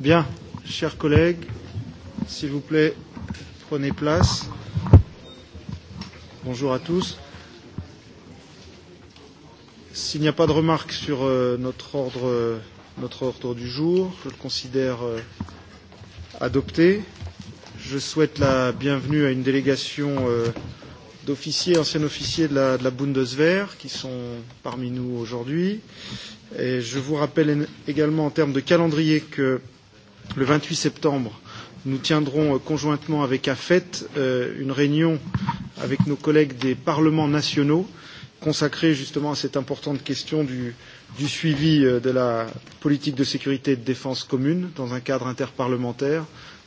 Bien, chers collègues, s'il vous plaît, prenez place. Bonjour à tous. S'il n'y a pas de remarques sur euh, notre, ordre, euh, notre ordre du jour, je le considère euh, adopté. Je souhaite la bienvenue à une délégation euh, d'officiers, anciens officiers de la, de la Bundeswehr qui sont parmi nous aujourd'hui. Et je vous rappelle également en termes de calendrier que euh, le 28 septembre, nous tiendrons euh, conjointement avec AFET euh, une réunion avec nos collègues des parlements nationaux consacrée justement à cette importante question du, du suivi euh, de la politique de sécurité et de défense commune dans un cadre interparlementaire.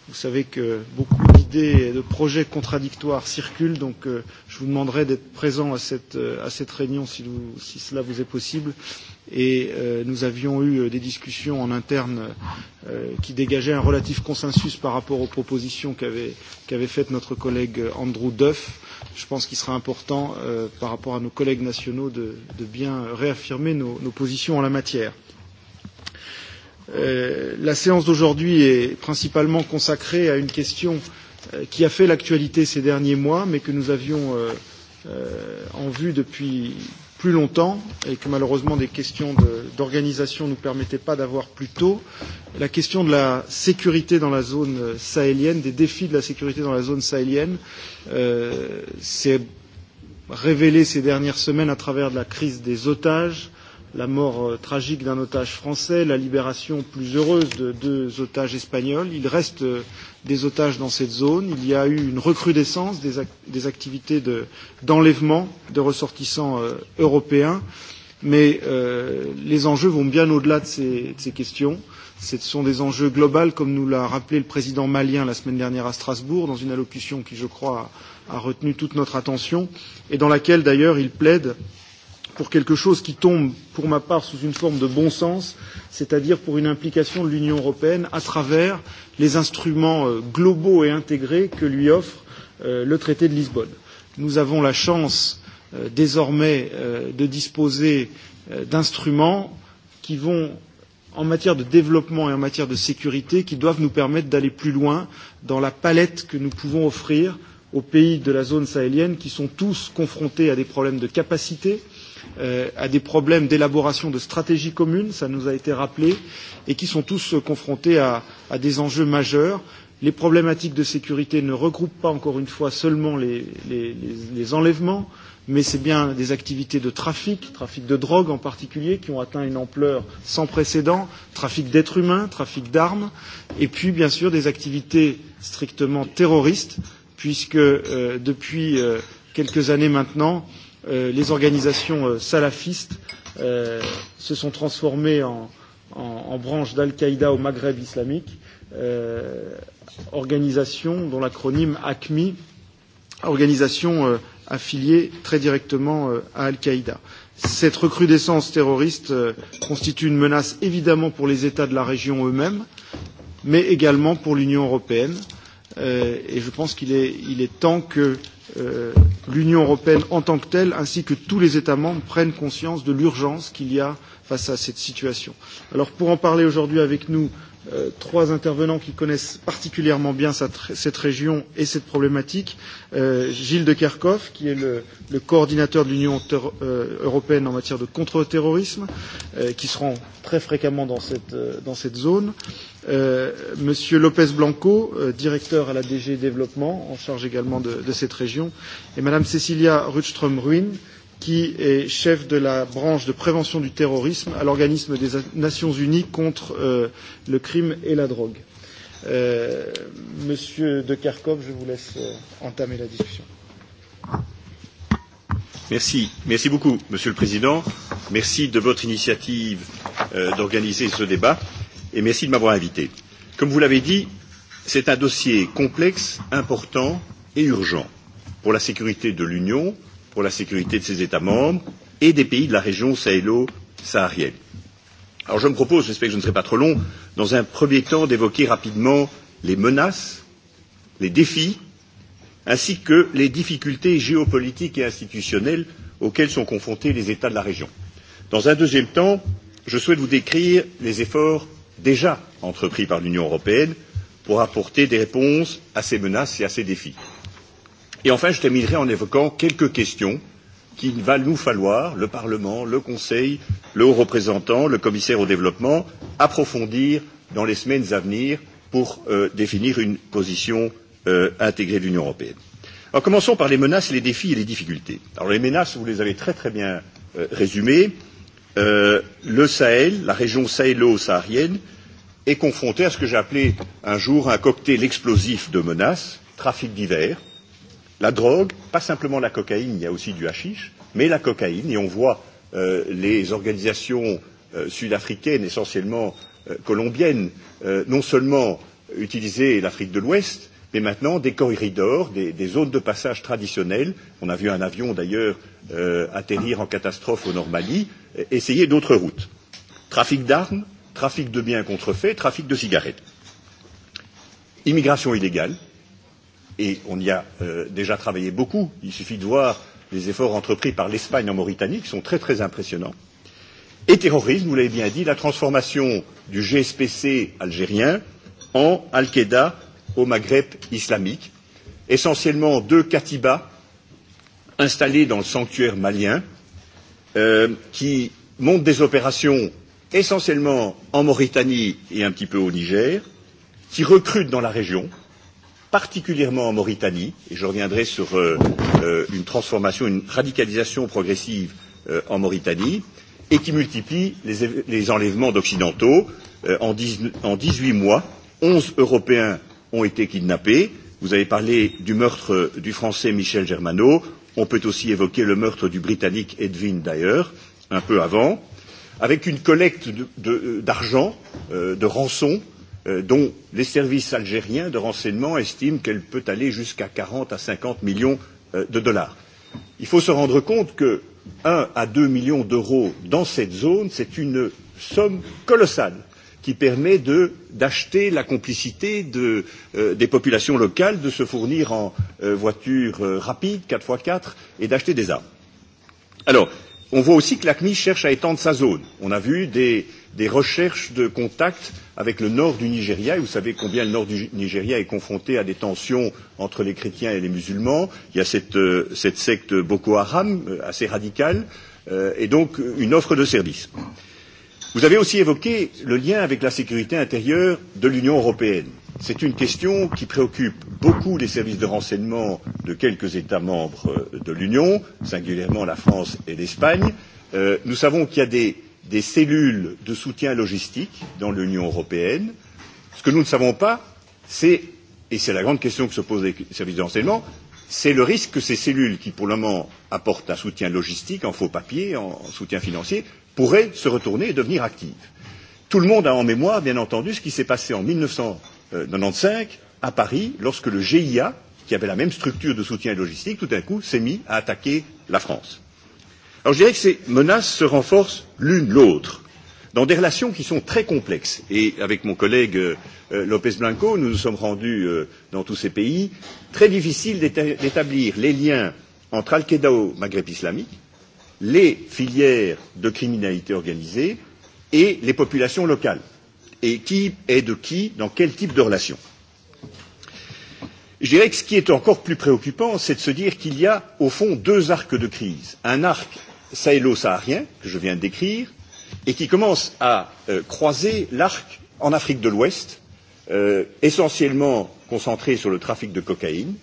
Vous savez que beaucoup d'idées et de projets contradictoires circulent, donc je vous demanderai d'être présent à cette, à cette réunion si, vous, si cela vous est possible et euh, nous avions eu euh, des discussions en interne euh, qui dégageaient un relatif consensus par rapport aux propositions qu'avait qu, faites notre collègue Andrew Duff. Je pense qu'il sera important, euh, par rapport à nos collègues nationaux, de, de bien réaffirmer nos, nos positions en la matière. Euh, la séance d'aujourd'hui est principalement consacrée à une question euh, qui a fait l'actualité ces derniers mois, mais que nous avions euh, euh, en vue depuis, plus longtemps et que malheureusement des questions d'organisation de, ne nous permettaient pas d'avoir plus tôt, la question de la sécurité dans la zone sahélienne, des défis de la sécurité dans la zone sahélienne, euh, s'est révélée ces dernières semaines à travers de la crise des otages, euh, la mort euh, tragique d'un otage français, la libération plus heureuse de deux otages espagnols. Il reste euh, des otages dans cette zone. Il y a eu une recrudescence des, act des activités d'enlèvement de, de ressortissants euh, européens. Mais euh, les enjeux vont bien au-delà de de ces questions. Ce sont des enjeux globaux, comme nous l'a rappelé le président malien la semaine dernière à Strasbourg, dans une allocution qui, je crois, a, a retenu toute notre attention, et dans laquelle, d'ailleurs, il plaide pour quelque chose qui tombe, pour ma part, sous une forme de bon sens, c'est-à-dire pour une implication de l'Union européenne à travers les instruments euh, globaux et intégrés que lui offre euh, le traité de Lisbonne. Nous avons la chance euh, désormais de disposer d'instruments qui vont en matière de développement et en matière de sécurité qui doivent nous permettre d'aller plus loin dans la palette que nous pouvons offrir aux pays de la zone sahélienne qui sont tous confrontés à des problèmes de capacité, euh, à des problèmes d'élaboration de stratégies communes, ça nous a été rappelé, et qui sont tous euh, confrontés à, à des enjeux majeurs. Les problématiques de sécurité ne regroupent pas, encore une fois, seulement les, les, les, les enlèvements, mais c'est bien des activités de trafic, trafic de drogue en particulier, qui ont atteint une ampleur sans précédent, trafic d'êtres humains, trafic d'armes, et puis bien sûr des activités strictement terroristes, puisque euh, depuis euh, quelques années maintenant, euh, Euh, les organisations euh, salafistes euh, se sont transformées en, en, en branches d'Al-Qaïda au Maghreb islamique, euh, organisation dont l'acronyme ACMI, organisation euh, affiliée très directement euh, à Al-Qaïda. Cette recrudescence terroriste euh, constitue une menace évidemment pour les États de la région eux-mêmes, mais également pour l'Union européenne. Euh, et je pense qu'il est, il est temps que euh, Euh, l'Union européenne en tant que telle, ainsi que tous les États membres, prennent conscience de l'urgence qu'il y a face à cette situation. Alors pour en parler aujourd'hui avec nous, Euh, trois intervenants qui connaissent particulièrement bien cette, région et cette problématique. Euh, Gilles de Kerkhoff, qui est le, le coordinateur de l'Union euh, européenne en matière de contre-terrorisme, euh, qui se rend très fréquemment dans cette, euh, dans cette zone. Euh, Monsieur Lopez Blanco, euh, directeur à la DG Développement, en charge également de, de cette région, et Madame Cecilia Rutström-Ruin, euh, qui est chef de la branche de prévention du terrorisme à l'organisme des Nations Unies contre euh, le crime et la drogue. Euh, monsieur De Kerkhove, je vous laisse euh, entamer la discussion. Merci. Merci beaucoup, Monsieur le Président. Merci de votre initiative euh, d'organiser ce débat et merci de m'avoir invité. Comme vous l'avez dit, c'est un dossier complexe, important et urgent pour la sécurité de l'Union, pour la sécurité de ses États membres et des pays de la région sahélo-saharienne. Alors je me propose, j'espère que je ne serai pas trop long, dans un premier temps d'évoquer rapidement les menaces, les défis, ainsi que les difficultés géopolitiques et institutionnelles auxquelles sont confrontés les États de la région. Dans un deuxième temps, je souhaite vous décrire les efforts déjà entrepris par l'Union européenne pour apporter des réponses à ces menaces et à ces défis. Et enfin, je terminerai en évoquant quelques questions qu'il va nous falloir, le Parlement, le Conseil, le haut représentant, le commissaire au développement, approfondir dans les semaines à venir pour euh, définir une position euh, intégrée de l'Union européenne. Alors commençons par les menaces, les défis et les difficultés. Alors les menaces, vous les avez très très bien euh, résumées. Euh, le Sahel, la région sahélo-saharienne, est confrontée à ce que j'ai appelé un jour un cocktail explosif de menaces, trafic divers, La drogue, pas simplement la cocaïne, il y a aussi du hashish, mais la cocaïne, et on voit euh, les organisations euh, sud-africaines, essentiellement euh, colombiennes, euh, non seulement utiliser l'Afrique de l'Ouest, mais maintenant des corridors, des, des zones de passage traditionnelles. On a vu un avion d'ailleurs euh, atterrir en catastrophe au Normandie, euh, essayer d'autres routes. Trafic d'armes, trafic de biens contrefaits, trafic de cigarettes. Immigration illégale, et on y a euh, déjà travaillé beaucoup. Il suffit de voir les efforts entrepris par l'Espagne en Mauritanie, qui sont très très impressionnants. Et terrorisme, vous l'avez bien dit, la transformation du GSPC algérien en Al-Qaïda au Maghreb islamique, essentiellement deux katibas installés dans le sanctuaire malien, euh, qui montent des opérations essentiellement en Mauritanie et un petit peu au Niger, qui recrutent dans la région, particulièrement en Mauritanie, et je reviendrai sur euh, euh, une transformation, une radicalisation progressive euh, en Mauritanie, et qui multiplie les, les enlèvements d'Occidentaux. Euh, en, 10, en 18 mois, 11 Européens ont été kidnappés. Vous avez parlé du meurtre euh, du Français Michel Germano. On peut aussi évoquer le meurtre du Britannique Edwin Dyer, un peu avant, avec une collecte d'argent, de, de, euh, euh de rançon, Euh, dont les services algériens de renseignement estiment qu'elle peut aller jusqu'à 40 à 50 millions euh, de dollars. Il faut se rendre compte que 1 à 2 millions d'euros dans cette zone, c'est une somme colossale qui permet d'acheter la complicité de, euh, des populations locales, de se fournir en euh, voitures euh, rapides, 4x4, et d'acheter des armes. Alors, on voit aussi que l'ACMI cherche à étendre sa zone. On a vu des, des recherches de contacts avec le nord du Nigeria. Et vous savez combien le nord du Nigeria est confronté à des tensions entre les chrétiens et les musulmans. Il y a cette, euh, cette secte Boko Haram euh, assez radicale euh, et donc une offre de service. Vous avez aussi évoqué le lien avec la sécurité intérieure de l'Union européenne. C'est une question qui préoccupe beaucoup les services de renseignement de quelques États membres euh, de l'Union, singulièrement la France et l'Espagne. Euh, nous savons qu'il y a des des cellules de soutien logistique dans l'Union européenne. Ce que nous ne savons pas, c'est, et c'est la grande question que se posent les services de renseignement, c'est le risque que ces cellules, qui pour le moment apportent un soutien logistique en faux papier, en soutien financier, pourraient se retourner et devenir actives. Tout le monde a en mémoire, bien entendu, ce qui s'est passé en 1995 euh, à Paris, lorsque le GIA, qui avait la même structure de soutien logistique, tout d'un coup s'est mis à attaquer la France. Alors je dirais que ces menaces se renforcent l'une l'autre dans des relations qui sont très complexes. Et avec mon collègue euh, euh Lopez Blanco, nous nous sommes rendus euh, dans tous ces pays. Très difficile d'établir les liens entre Al-Qaïda au Maghreb islamique, les filières de criminalité organisée et les populations locales. Et qui est de qui, dans quel type de relation Je dirais que ce qui est encore plus préoccupant, c'est de se dire qu'il y a au fond deux arcs de crise. Un arc sahélo-saharien que je viens de décrire et qui commence à euh, croiser l'arc en Afrique de l'Ouest, euh, essentiellement concentré sur le trafic de cocaïne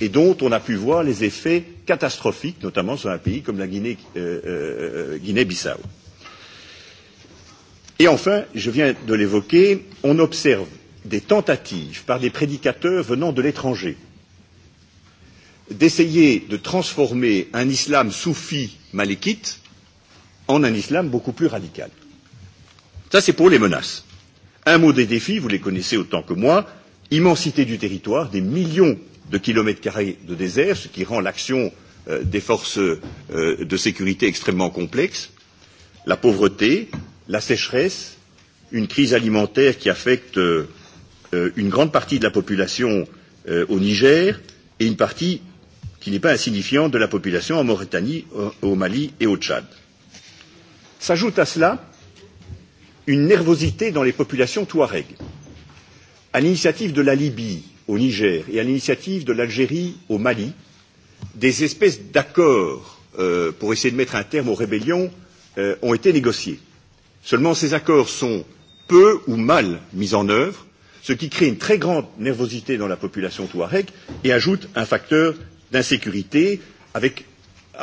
et dont on a pu voir les effets catastrophiques, notamment sur un pays comme la Guinée-Bissau. Euh, euh, euh Guinée -Bissau. et enfin, je viens de l'évoquer, on observe des tentatives par des prédicateurs venant de l'étranger d'essayer de transformer un islam soufi maléquite en un islam beaucoup plus radical. Ça, c'est pour les menaces. Un mot des défis, vous les connaissez autant que moi, immensité du territoire, des millions de kilomètres carrés de désert, ce qui rend l'action euh, des forces euh, de sécurité extrêmement complexe, la pauvreté, la sécheresse, une crise alimentaire qui affecte euh, euh une grande partie de la population euh, au Niger et une partie qui n'est pas insignifiant de la population en Mauritanie, au Mali et au Tchad. S'ajoute à cela une nervosité dans les populations touareg. À l'initiative de la Libye au Niger et à l'initiative de l'Algérie au Mali, des espèces d'accords euh, pour essayer de mettre un terme aux rébellions euh, ont été négociés. Seulement, ces accords sont peu ou mal mis en œuvre, ce qui crée une très grande nervosité dans la population touareg et ajoute un facteur d'insécurité, avec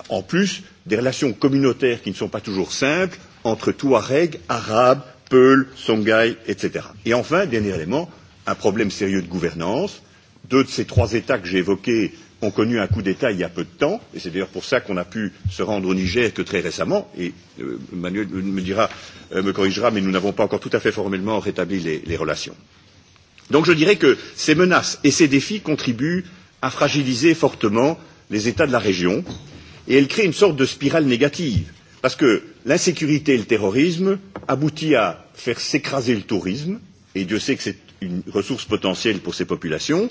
en plus des relations communautaires qui ne sont pas toujours simples entre Touareg, Arabes, Peuls, Songhai, etc. Et enfin, dernier élément, un problème sérieux de gouvernance. Deux de ces trois États que j'ai évoqués ont connu un coup d'État il y a peu de temps, et c'est d'ailleurs pour ça qu'on a pu se rendre au Niger que très récemment, et euh, Manuel me, dira, euh, me corrigera, mais nous n'avons pas encore tout à fait formellement rétabli les, les relations. Donc je dirais que ces menaces et ces défis contribuent à fragiliser fortement les États de la région et elle crée une sorte de spirale négative parce que l'insécurité et le terrorisme aboutissent à faire s'écraser le tourisme et Dieu sait que c'est une ressource potentielle pour ces populations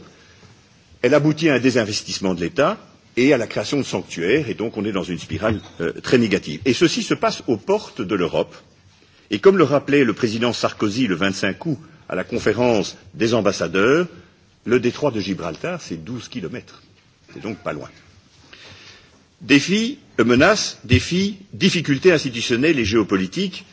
elle aboutit à un désinvestissement de l'État et à la création de sanctuaires et donc on est dans une spirale euh, très négative. Et ceci se passe aux portes de l'Europe et comme le rappelait le président Sarkozy le 25 août à la conférence des ambassadeurs, le détroit de Gibraltar, c'est 12 kilomètres. C'est donc pas loin. Défis, euh, menaces, défis, difficultés institutionnelles et géopolitiques.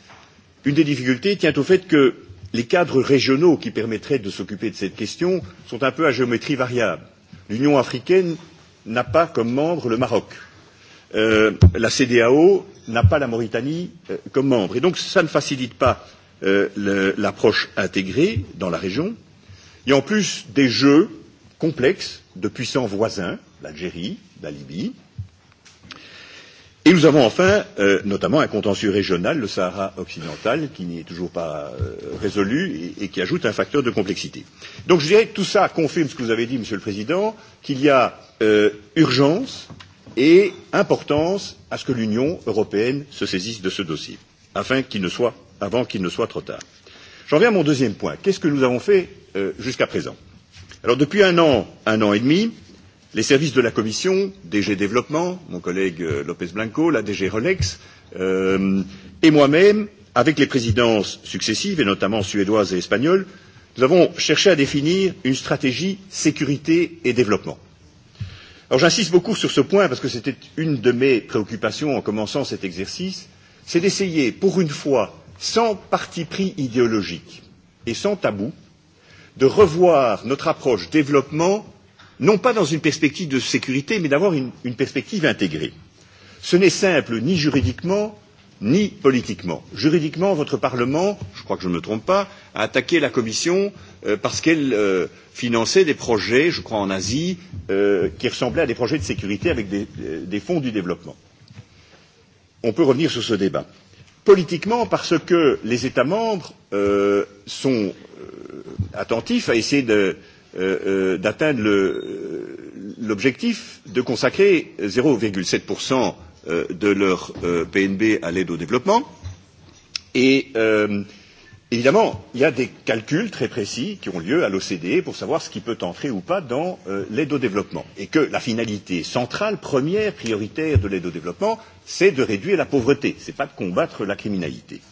Une des difficultés tient au fait que les cadres régionaux qui permettraient de s'occuper de cette question sont un peu à géométrie variable. L'Union africaine n'a pas comme membre le Maroc. Euh, la CDAO n'a pas la Mauritanie euh, comme membre. Et donc, ça ne facilite pas euh, l'approche intégrée dans la région. Euh, Et en plus des jeux complexes de puissants voisins, l'Algérie, la Libye. Et nous avons enfin, euh, notamment, un contentieux régional, le Sahara occidental, qui n'est toujours pas euh, résolu et, et qui ajoute un facteur de complexité. Donc je dirais que tout ça confirme ce que vous avez dit, Monsieur le Président, qu'il y a euh, urgence et importance à ce que l'Union européenne se saisisse de ce dossier, afin qu'il ne soit, avant qu'il ne soit trop tard. J'en viens à mon deuxième point. Qu'est-ce que nous avons fait euh, jusqu'à présent Alors depuis un an, un an et demi, les services de la Commission, DG Développement, mon collègue euh, Lopez Blanco, la DG Rolex euh, et moi-même, avec les présidences successives, et notamment suédoise et espagnole, nous avons cherché à définir une stratégie sécurité et développement. Alors j'insiste beaucoup sur ce point parce que c'était une de mes préoccupations en commençant cet exercice, c'est d'essayer pour une fois sans parti pris idéologique et sans tabou, de revoir notre approche développement, non pas dans une perspective de sécurité, mais d'avoir une, une perspective intégrée. Ce n'est simple ni juridiquement, ni politiquement. Juridiquement, votre Parlement, je crois que je ne me trompe pas, a attaqué la Commission euh, parce qu'elle euh, finançait des projets, je crois en Asie, euh, qui ressemblaient à des projets de sécurité avec des, euh, des fonds du développement. On peut revenir sur ce débat politiquement parce que les États membres euh, sont euh, attentifs à essayer de, euh, euh, d'atteindre euh, l'objectif de consacrer 0,7% euh, de leur euh, PNB à l'aide au développement. Et euh, Évidemment, il y a des calculs très précis qui ont lieu à l'OCDE pour savoir ce qui peut entrer ou pas dans euh, l'aide au développement. Et que la finalité centrale, première, prioritaire de l'aide au développement, c'est de réduire la pauvreté, ce n'est pas de combattre la criminalité.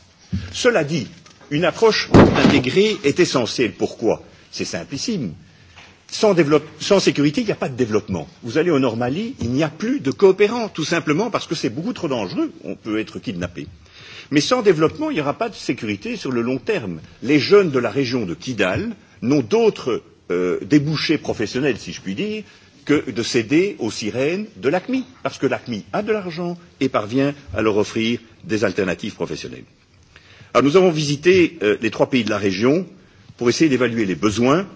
Cela dit, une approche intégrée est essentielle. Pourquoi C'est simplissime. Sans, sans sécurité, il n'y a pas de développement. Vous allez au Nord Mali, il n'y a plus de coopérants, tout simplement parce que c'est beaucoup trop dangereux. On peut être kidnappé. Mais sans développement, il n'y aura pas de sécurité sur le long terme. Les jeunes de la région de Kidal n'ont d'autres euh, débouchés professionnels, si je puis dire, que de céder aux sirènes de l'ACMI, parce que l'ACMI a de l'argent et parvient à leur offrir des alternatives professionnelles. Alors nous avons visité euh, les trois pays de la région pour essayer d'évaluer les besoins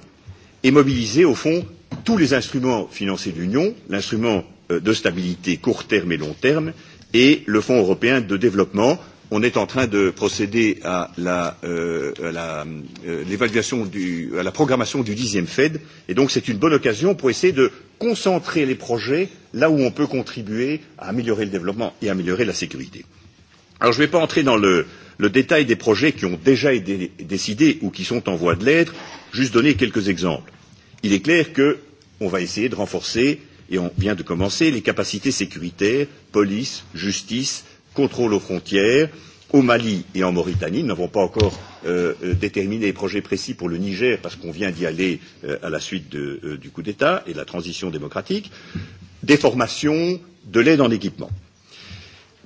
et mobiliser au fond tous les instruments financiers de l'Union, l'instrument euh, de stabilité court terme et long terme et le Fonds européen de développement on est en train de procéder à la, euh, à la, euh, du, à la programmation du dixième Fed, et donc c'est une bonne occasion pour essayer de concentrer les projets là où on peut contribuer à améliorer le développement et à améliorer la sécurité. Alors je ne vais pas entrer dans le, le détail des projets qui ont déjà été décidés ou qui sont en voie de l'être, juste donner quelques exemples. Il est clair qu'on va essayer de renforcer, et on vient de commencer, les capacités sécuritaires, police, justice, contrôle aux frontières. Au Mali et en Mauritanie, nous n'avons pas encore euh, euh, déterminé les projets précis pour le Niger parce qu'on vient d'y aller euh, à la suite de, euh, du coup d'État et de la transition démocratique, des formations, de l'aide en équipement.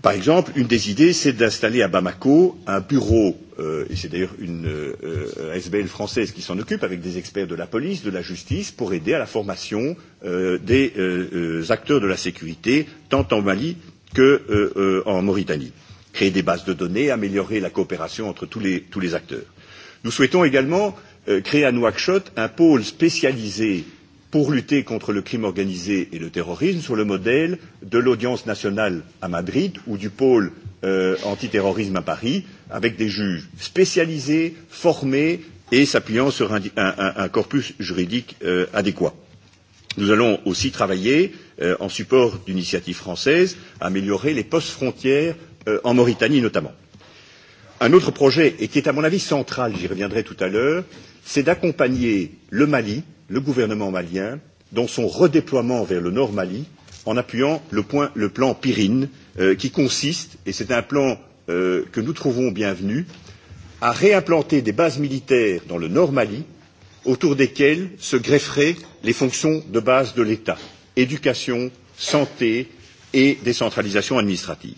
Par exemple, une des idées, c'est d'installer à Bamako un bureau, euh, et c'est d'ailleurs une euh, euh SBL française qui s'en occupe, avec des experts de la police, de la justice, pour aider à la formation euh, des euh, euh acteurs de la sécurité, tant en Mali qu'en euh, euh Mauritanie. Créer des bases de données, améliorer la coopération entre tous les, tous les acteurs. Nous souhaitons également euh, créer à Nouakchott un pôle spécialisé pour lutter contre le crime organisé et le terrorisme sur le modèle de l'audience nationale à Madrid ou du pôle euh, antiterrorisme à Paris, avec des juges spécialisés, formés et s'appuyant sur un, un, un corpus juridique euh, adéquat. Nous allons aussi travailler euh, euh, en support d'initiatives françaises, améliorer les postes frontières euh, en Mauritanie notamment. Un autre projet, et qui est à mon avis central, j'y reviendrai tout à l'heure, c'est d'accompagner le Mali, le gouvernement malien, dans son redéploiement vers le nord Mali, en appuyant le, point, le plan Pirine, euh, qui consiste, et c'est un plan euh, que nous trouvons bienvenu, à réimplanter des bases militaires dans le nord Mali, autour desquelles se grefferaient les fonctions de base de l'État éducation, santé et décentralisation administrative.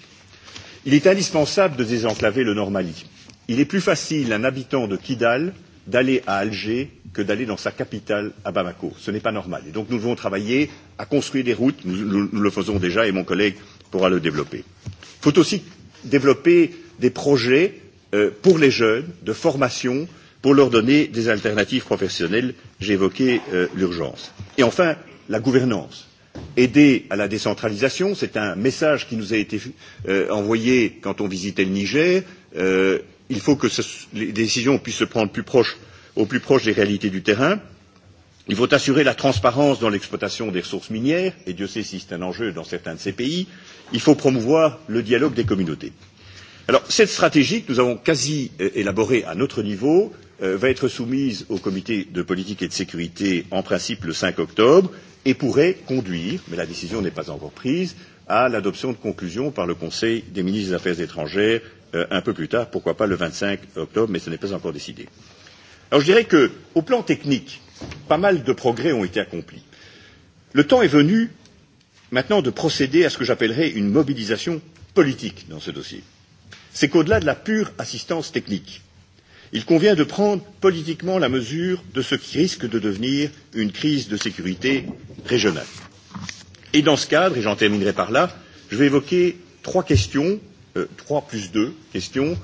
Il est indispensable de désenclaver le Nord Mali. Il est plus facile à un habitant de Kidal d'aller à Alger que d'aller dans sa capitale à Bamako. Ce n'est pas normal. Et donc nous devons travailler à construire des routes, nous, nous, nous le faisons déjà et mon collègue pourra le développer. Il faut aussi développer des projets euh, pour les jeunes de formation pour leur donner des alternatives professionnelles. J'ai évoqué euh, l'urgence. Et enfin, la gouvernance aider à la décentralisation. C'est un message qui nous a été euh, envoyé quand on visitait le Niger. Euh, il faut que ce, les décisions puissent se prendre plus proche, au plus proche des réalités du terrain. Il faut assurer la transparence dans l'exploitation des ressources minières, et Dieu sait si c'est un enjeu dans certains de ces pays. Il faut promouvoir le dialogue des communautés. Alors, cette stratégie que nous avons quasi euh, élaborée à notre niveau euh, va être soumise au comité de politique et de sécurité en principe le 5 octobre et pourrait conduire, mais la décision n'est pas encore prise, à l'adoption de conclusions par le Conseil des ministres des Affaires étrangères euh, un peu plus tard, pourquoi pas le 25 octobre, mais ce n'est pas encore décidé. Alors je dirais que, au plan technique, pas mal de progrès ont été accomplis. Le temps est venu maintenant de procéder à ce que j'appellerais une mobilisation politique dans ce dossier. C'est qu'au-delà de la pure assistance technique, Il convient de prendre politiquement la mesure de ce qui risque de devenir une crise de sécurité régionale. Et dans ce cadre, et j'en terminerai par là, je vais évoquer trois questions, euh, trois plus deux questions,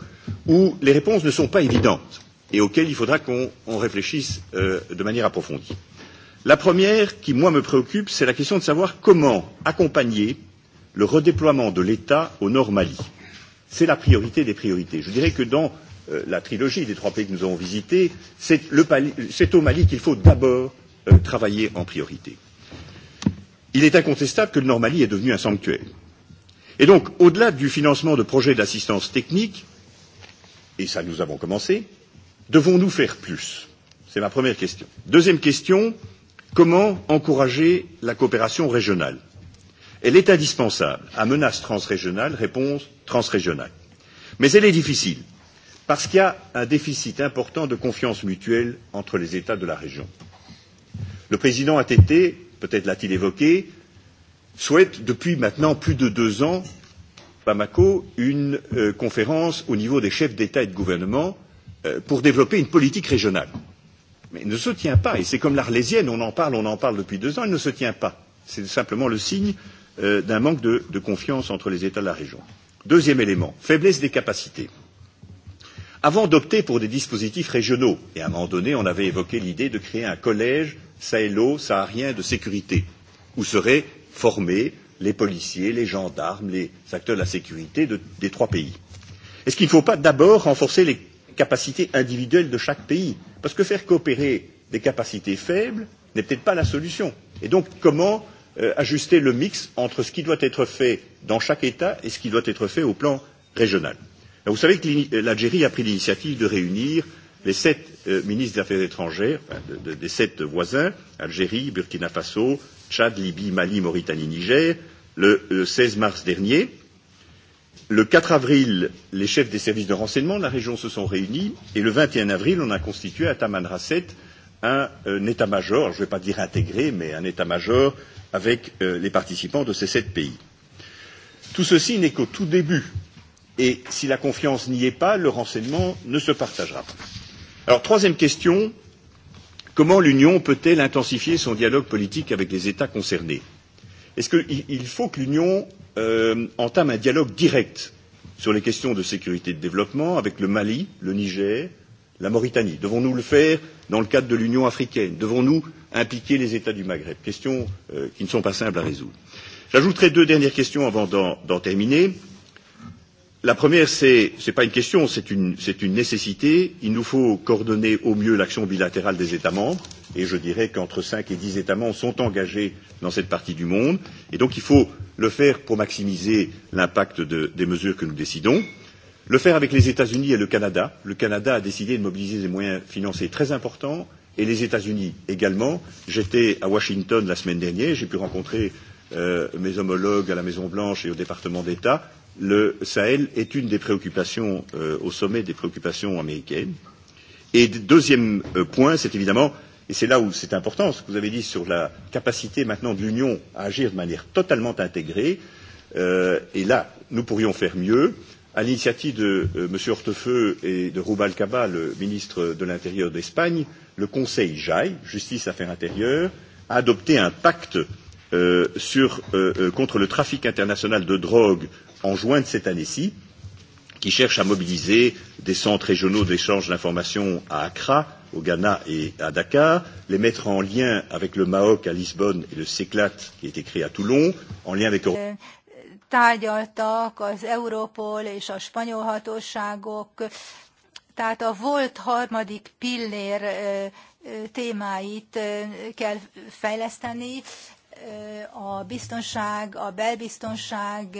où les réponses ne sont pas évidentes et auxquelles il faudra qu'on réfléchisse euh, de manière approfondie. La première qui, moi, me préoccupe, c'est la question de savoir comment accompagner le redéploiement de l'État au Nord Mali. C'est la priorité des priorités. Je dirais que dans Euh, la trilogie des trois pays que nous avons visités, c'est au Mali qu'il faut d'abord euh, travailler en priorité. Il est incontestable que le Nord-Mali est devenu un sanctuaire. Et donc, au-delà du financement de projets d'assistance technique, et ça nous avons commencé, devons-nous faire plus C'est ma première question. Deuxième question, comment encourager la coopération régionale Elle est indispensable à menace transrégionale, réponse transrégionale. Mais elle est difficile parce qu'il y a un déficit important de confiance mutuelle entre les États de la région. Le président ATT, peut-être l'a-t-il évoqué, souhaite depuis maintenant plus de deux ans, Bamako, une euh, conférence au niveau des chefs d'État et de gouvernement euh, pour développer une politique régionale. Mais elle ne se tient pas, et c'est comme l'Arlésienne, on en parle, on en parle depuis deux ans, elle ne se tient pas. C'est simplement le signe euh, d'un manque de, de confiance entre les États de la région. Deuxième élément, faiblesse des capacités avant d'opter pour des dispositifs régionaux. Et à un moment donné, on avait évoqué l'idée de créer un collège sahélo-saharien de sécurité, où seraient formés les policiers, les gendarmes, les acteurs de la sécurité de, des trois pays. Est-ce qu'il ne faut pas d'abord renforcer les capacités individuelles de chaque pays Parce que faire coopérer des capacités faibles n'est peut-être pas la solution. Et donc, comment euh, ajuster le mix entre ce qui doit être fait dans chaque État et ce qui doit être fait au plan régional Alors, vous savez que euh, l'Algérie a pris l'initiative de réunir les sept euh, ministres des Affaires étrangères, enfin, de, de, des sept voisins, Algérie, Burkina Faso, Tchad, Libye, Mali, Mauritanie, Niger, le, le euh, 16 mars dernier. Le 4 avril, les chefs des services de renseignement de la région se sont réunis et le 21 avril, on a constitué à Tamanrasset un, un euh, état-major, je ne vais pas dire intégré, mais un état-major avec euh, les participants de ces sept pays. Tout ceci n'est qu'au tout début Et si la confiance n'y est pas, le renseignement ne se partagera pas. Alors, troisième question, comment l'Union peut-elle intensifier son dialogue politique avec les États concernés Est-ce qu'il faut que l'Union euh, entame un dialogue direct sur les questions de sécurité et de développement avec le Mali, le Niger, la Mauritanie Devons-nous le faire dans le cadre de l'Union africaine Devons-nous impliquer les États du Maghreb Questions euh, qui ne sont pas simples à résoudre. J'ajouterai deux dernières questions avant d'en terminer. La première, ce n'est pas une question, c'est une, une nécessité. Il nous faut coordonner au mieux l'action bilatérale des États membres, et je dirais qu'entre 5 et 10 États membres sont engagés dans cette partie du monde, et donc il faut le faire pour maximiser l'impact de, des mesures que nous décidons. Le faire avec les États-Unis et le Canada. Le Canada a décidé de mobiliser des moyens financiers très importants, et les États-Unis également. J'étais à Washington la semaine dernière, j'ai pu rencontrer euh, mes homologues à la Maison Blanche et au département d'État le Sahel est une des préoccupations euh, au sommet des préoccupations américaines. Et deuxième euh, point, c'est évidemment, et c'est là où c'est important, ce que vous avez dit sur la capacité maintenant de l'Union à agir de manière totalement intégrée. Euh, et là, nous pourrions faire mieux. À l'initiative de euh, M. Hortefeux et de Rubalcaba, le ministre de l'Intérieur d'Espagne, le Conseil JAI, Justice Affaires Intérieures, a adopté un pacte euh, sur, euh, euh contre le trafic international de drogue en juin de cette année-ci, qui cherche à mobiliser des centres régionaux d'échange d'informations à Accra, au Ghana et à Dakar, les mettre en lien avec le MAOC à Lisbonne et le CECLAT qui a été créé à Toulon, en lien avec Europe. tárgyaltak az Europol és a spanyol hatóságok, tehát a volt harmadik pillér témáit kell fejleszteni, a biztonság, a belbiztonság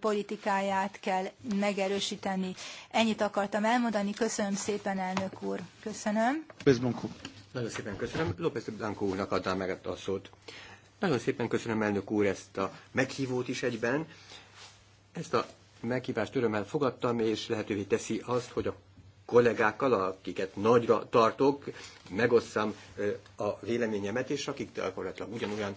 politikáját kell megerősíteni. Ennyit akartam elmondani. Köszönöm szépen, elnök úr. Köszönöm. Nagyon szépen köszönöm. López Blanco úrnak adnám meg a szót. Nagyon szépen köszönöm, elnök úr, ezt a meghívót is egyben. Ezt a meghívást örömmel fogadtam, és lehetővé teszi azt, hogy a kollégákkal, akiket nagyra tartok, megosszam a véleményemet, és akik gyakorlatilag ugyanolyan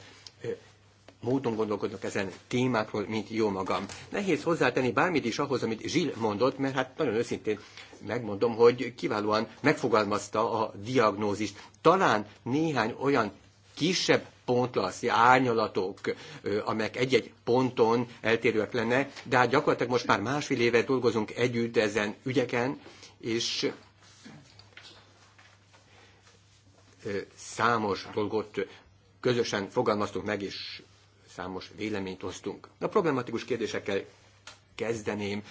módon gondolkodnak ezen témákról, mint jó magam. Nehéz hozzátenni bármit is ahhoz, amit Zsil mondott, mert hát nagyon őszintén megmondom, hogy kiválóan megfogalmazta a diagnózist. Talán néhány olyan kisebb pontlasz, árnyalatok, amelyek egy-egy ponton eltérőek lenne, de hát gyakorlatilag most már másfél éve dolgozunk együtt ezen ügyeken, és számos dolgot közösen fogalmaztunk meg, és számos véleményt osztunk. A problematikus kérdésekkel kezdeném.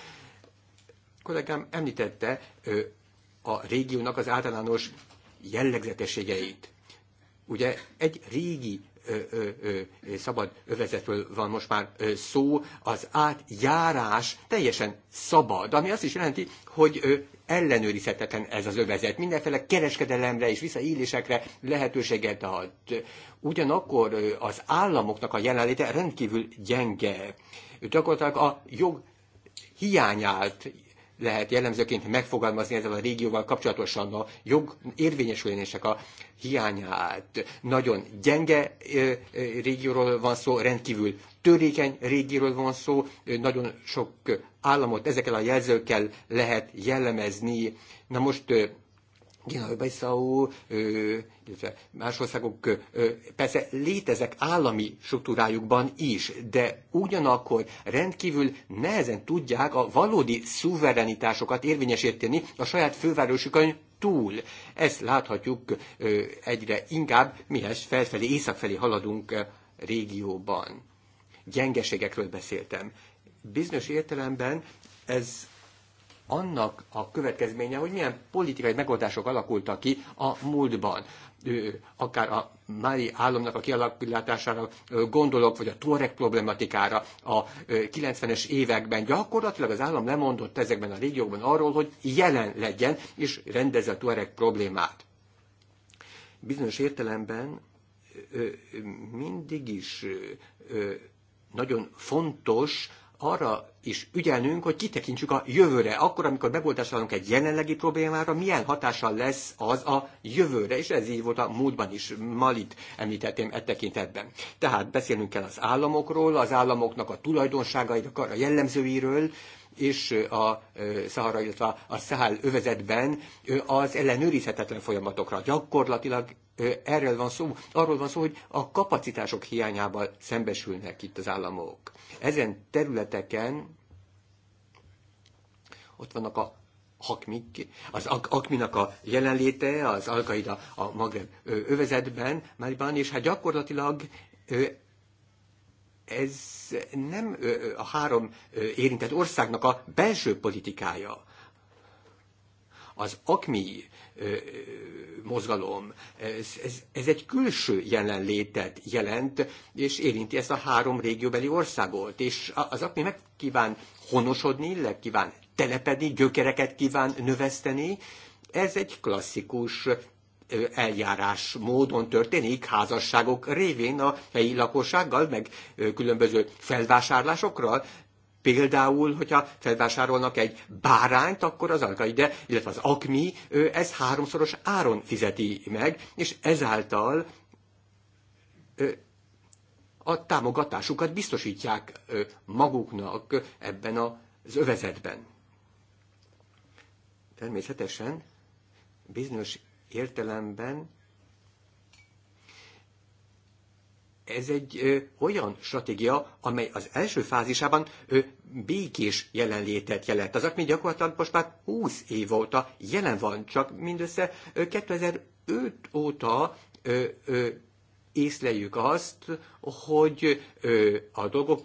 A kollégám említette a régiónak az általános jellegzetességeit. Ugye egy régi ö, ö, ö, szabad övezetről van most már szó, az átjárás teljesen szabad, ami azt is jelenti, hogy ellenőrizhetetlen ez az övezet. Mindenféle kereskedelemre és visszaélésekre lehetőséget ad. Ugyanakkor az államoknak a jelenléte rendkívül gyenge. Gyakorlatilag a jog hiányát lehet jellemzőként megfogalmazni ezzel a régióval kapcsolatosan a jog érvényesülésnek a hiányát. Nagyon gyenge régióról van szó, rendkívül törékeny régióról van szó, nagyon sok államot ezekkel a jelzőkkel lehet jellemezni. Na most Guinea-Bissau, illetve más országok persze létezek állami struktúrájukban is, de ugyanakkor rendkívül nehezen tudják a valódi szuverenitásokat érvényesíteni a saját fővárosukon túl. Ezt láthatjuk egyre inkább, mihez felfelé, felé haladunk régióban. Gyengeségekről beszéltem. Bizonyos értelemben ez annak a következménye, hogy milyen politikai megoldások alakultak ki a múltban. Akár a mári államnak a kialakulására gondolok, vagy a Tuareg problematikára a 90-es években. Gyakorlatilag az állam lemondott ezekben a régiókban arról, hogy jelen legyen, és rendezze a Tuareg problémát. Bizonyos értelemben mindig is nagyon fontos arra is ügyelnünk, hogy kitekintsük a jövőre. Akkor, amikor megoldást adunk egy jelenlegi problémára, milyen hatással lesz az a jövőre, és ez így volt a múltban is, Malit említettem e tekintetben. Tehát beszélnünk kell az államokról, az államoknak a tulajdonságainak, a jellemzőiről, és a Szahara, illetve a Szahál övezetben az ellenőrizhetetlen folyamatokra, gyakorlatilag erről van szó, arról van szó, hogy a kapacitások hiányával szembesülnek itt az államok. Ezen területeken ott vannak a hakmik, az akminak a jelenléte, az alkaida a Magreb övezetben, Maliban, és hát gyakorlatilag ez nem a három érintett országnak a belső politikája, az akmi mozgalom, ez, ez, ez egy külső jelenlétet jelent, és érinti ezt a három régióbeli országot, és az akmi meg kíván honosodni, le kíván telepedni, gyökereket kíván növeszteni, ez egy klasszikus eljárás módon történik házasságok révén a helyi lakossággal, meg különböző felvásárlásokra, Például, hogyha felvásárolnak egy bárányt, akkor az Alkaide, illetve az Akmi, ez háromszoros áron fizeti meg, és ezáltal a támogatásukat biztosítják maguknak ebben az övezetben. Természetesen bizonyos értelemben ez egy ö, olyan stratégia, amely az első fázisában ö, békés jelenlétet jelent. Az AKMI gyakorlatilag most már 20 év óta jelen van, csak mindössze ö, 2005 óta ö, ö, észleljük azt, hogy ö, a dolgok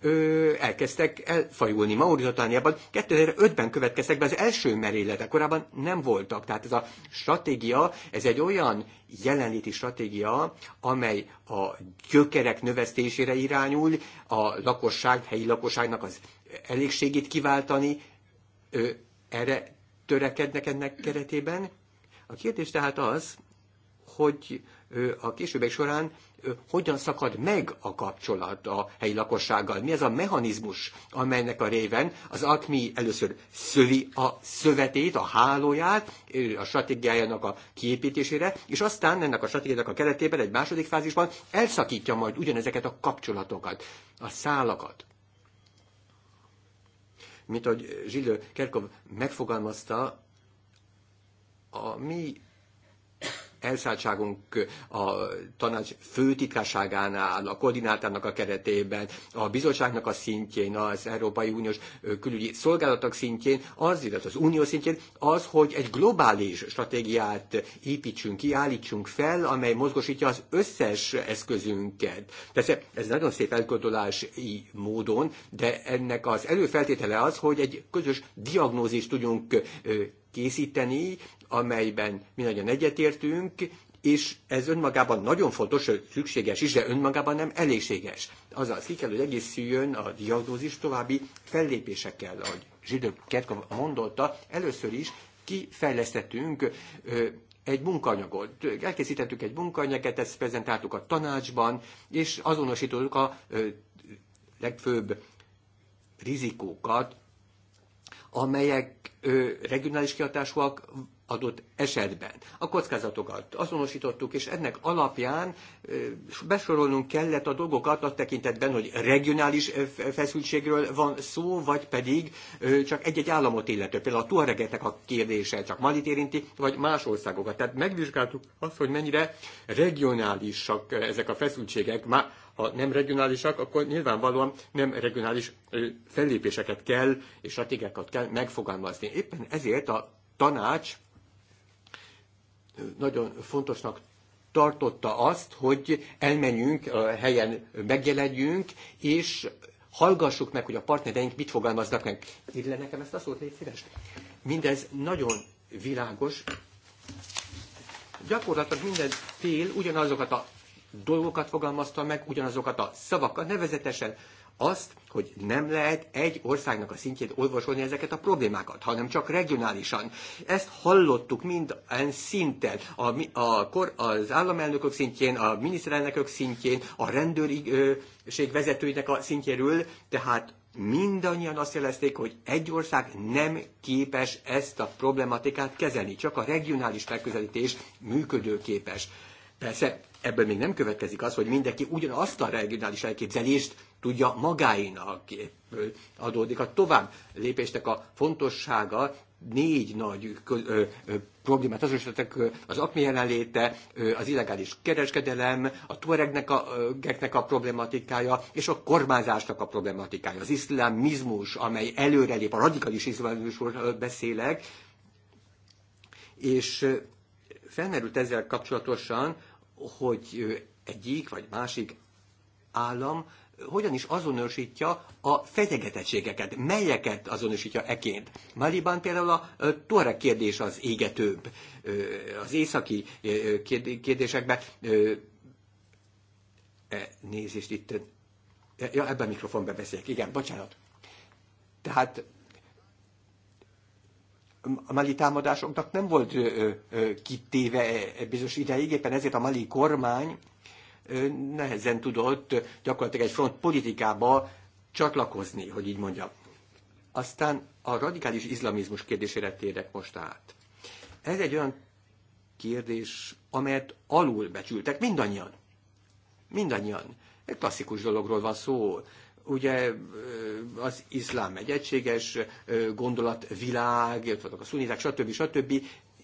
ö, elkezdtek elfajulni. Maurizatániában 2005-ben következtek be az első merényletek, korábban nem voltak. Tehát ez a stratégia, ez egy olyan jelenléti stratégia, amely a gyökerek növesztésére irányul, a lakosság, helyi lakosságnak az elégségét kiváltani, ö, erre törekednek ennek keretében. A kérdés tehát az, hogy a későbbek során hogyan szakad meg a kapcsolat a helyi lakossággal. Mi ez a mechanizmus, amelynek a réven az AKMI először szövi a szövetét, a hálóját, a stratégiájának a kiépítésére, és aztán ennek a stratégiának a keretében egy második fázisban elszakítja majd ugyanezeket a kapcsolatokat, a szálakat mint ahogy Zsillő Kerkov megfogalmazta, a mi elszálltságunk a tanács főtitkárságánál, a koordinátának a keretében, a bizottságnak a szintjén, az Európai Uniós külügyi szolgálatok szintjén, az, illetve az unió szintjén, az, hogy egy globális stratégiát építsünk ki, állítsunk fel, amely mozgosítja az összes eszközünket. Persze ez nagyon szép elgondolási módon, de ennek az előfeltétele az, hogy egy közös diagnózist tudjunk készíteni, amelyben mi nagyon egyetértünk, és ez önmagában nagyon fontos, hogy szükséges is, de önmagában nem elégséges. Azaz ki kell, hogy egészüljön a diagnózis további fellépésekkel, ahogy Zsidő Kerkov mondotta, először is kifejlesztettünk egy munkanyagot. Elkészítettük egy munkanyagot, ezt prezentáltuk a tanácsban, és azonosítottuk a legfőbb rizikókat, amelyek ö, regionális kihatásúak adott esetben. A kockázatokat azonosítottuk, és ennek alapján besorolnunk kellett a dolgokat a tekintetben, hogy regionális feszültségről van szó, vagy pedig csak egy-egy államot illető. Például a Tuaregetek a kérdése csak Malit érinti, vagy más országokat. Tehát megvizsgáltuk azt, hogy mennyire regionálisak ezek a feszültségek, már ha nem regionálisak, akkor nyilvánvalóan nem regionális fellépéseket kell és stratégiákat kell megfogalmazni. Éppen ezért a tanács nagyon fontosnak tartotta azt, hogy elmenjünk, a helyen megjelenjünk, és hallgassuk meg, hogy a partnereink mit fogalmaznak meg. Írj le nekem ezt a szót, légy szíves. Mindez nagyon világos. Gyakorlatilag minden fél ugyanazokat a dolgokat fogalmazta meg, ugyanazokat a szavakat, nevezetesen azt, hogy nem lehet egy országnak a szintjét olvasolni ezeket a problémákat, hanem csak regionálisan. Ezt hallottuk mind szinten, a, a, az államelnökök szintjén, a miniszterelnökök szintjén, a rendőrség vezetőinek a szintjéről, tehát mindannyian azt jelezték, hogy egy ország nem képes ezt a problematikát kezelni, csak a regionális megközelítés működőképes. Persze ebből még nem következik az, hogy mindenki ugyanazt a regionális elképzelést tudja magáinak. Eh, adódik a tovább lépésnek a fontossága, négy nagy problémát az problémát azonosítottak, az akmi jelenléte, az illegális kereskedelem, a tuaregnek a, a problematikája, és a kormányzásnak a problematikája, az iszlámizmus, amely előrelép, a radikális iszlámizmusról beszélek, és felmerült ezzel kapcsolatosan hogy egyik vagy másik állam hogyan is azonosítja a fenyegetettségeket, melyeket azonosítja eként. Maliban például a Torre kérdés az égetőbb, az északi kérdésekben. E, nézést itt, ja, ebben a mikrofonban beszélek, igen, bocsánat. Tehát a mali támadásoknak nem volt kitéve e, e bizonyos ideig, éppen ezért a mali kormány nehezen tudott gyakorlatilag egy front politikába csatlakozni, hogy így mondjam. Aztán a radikális izlamizmus kérdésére térek most át. Ez egy olyan kérdés, amelyet alul becsültek mindannyian. Mindannyian. Egy klasszikus dologról van szó ugye az iszlám egy egységes gondolatvilág, ott vannak a szuniták, stb. stb.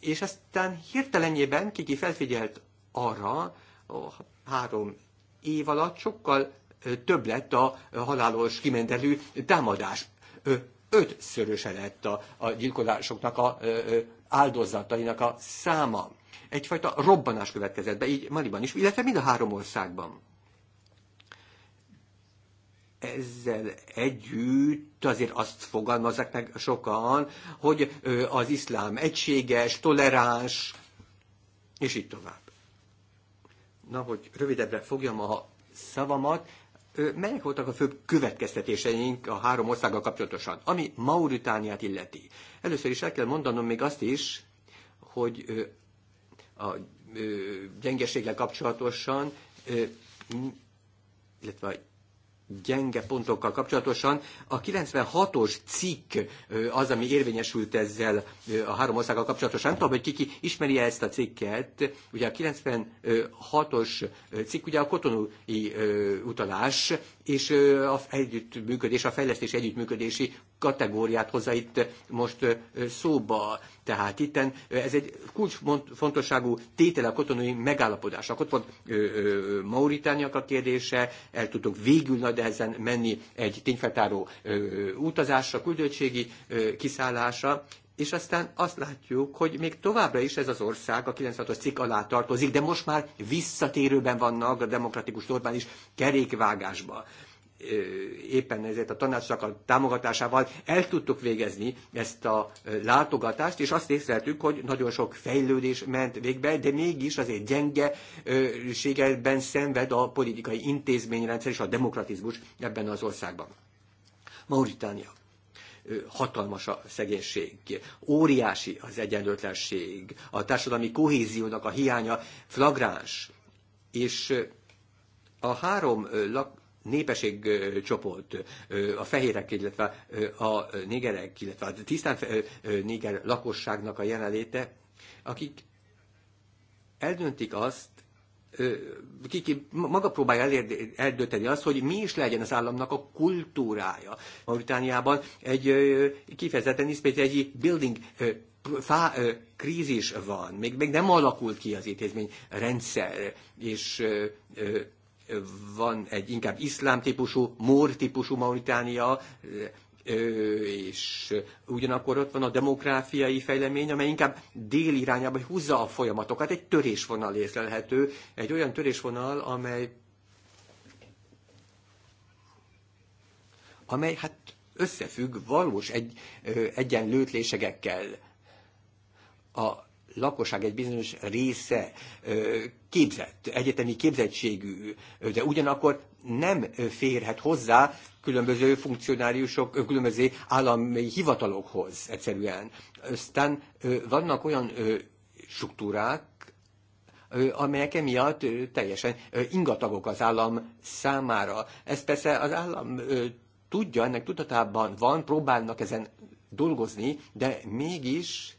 És aztán hirtelenjében Kiki felfigyelt arra, a három év alatt sokkal több lett a halálos kimendelő támadás. Ötszöröse lett a, a gyilkolásoknak a, a áldozatainak a száma. Egyfajta robbanás következett be, így Maliban is, illetve mind a három országban ezzel együtt azért azt fogalmazzák meg sokan, hogy az iszlám egységes, toleráns, és így tovább. Na, hogy rövidebbre fogjam a szavamat, melyek voltak a főbb következtetéseink a három országgal kapcsolatosan, ami Mauritániát illeti. Először is el kell mondanom még azt is, hogy a gyengeséggel kapcsolatosan, illetve gyenge pontokkal kapcsolatosan a 96-os cikk az, ami érvényesült ezzel a három országgal kapcsolatosan. Nem tudom, hogy kiki ismeri ezt a cikket. Ugye a 96-os cikk ugye a kotonúi utalás, és a együttműködés, a fejlesztés együttműködési kategóriát hozza itt most szóba. Tehát itten ez egy kulcsfontosságú tétele a kotonai megállapodásnak. Ott van Mauritániak a kérdése, el tudtunk végül nagy ezen menni egy tényfeltáró utazásra, küldöttségi kiszállásra, és aztán azt látjuk, hogy még továbbra is ez az ország a 96-os cikk alá tartozik, de most már visszatérőben vannak a demokratikus is kerékvágásba éppen ezért a tanácsnak a támogatásával el tudtuk végezni ezt a látogatást, és azt észleltük, hogy nagyon sok fejlődés ment végbe, de mégis azért gyengeségekben szenved a politikai intézményrendszer és a demokratizmus ebben az országban. Mauritánia hatalmas a szegénység, óriási az egyenlőtlenség, a társadalmi kohéziónak a hiánya flagráns, és a három lak, népességcsoport, a fehérek, illetve a négerek, illetve a tisztán néger lakosságnak a jelenléte, akik eldöntik azt, ki, ki maga próbálja eldönteni azt, hogy mi is legyen az államnak a kultúrája. Mauritániában egy kifejezetten kifejezetten például egy building fá, krízis van, még, még nem alakult ki az intézmény rendszer, és van egy inkább iszlám típusú, mór típusú Mauritánia, és ugyanakkor ott van a demográfiai fejlemény, amely inkább dél irányába húzza a folyamatokat. Egy törésvonal észlelhető, egy olyan törésvonal, amely amely hát összefügg valós egy, egyenlőtlésegekkel. A lakosság egy bizonyos része képzett, egyetemi képzettségű, de ugyanakkor nem férhet hozzá különböző funkcionáriusok, különböző állami hivatalokhoz egyszerűen. Aztán vannak olyan struktúrák, amelyek emiatt teljesen ingatagok az állam számára. Ez persze az állam tudja, ennek tudatában van, próbálnak ezen dolgozni, de mégis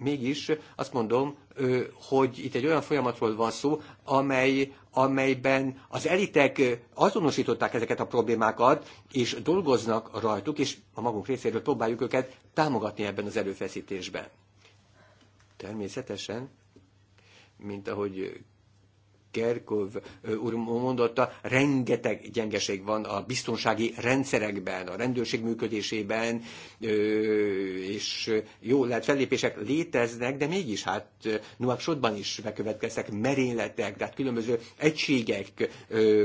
mégis azt mondom, hogy itt egy olyan folyamatról van szó, amely, amelyben az elitek azonosították ezeket a problémákat, és dolgoznak rajtuk, és a magunk részéről próbáljuk őket támogatni ebben az előfeszítésben. Természetesen, mint ahogy Kerkov úr mondotta, rengeteg gyengeség van a biztonsági rendszerekben, a rendőrség működésében, és jó, lehet fellépések léteznek, de mégis hát Nuaksodban is bekövetkeztek merényletek, tehát különböző egységek,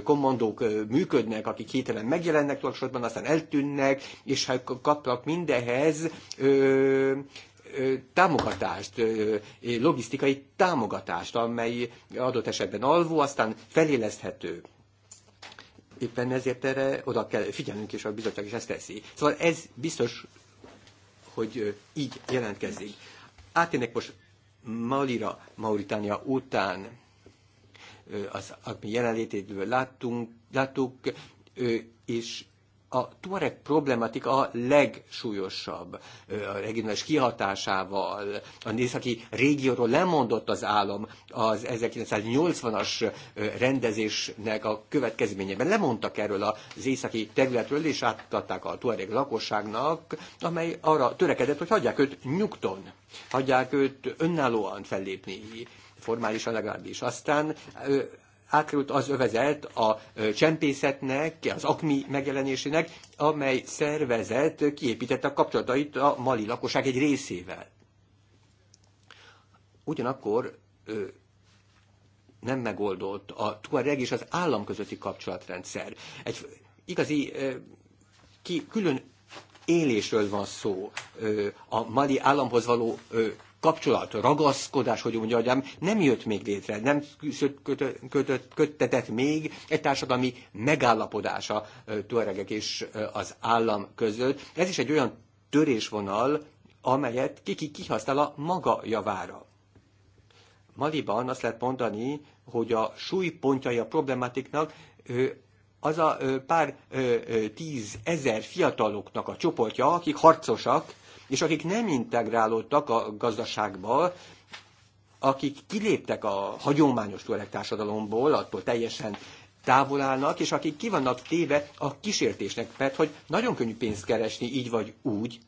kommandók működnek, akik hételen megjelennek Nuaksodban, aztán eltűnnek, és hát kapnak mindenhez támogatást, logisztikai támogatást, amely adott esetben alvó, aztán felélezhető. Éppen ezért erre oda kell figyelnünk, és a bizottság is ezt teszi. Szóval ez biztos, hogy így jelentkezik. Átérnek most Malira, Mauritánia után az, ami jelenlétéből láttunk, láttuk, és a Tuareg problematika a legsúlyosabb a regionális kihatásával. A északi régióról lemondott az állam az 1980-as rendezésnek a következményében. Lemondtak erről az északi területről, és átadták a Tuareg lakosságnak, amely arra törekedett, hogy hagyják őt nyugton, hagyják őt önállóan fellépni formálisan legalábbis. Aztán átkerült az övezet a csempészetnek, az akmi megjelenésének, amely szervezet kiépítette a kapcsolatait a mali lakosság egy részével. Ugyanakkor nem megoldott a Tuareg és az állam közötti kapcsolatrendszer. Egy igazi ki, külön élésről van szó, a mali államhoz való kapcsolat, ragaszkodás, hogy mondja, hogy nem jött még létre, nem kötött, köttetett még egy társadalmi megállapodása tuaregek és az állam között. Ez is egy olyan törésvonal, amelyet kiki kihasznál a maga javára. Maliban azt lehet mondani, hogy a súlypontjai a problematiknak az a pár tízezer fiataloknak a csoportja, akik harcosak, és akik nem integrálódtak a gazdaságba, akik kiléptek a hagyományos tuareg társadalomból, attól teljesen távol állnak, és akik ki vannak téve a kísértésnek, mert hogy nagyon könnyű pénzt keresni így vagy úgy,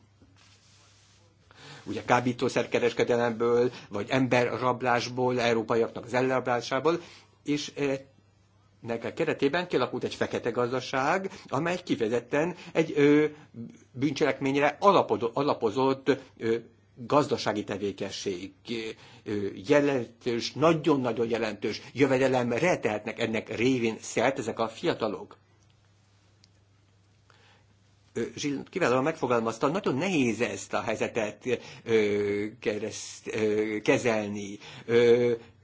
ugye kábítószerkereskedelemből, vagy emberrablásból, európaiaknak az ellenrablásából, és e, nek a keretében kialakult egy fekete gazdaság, amely kifejezetten egy ö, bűncselekményre alapozott gazdasági tevékenység jelentős, nagyon-nagyon jelentős jövedelemre tehetnek ennek révén szert ezek a fiatalok. Zsill kiválóan megfogalmazta, nagyon nehéz ezt a helyzetet kereszt, kezelni.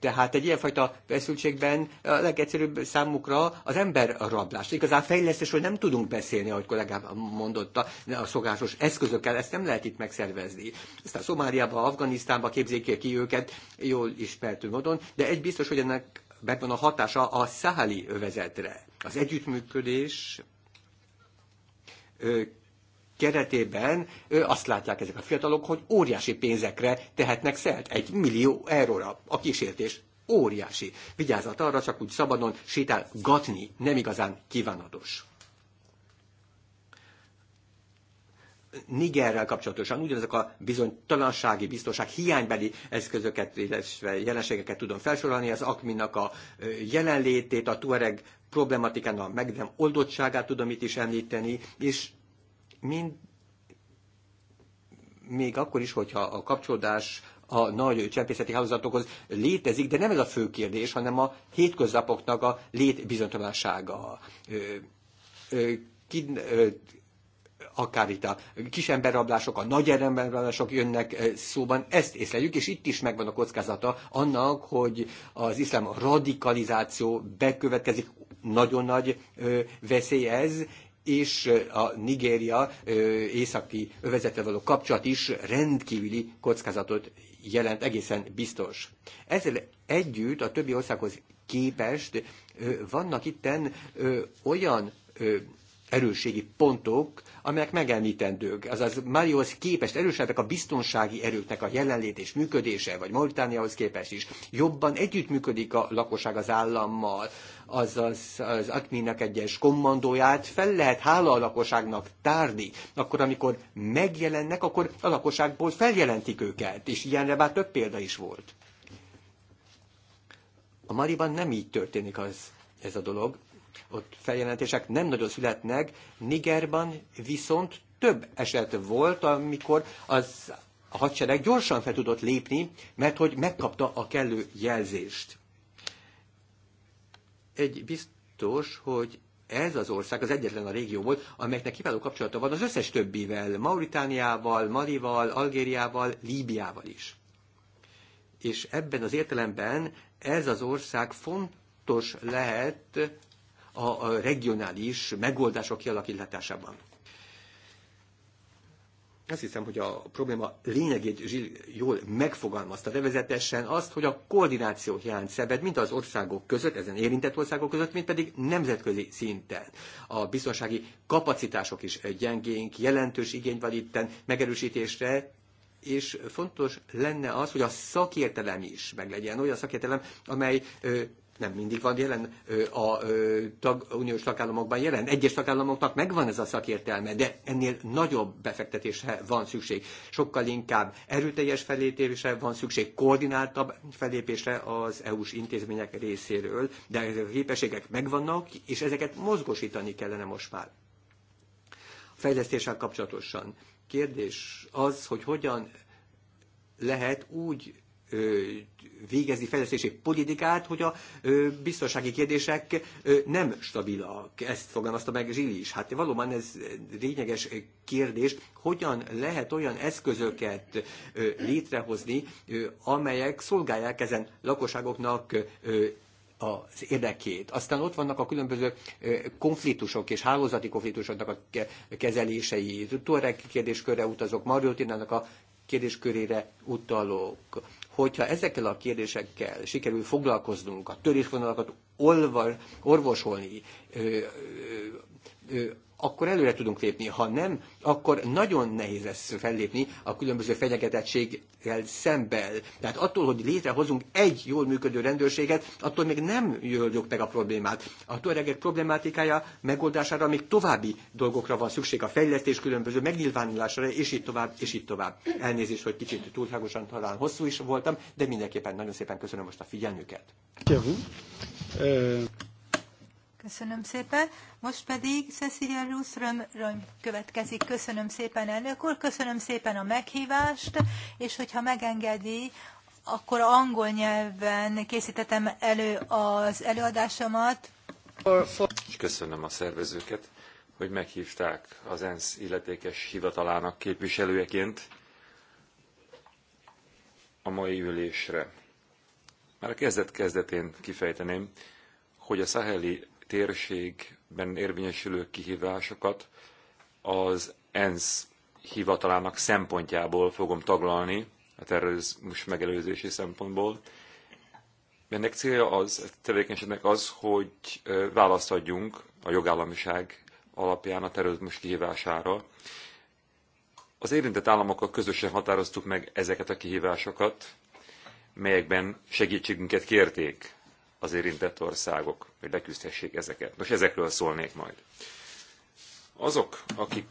Tehát egy ilyenfajta feszültségben a legegyszerűbb számukra az ember rablás. Igazán fejlesztésről nem tudunk beszélni, ahogy kollégám mondotta, a szokásos eszközökkel ezt nem lehet itt megszervezni. Aztán Szomáliába, Afganisztánba képzik ki őket, jól ismertő módon, de egy biztos, hogy ennek megvan a hatása a száli övezetre. Az együttműködés keretében azt látják ezek a fiatalok, hogy óriási pénzekre tehetnek szert, egy millió euróra a kísértés óriási. Vigyázat arra, csak úgy szabadon sétál gatni, nem igazán kívánatos. Nigerrel kapcsolatosan ugyanezek a bizonytalansági, biztonság hiánybeli eszközöket, illetve jelenségeket tudom felsorolni, az akminak a jelenlétét, a Tuareg problematikának meg nem oldottságát tudom itt is említeni, és mind még akkor is, hogyha a kapcsolódás a nagy csempészeti hálózatokhoz létezik, de nem ez a fő kérdés, hanem a hétköznapoknak a létbizonytalansága akár itt a kis emberrablások, a nagy emberrablások jönnek eh, szóban, ezt észleljük, és itt is megvan a kockázata annak, hogy az iszlám radikalizáció bekövetkezik, nagyon nagy veszély ez, és eh, a Nigéria eh, északi övezete való kapcsolat is rendkívüli kockázatot jelent, egészen biztos. Ezzel együtt a többi országhoz képest vannak itten olyan erősségi pontok, amelyek megemlítendők, azaz Márióhoz képest erősebbek a biztonsági erőknek a jelenlét és működése, vagy Mauritániahoz képest is. Jobban együttműködik a lakosság az állammal, azaz az adminnak egyes kommandóját fel lehet hála a lakosságnak tárni. Akkor, amikor megjelennek, akkor a lakosságból feljelentik őket, és ilyenre már több példa is volt. A Mariban nem így történik az, ez a dolog ott feljelentések nem nagyon születnek, Nigerban viszont több eset volt, amikor az a hadsereg gyorsan fel tudott lépni, mert hogy megkapta a kellő jelzést. Egy biztos, hogy ez az ország az egyetlen a régió volt, amelynek kiváló kapcsolata van az összes többivel, Mauritániával, Malival, Algériával, Líbiával is. És ebben az értelemben ez az ország fontos lehet a regionális megoldások kialakításában. Azt hiszem, hogy a probléma lényegét Zsil jól megfogalmazta nevezetesen azt, hogy a koordináció hiány szenved mind az országok között, ezen érintett országok között, mint pedig nemzetközi szinten. A biztonsági kapacitások is gyengénk, jelentős igény van itten megerősítésre, és fontos lenne az, hogy a szakértelem is meglegyen, olyan szakértelem, amely nem mindig van jelen a tag, uniós tagállamokban jelen. Egyes tagállamoknak megvan ez a szakértelme, de ennél nagyobb befektetésre van szükség. Sokkal inkább erőteljes felépésre van szükség, koordináltabb felépésre az EU-s intézmények részéről, de ezek a képességek megvannak, és ezeket mozgosítani kellene most már. A fejlesztéssel kapcsolatosan kérdés az, hogy hogyan lehet úgy végezni fejlesztési politikát, hogy a biztonsági kérdések nem stabilak. Ezt fogalmazta meg Zsili is. Hát valóban ez lényeges kérdés, hogyan lehet olyan eszközöket létrehozni, amelyek szolgálják ezen lakosságoknak az érdekét. Aztán ott vannak a különböző konfliktusok és hálózati konfliktusoknak a kezelései. Tuareg kérdéskörre utazok, Mariotinának a kérdéskörére utalok hogyha ezekkel a kérdésekkel sikerül foglalkoznunk, a törésvonalakat orvosolni, akkor előre tudunk lépni. Ha nem, akkor nagyon nehéz lesz fellépni a különböző fenyegetettséggel szemben. Tehát attól, hogy létrehozunk egy jól működő rendőrséget, attól még nem jöldjük meg a problémát. A töregek problémátikája megoldására még további dolgokra van szükség, a fejlesztés különböző megnyilvánulására, és így tovább, és így tovább. Elnézést, hogy kicsit túlságosan talán hosszú is voltam, de mindenképpen nagyon szépen köszönöm most a figyelmüket. Köszönöm. Köszönöm szépen. Most pedig Cecilia Luszröm következik. Köszönöm szépen, elnök úr. Köszönöm szépen a meghívást, és hogyha megengedi, akkor angol nyelven készítettem elő az előadásomat. És köszönöm a szervezőket, hogy meghívták az ENSZ illetékes hivatalának képviselőjeként a mai ülésre. Már a kezdet kezdetén kifejteném, hogy a szaheli térségben érvényesülő kihívásokat az ENSZ hivatalának szempontjából fogom taglalni, a hát terrorizmus megelőzési szempontból. Ennek célja az, a tevékenységnek az, hogy választ adjunk a jogállamiság alapján a terrorizmus kihívására. Az érintett államokkal közösen határoztuk meg ezeket a kihívásokat, melyekben segítségünket kérték az érintett országok, hogy leküzdhessék ezeket. Most ezekről szólnék majd. Azok, akik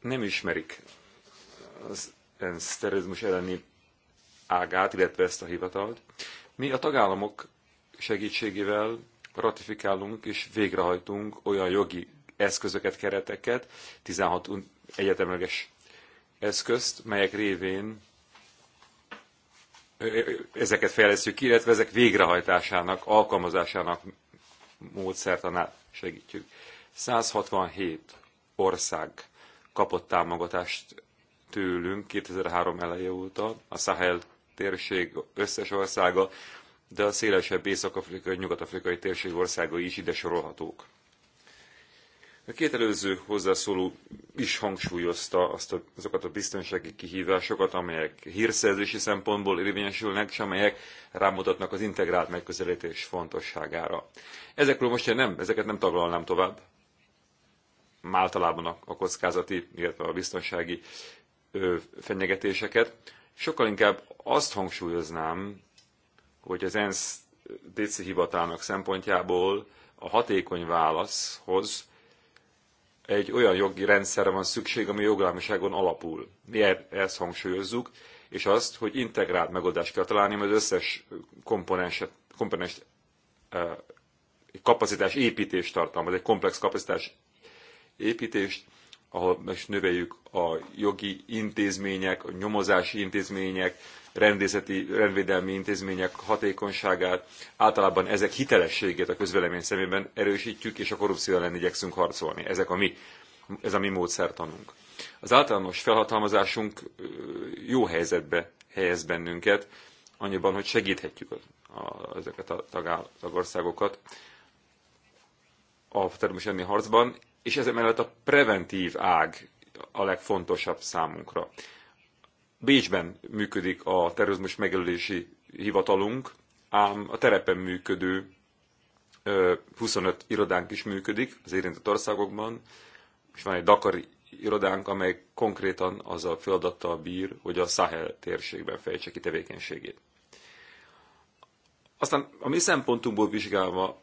nem ismerik az ENSZ terrorizmus elleni ágát, illetve ezt a hivatalt, mi a tagállamok segítségével ratifikálunk és végrehajtunk olyan jogi eszközöket, kereteket, 16 egyetemleges eszközt, melyek révén ezeket fejlesztjük ki, illetve ezek végrehajtásának, alkalmazásának módszertanát segítjük. 167 ország kapott támogatást tőlünk 2003 eleje óta, a Sahel térség összes országa, de a szélesebb észak-afrikai, nyugat-afrikai térség országai is ide sorolhatók. A két előző hozzászóló is hangsúlyozta azt a, azokat a biztonsági kihívásokat, amelyek hírszerzési szempontból érvényesülnek, és amelyek rámutatnak az integrált megközelítés fontosságára. Ezekről most én nem, ezeket nem taglalnám tovább. Általában a kockázati, illetve a biztonsági fenyegetéseket. Sokkal inkább azt hangsúlyoznám, hogy az ENSZ DC hivatának szempontjából a hatékony válaszhoz egy olyan jogi rendszerre van szükség, ami jogállamiságon alapul. Mi e- ezt hangsúlyozzuk, és azt, hogy integrált megoldást kell találni, mert az összes komponenset, komponenset egy kapacitás építést tartalmaz, egy komplex kapacitás építést, ahol most növeljük a jogi intézmények, a nyomozási intézmények, rendészeti, rendvédelmi intézmények hatékonyságát, általában ezek hitelességét a közvélemény szemében erősítjük, és a korrupció ellen igyekszünk harcolni. Ezek a mi, ez a mi módszertanunk. Az általános felhatalmazásunk jó helyzetbe helyez bennünket, annyiban, hogy segíthetjük a, a, ezeket a tagországokat a természetmi harcban, és ezek mellett a preventív ág a legfontosabb számunkra. Bécsben működik a terrorizmus megelőlési hivatalunk, ám a terepen működő 25 irodánk is működik az érintett országokban, és van egy Dakari irodánk, amely konkrétan az a feladattal bír, hogy a Sahel térségben fejtse ki tevékenységét. Aztán a mi szempontunkból vizsgálva,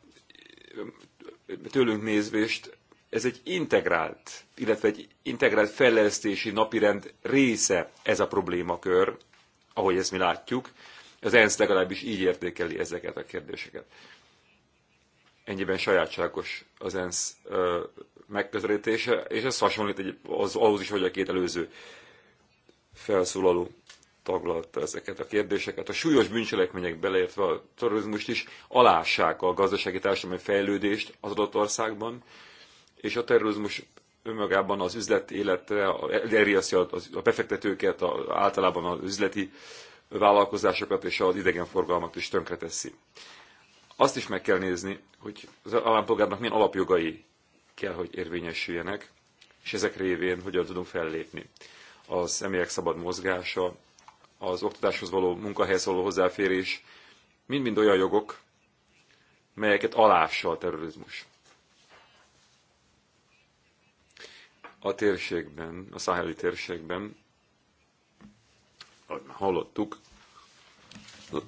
tőlünk nézvést, ez egy integrált, illetve egy integrált fejlesztési napirend része ez a problémakör, ahogy ezt mi látjuk. Az ENSZ legalábbis így értékeli ezeket a kérdéseket. Ennyiben sajátságos az ENSZ ö, megközelítése, és ez hasonlít egy, az, ahhoz is, hogy a két előző felszólaló taglalta ezeket a kérdéseket. A súlyos bűncselekmények beleértve a terrorizmust is alássák a gazdasági társadalmi fejlődést az adott országban, és a terrorizmus önmagában az üzleti életre, elérjeszi a, a befektetőket, a, általában az üzleti vállalkozásokat és az idegenforgalmat is tönkreteszi. Azt is meg kell nézni, hogy az állampolgárnak milyen alapjogai kell, hogy érvényesüljenek, és ezek révén hogyan tudunk fellépni. Az emélyek szabad mozgása, az oktatáshoz való munkahelyhez való hozzáférés, mind-mind olyan jogok, melyeket alássa a terrorizmus. a térségben, a száheli térségben, ahogy már hallottuk,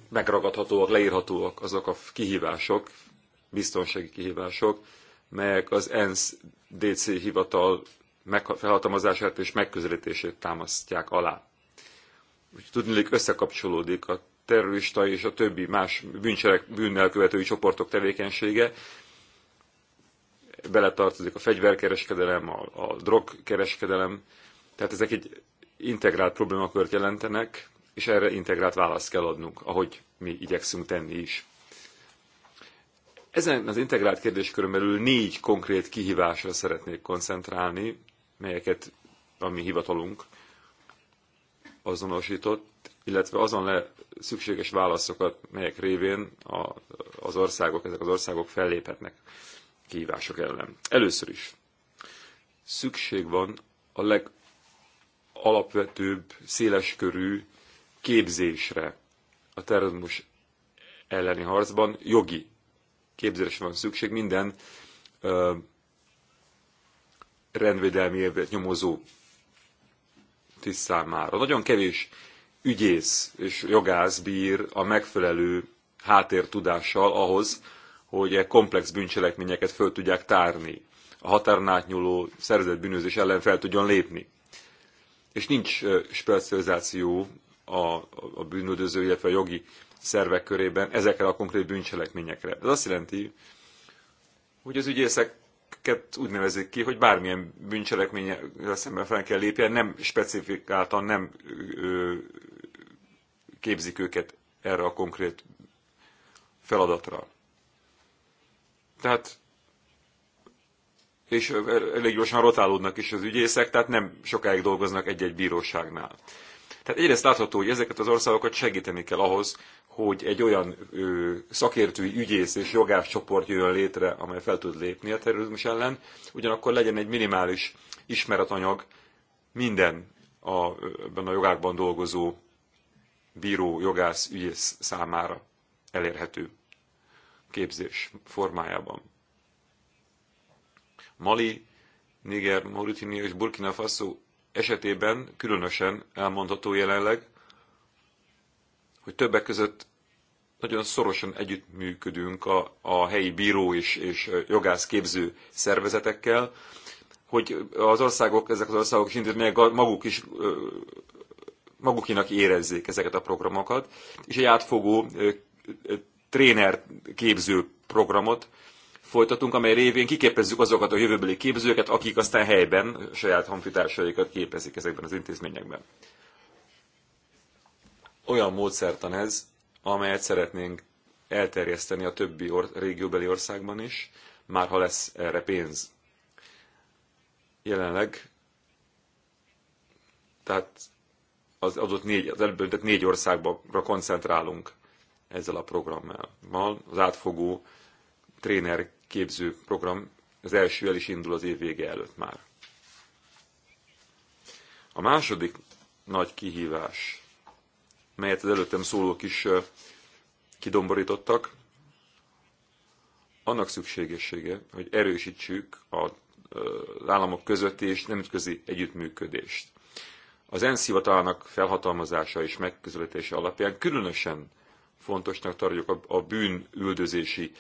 megragadhatóak, leírhatóak azok a kihívások, biztonsági kihívások, melyek az ENSZ DC hivatal felhatalmazását és megközelítését támasztják alá. Úgy tudnélik összekapcsolódik a terrorista és a többi más bűncselek, bűnnel követői csoportok tevékenysége, beletartozik a fegyverkereskedelem, a, a drogkereskedelem, tehát ezek egy integrált problémakört jelentenek, és erre integrált választ kell adnunk, ahogy mi igyekszünk tenni is. Ezen az integrált kérdéskörön belül négy konkrét kihívásra szeretnék koncentrálni, melyeket a mi hivatalunk azonosított, illetve azon le szükséges válaszokat, melyek révén az országok, ezek az országok felléphetnek kihívások ellen. Először is szükség van a legalapvetőbb, széleskörű képzésre a terrorizmus elleni harcban. Jogi képzésre van szükség minden ö, rendvédelmi érvét nyomozó tiszt számára. Nagyon kevés ügyész és jogász bír a megfelelő háttértudással ahhoz, hogy e komplex bűncselekményeket föl tudják tárni, a határon átnyúló szervezett bűnözés ellen fel tudjon lépni. És nincs specializáció a, a bűnöldöző, illetve a jogi szervek körében ezekre a konkrét bűncselekményekre. Ez azt jelenti, hogy az ügyészeket úgy nevezik ki, hogy bármilyen bűncselekményre szemben fel kell lépjen, nem specifikáltan nem ö, képzik őket erre a konkrét feladatra. Tehát és elég gyorsan rotálódnak is az ügyészek, tehát nem sokáig dolgoznak egy-egy bíróságnál. Tehát egyrészt látható, hogy ezeket az országokat segíteni kell ahhoz, hogy egy olyan ö, szakértői ügyész és jogász csoport jöjjön létre, amely fel tud lépni a terrorizmus ellen, ugyanakkor legyen egy minimális ismeretanyag minden a, ebben a jogákban dolgozó bíró, jogász, ügyész számára elérhető képzés formájában. Mali, Niger, Mauritania és Burkina Faso esetében különösen elmondható jelenleg, hogy többek között nagyon szorosan együttműködünk a, a helyi bíró és, és képző szervezetekkel, hogy az országok, ezek az országok is intézmények maguk is magukinak érezzék ezeket a programokat, és egy átfogó tréner képző programot folytatunk, amely révén kiképezzük azokat a jövőbeli képzőket, akik aztán helyben saját honfitársaikat képezik ezekben az intézményekben. Olyan módszertan ez, amelyet szeretnénk elterjeszteni a többi or- régióbeli országban is, már ha lesz erre pénz. Jelenleg, tehát az adott négy, az előbb négy országra koncentrálunk ezzel a programmal. Az átfogó tréner képző program az első el is indul az év vége előtt már. A második nagy kihívás, melyet az előttem szólók is kidomborítottak, annak szükségessége, hogy erősítsük az államok közötti és nemzetközi együttműködést. Az ENSZ hivatalának felhatalmazása és megközelítése alapján különösen fontosnak tartjuk a, a bűnüldözési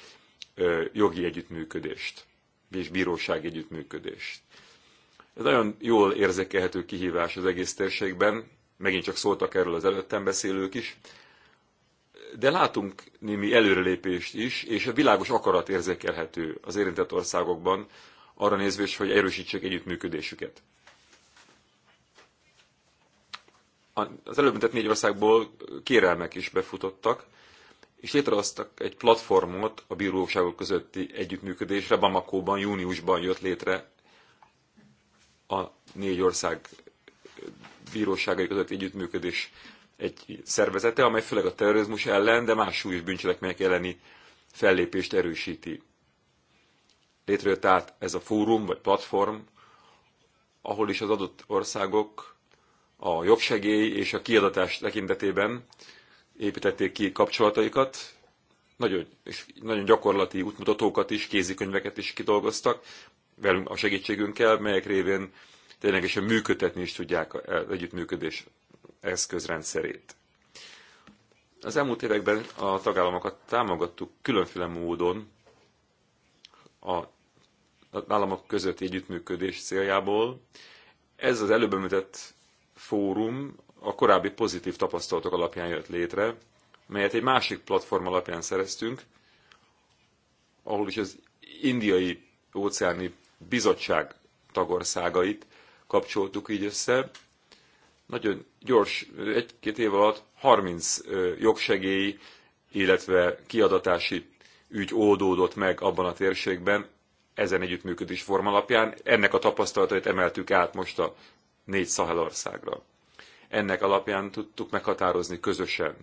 jogi együttműködést és bíróság együttműködést. Ez nagyon jól érzékelhető kihívás az egész térségben, megint csak szóltak erről az előttem beszélők is, de látunk némi előrelépést is, és a világos akarat érzékelhető az érintett országokban, arra nézve is, hogy erősítsék együttműködésüket. az előbb említett négy országból kérelmek is befutottak, és létrehoztak egy platformot a bíróságok közötti együttműködésre. Bamakóban, júniusban jött létre a négy ország bíróságai közötti együttműködés egy szervezete, amely főleg a terrorizmus ellen, de más súlyos bűncselekmények elleni fellépést erősíti. Létrejött át ez a fórum vagy platform, ahol is az adott országok a jogsegély és a kiadatás tekintetében építették ki kapcsolataikat, nagyon, és nagyon gyakorlati útmutatókat is, kézikönyveket is kidolgoztak, velünk a segítségünkkel, melyek révén ténylegesen működtetni is tudják az együttműködés eszközrendszerét. Az elmúlt években a tagállamokat támogattuk különféle módon a, a államok közötti együttműködés céljából. Ez az előbb említett fórum a korábbi pozitív tapasztalatok alapján jött létre, melyet egy másik platform alapján szereztünk, ahol is az indiai óceáni bizottság tagországait kapcsoltuk így össze. Nagyon gyors, egy-két év alatt 30 jogsegélyi, illetve kiadatási ügy oldódott meg abban a térségben, ezen együttműködés formalapján. Ennek a tapasztalatait emeltük át most a négy Szahelországra. Ennek alapján tudtuk meghatározni közösen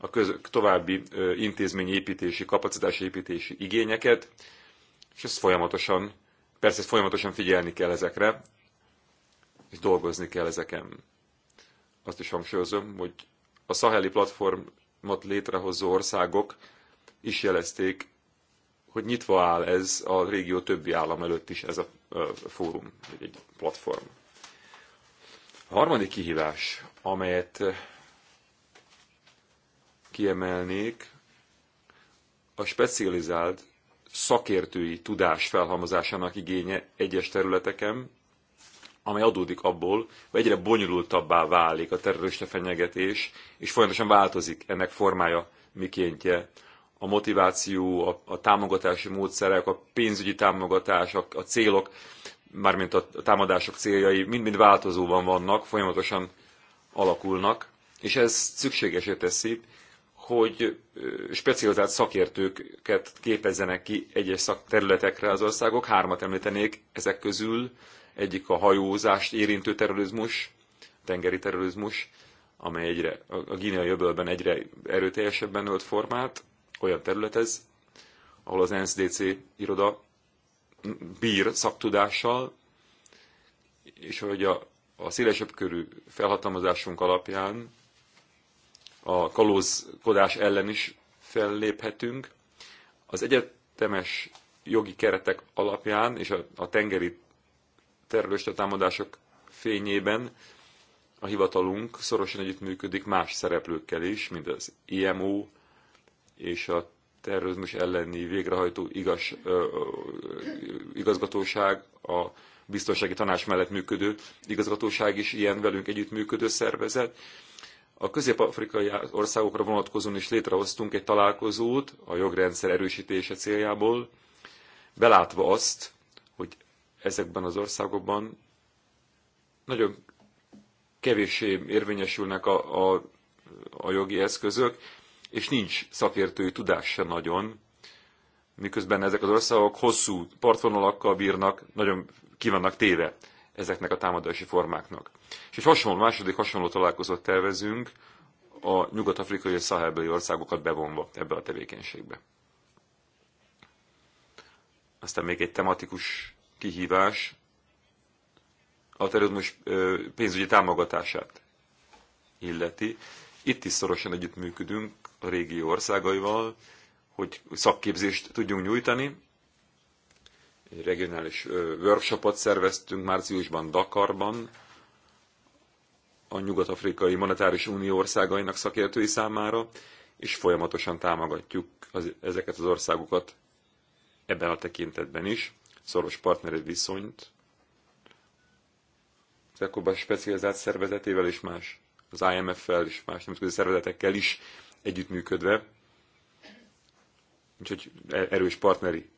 a köz további intézményi építési, kapacitási építési igényeket, és ezt folyamatosan, persze ezt folyamatosan figyelni kell ezekre, és dolgozni kell ezeken. Azt is hangsúlyozom, hogy a szaheli platformot létrehozó országok is jelezték, hogy nyitva áll ez a régió többi állam előtt is ez a fórum, egy platform. A harmadik kihívás, amelyet eh, kiemelnék, a specializált szakértői tudás felhalmozásának igénye egyes területeken, amely adódik abból, hogy egyre bonyolultabbá válik a terrorista fenyegetés, és folyamatosan változik ennek formája, mikéntje. A motiváció, a, a támogatási módszerek, a pénzügyi támogatás, a, a célok mármint a támadások céljai mind-mind változóban vannak, folyamatosan alakulnak, és ez szükségesé teszi, hogy specializált szakértőket képezzenek ki egyes szakterületekre az országok. Hármat említenék ezek közül. Egyik a hajózást érintő terrorizmus, tengeri terrorizmus, amely egyre, a Guinea jövőben egyre erőteljesebben ölt formát. Olyan terület ez, ahol az NSDC iroda bír szaktudással, és hogy a, a szélesebb körű felhatalmazásunk alapján a kalózkodás ellen is felléphetünk. Az egyetemes jogi keretek alapján és a, a tengeri terrorista támadások fényében a hivatalunk szorosan együttműködik más szereplőkkel is, mint az IMO és a terrorizmus elleni végrehajtó igaz, ö, igazgatóság, a biztonsági tanács mellett működő igazgatóság is ilyen velünk együttműködő szervezet. A közép-afrikai országokra vonatkozóan is létrehoztunk egy találkozót a jogrendszer erősítése céljából, belátva azt, hogy ezekben az országokban nagyon kevéssé érvényesülnek a, a, a jogi eszközök, és nincs szakértői tudás se nagyon, miközben ezek az országok hosszú partvonalakkal bírnak, nagyon kivannak téve ezeknek a támadási formáknak. És egy hasonló, második hasonló találkozót tervezünk a nyugat-afrikai és szahelbeli országokat bevonva ebbe a tevékenységbe. Aztán még egy tematikus kihívás, a terrorizmus pénzügyi támogatását illeti. Itt is szorosan együttműködünk a régió országaival, hogy szakképzést tudjunk nyújtani. Egy regionális workshopot szerveztünk márciusban Dakarban, a Nyugat-Afrikai Monetáris Unió országainak szakértői számára, és folyamatosan támogatjuk az, ezeket az országokat ebben a tekintetben is, szoros partneri viszonyt, az ECOBA specializált szervezetével és más, az IMF-fel és más nemzetközi szervezetekkel is együttműködve, úgyhogy e- erős partneri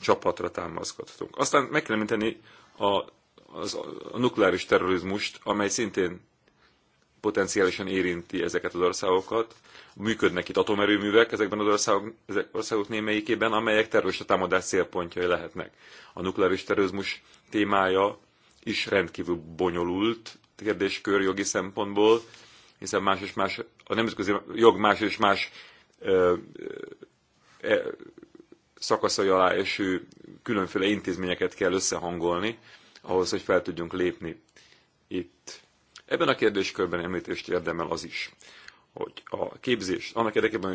csapatra támaszkodhatunk. Aztán meg kell említeni a, az, a nukleáris terrorizmust, amely szintén potenciálisan érinti ezeket az országokat. Működnek itt atomerőművek ezekben az országok, ezek országok némelyikében, amelyek terrorista támadás célpontjai lehetnek. A nukleáris terrorizmus témája is rendkívül bonyolult kérdéskör jogi szempontból, hiszen más és más, a nemzetközi jog más és más ö, ö, e, szakaszai alá eső különféle intézményeket kell összehangolni, ahhoz, hogy fel tudjunk lépni itt. Ebben a kérdéskörben említést érdemel az is, hogy a képzés, annak érdekében,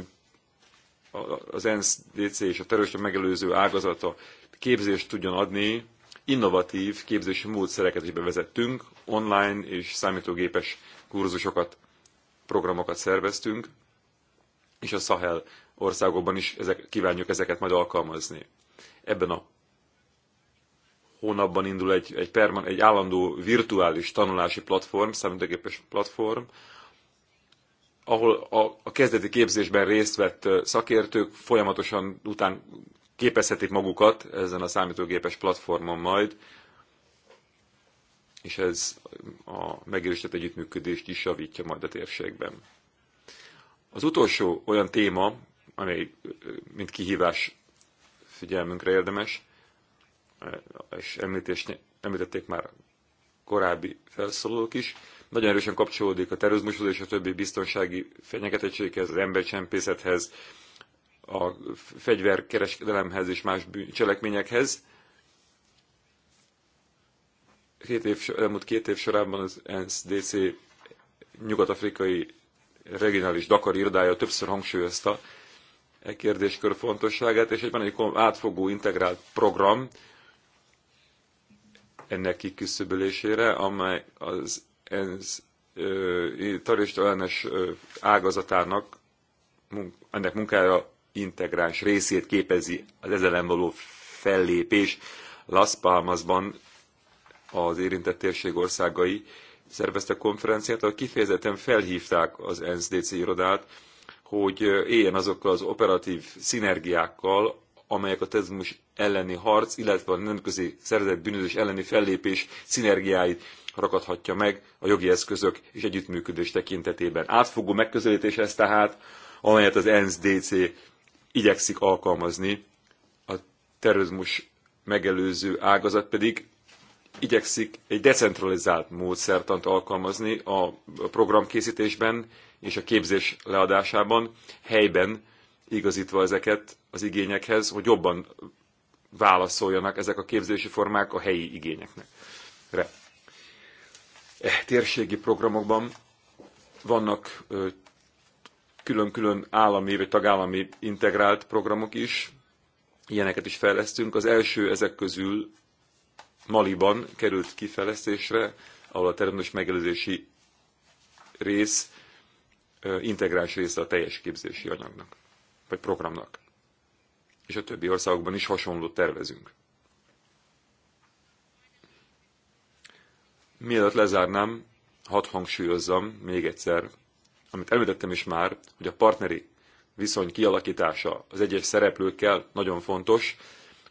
hogy az ENSZ, DC és a terrorista megelőző ágazata képzést tudjon adni, innovatív képzési módszereket is bevezettünk, online és számítógépes kurzusokat programokat szerveztünk, és a Sahel országokban is ezek, kívánjuk ezeket majd alkalmazni. Ebben a hónapban indul egy, egy, perman, egy állandó virtuális tanulási platform, számítógépes platform, ahol a, a kezdeti képzésben részt vett szakértők folyamatosan után képezhetik magukat ezen a számítógépes platformon majd, és ez a megerősített együttműködést is javítja majd a térségben. Az utolsó olyan téma, amely mint kihívás figyelmünkre érdemes, és említést, említették már korábbi felszólalók is, nagyon erősen kapcsolódik a terrorizmushoz és a többi biztonsági fenyegetettséghez, az embercsempészethez, a fegyverkereskedelemhez és más cselekményekhez két év, elmúlt két év sorában az ENSZ DC nyugat-afrikai regionális Dakar irdája többször hangsúlyozta e kérdéskör fontosságát, és egyben egy átfogó integrált program ennek kiküszöbölésére, amely az ENSZ terrorista ellenes ágazatának ennek munkája integráns részét képezi az ezelen való fellépés Las Palmasban az érintett térség országai szerveztek konferenciát, ahol kifejezetten felhívták az ENSZ irodát, hogy éljen azokkal az operatív szinergiákkal, amelyek a terrorizmus elleni harc, illetve a nemzetközi szervezet bűnözés elleni fellépés szinergiáit rakadhatja meg a jogi eszközök és együttműködés tekintetében. Átfogó megközelítés ez tehát, amelyet az ensz igyekszik alkalmazni, a terrorizmus megelőző ágazat pedig igyekszik egy decentralizált módszertant alkalmazni a programkészítésben és a képzés leadásában, helyben igazítva ezeket az igényekhez, hogy jobban válaszoljanak ezek a képzési formák a helyi igényeknek. Re. E térségi programokban vannak külön-külön állami vagy tagállami integrált programok is, ilyeneket is fejlesztünk. Az első ezek közül Maliban került kifejlesztésre, ahol a termelős megelőzési rész integráns része a teljes képzési anyagnak, vagy programnak. És a többi országokban is hasonlót tervezünk. Mielőtt lezárnám, hadd hangsúlyozzam még egyszer, amit említettem is már, hogy a partneri viszony kialakítása az egyes szereplőkkel nagyon fontos,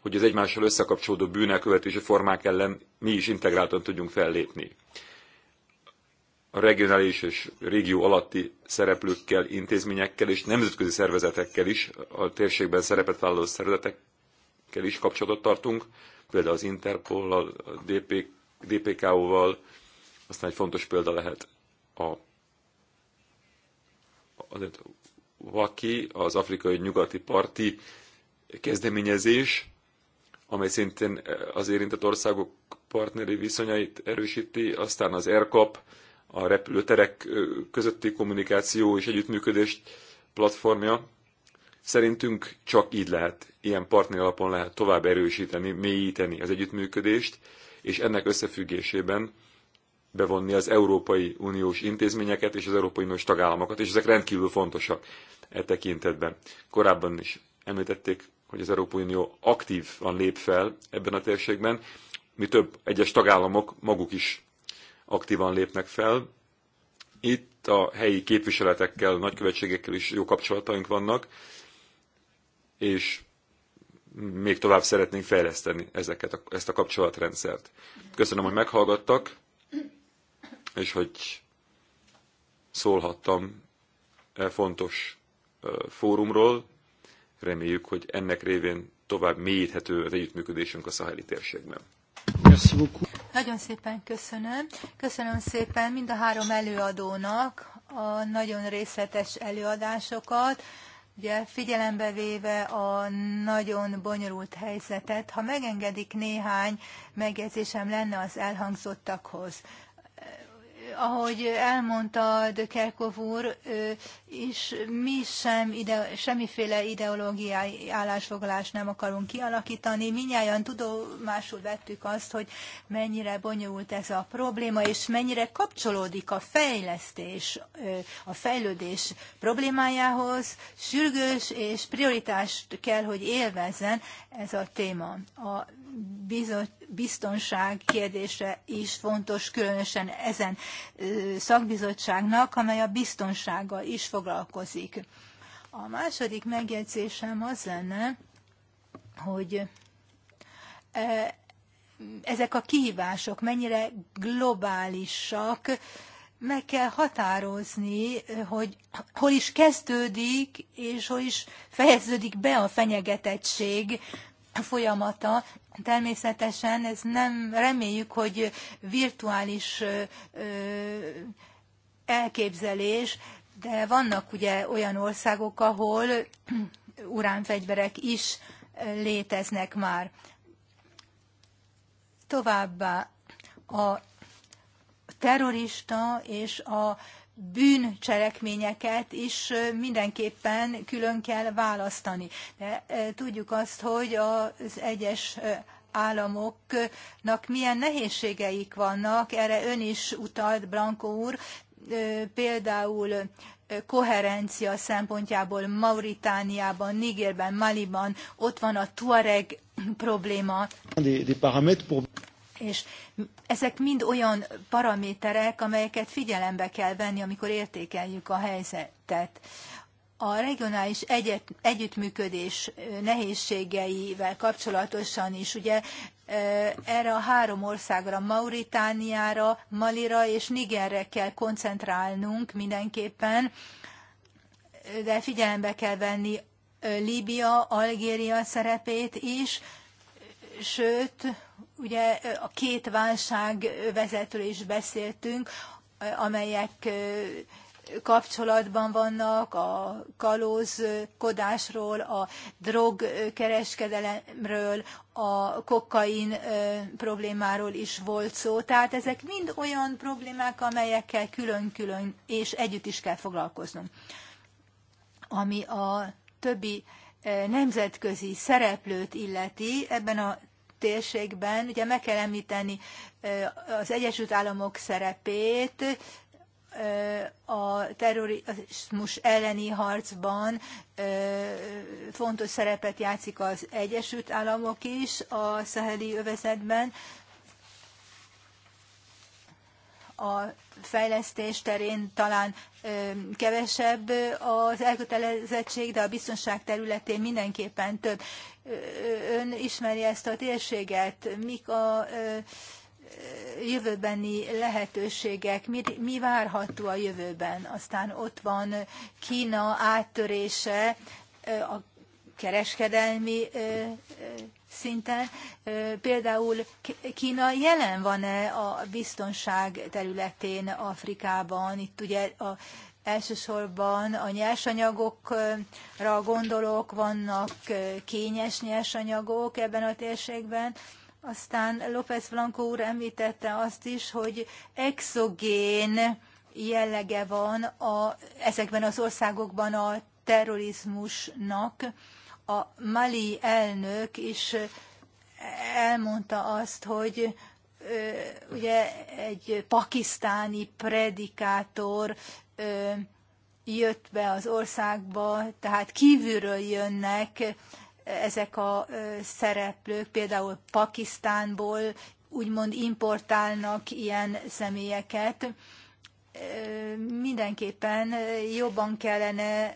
hogy az egymással összekapcsolódó bűnelkövetési formák ellen mi is integráltan tudjunk fellépni. A regionális és régió alatti szereplőkkel, intézményekkel és nemzetközi szervezetekkel is, a térségben szerepet vállaló szervezetekkel is kapcsolatot tartunk, például az Interpol, a DP, DPKO-val, aztán egy fontos példa lehet a, az, az afrikai nyugati parti kezdeményezés, amely szintén eh, az érintett országok partneri viszonyait erősíti, aztán az ERCAP, a repülőterek eh, közötti kommunikáció és együttműködés platformja. Szerintünk csak így lehet, ilyen partner alapon lehet tovább erősíteni, mélyíteni az együttműködést, és ennek összefüggésében bevonni az Európai Uniós intézményeket és az Európai Uniós tagállamokat, és ezek rendkívül fontosak e tekintetben. Korábban is említették hogy az Európai Unió aktívan lép fel ebben a térségben, mi több egyes tagállamok maguk is aktívan lépnek fel. Itt a helyi képviseletekkel, nagykövetségekkel is jó kapcsolataink vannak, és még tovább szeretnénk fejleszteni ezeket a, ezt a kapcsolatrendszert. Köszönöm, hogy meghallgattak, és hogy szólhattam e fontos fórumról, Reméljük, hogy ennek révén tovább mélyíthető az együttműködésünk a szaheli térségben. Nagyon szépen köszönöm. Köszönöm szépen mind a három előadónak a nagyon részletes előadásokat, ugye figyelembe véve a nagyon bonyolult helyzetet. Ha megengedik néhány megjegyzésem lenne az elhangzottakhoz ahogy elmondta de Kerkov úr, és mi sem ide, semmiféle ideológiai állásfoglalást nem akarunk kialakítani. Minnyáján tudomásul vettük azt, hogy mennyire bonyolult ez a probléma, és mennyire kapcsolódik a fejlesztés, a fejlődés problémájához. Sürgős és prioritást kell, hogy élvezzen ez a téma. A biztonság kérdése is fontos, különösen ezen szakbizottságnak, amely a biztonsággal is foglalkozik. A második megjegyzésem az lenne, hogy ezek a kihívások mennyire globálisak, meg kell határozni, hogy hol is kezdődik, és hol is fejeződik be a fenyegetettség, folyamata. Természetesen ez nem reméljük, hogy virtuális elképzelés, de vannak ugye olyan országok, ahol uránfegyverek is léteznek már. Továbbá a terrorista és a bűncselekményeket is mindenképpen külön kell választani. De tudjuk azt, hogy az egyes államoknak milyen nehézségeik vannak, erre ön is utalt, Blanco úr, például koherencia szempontjából Mauritániában, Nigerben, Maliban, ott van a Tuareg probléma és ezek mind olyan paraméterek, amelyeket figyelembe kell venni, amikor értékeljük a helyzetet. A regionális egyet, együttműködés nehézségeivel kapcsolatosan is, ugye erre a három országra, Mauritániára, Malira és Nigerre kell koncentrálnunk mindenképpen, de figyelembe kell venni Líbia, Algéria szerepét is, sőt, Ugye a két válság vezetről is beszéltünk, amelyek kapcsolatban vannak a kalózkodásról, a drogkereskedelemről, a kokain problémáról is volt szó. Tehát ezek mind olyan problémák, amelyekkel külön-külön és együtt is kell foglalkoznunk. Ami a többi nemzetközi szereplőt illeti ebben a térségben, ugye meg kell említeni az Egyesült Államok szerepét, a terrorizmus elleni harcban fontos szerepet játszik az Egyesült Államok is a szaheli övezetben. A fejlesztés terén talán kevesebb az elkötelezettség, de a biztonság területén mindenképpen több. Ön ismeri ezt a térséget, mik a jövőbeni lehetőségek, mi, mi várható a jövőben. Aztán ott van Kína áttörése a kereskedelmi szinten, például Kína jelen van-e a biztonság területén Afrikában? Itt ugye a, elsősorban a nyersanyagokra gondolok, vannak kényes nyersanyagok ebben a térségben, aztán López Blanco úr említette azt is, hogy exogén jellege van a, ezekben az országokban a terrorizmusnak a mali elnök is elmondta azt, hogy ugye egy pakisztáni predikátor jött be az országba, tehát kívülről jönnek ezek a szereplők, például Pakisztánból úgymond importálnak ilyen személyeket. Mindenképpen jobban kellene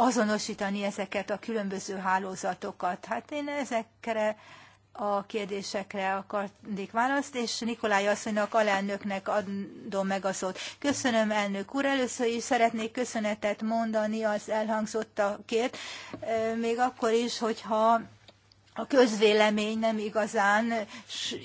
azonosítani ezeket a különböző hálózatokat. Hát én ezekre a kérdésekre akarnék választ, és Nikolaj asszonynak, alelnöknek adom meg a szót. Köszönöm, elnök úr. Először is szeretnék köszönetet mondani az elhangzottakért, még akkor is, hogyha a közvélemény nem igazán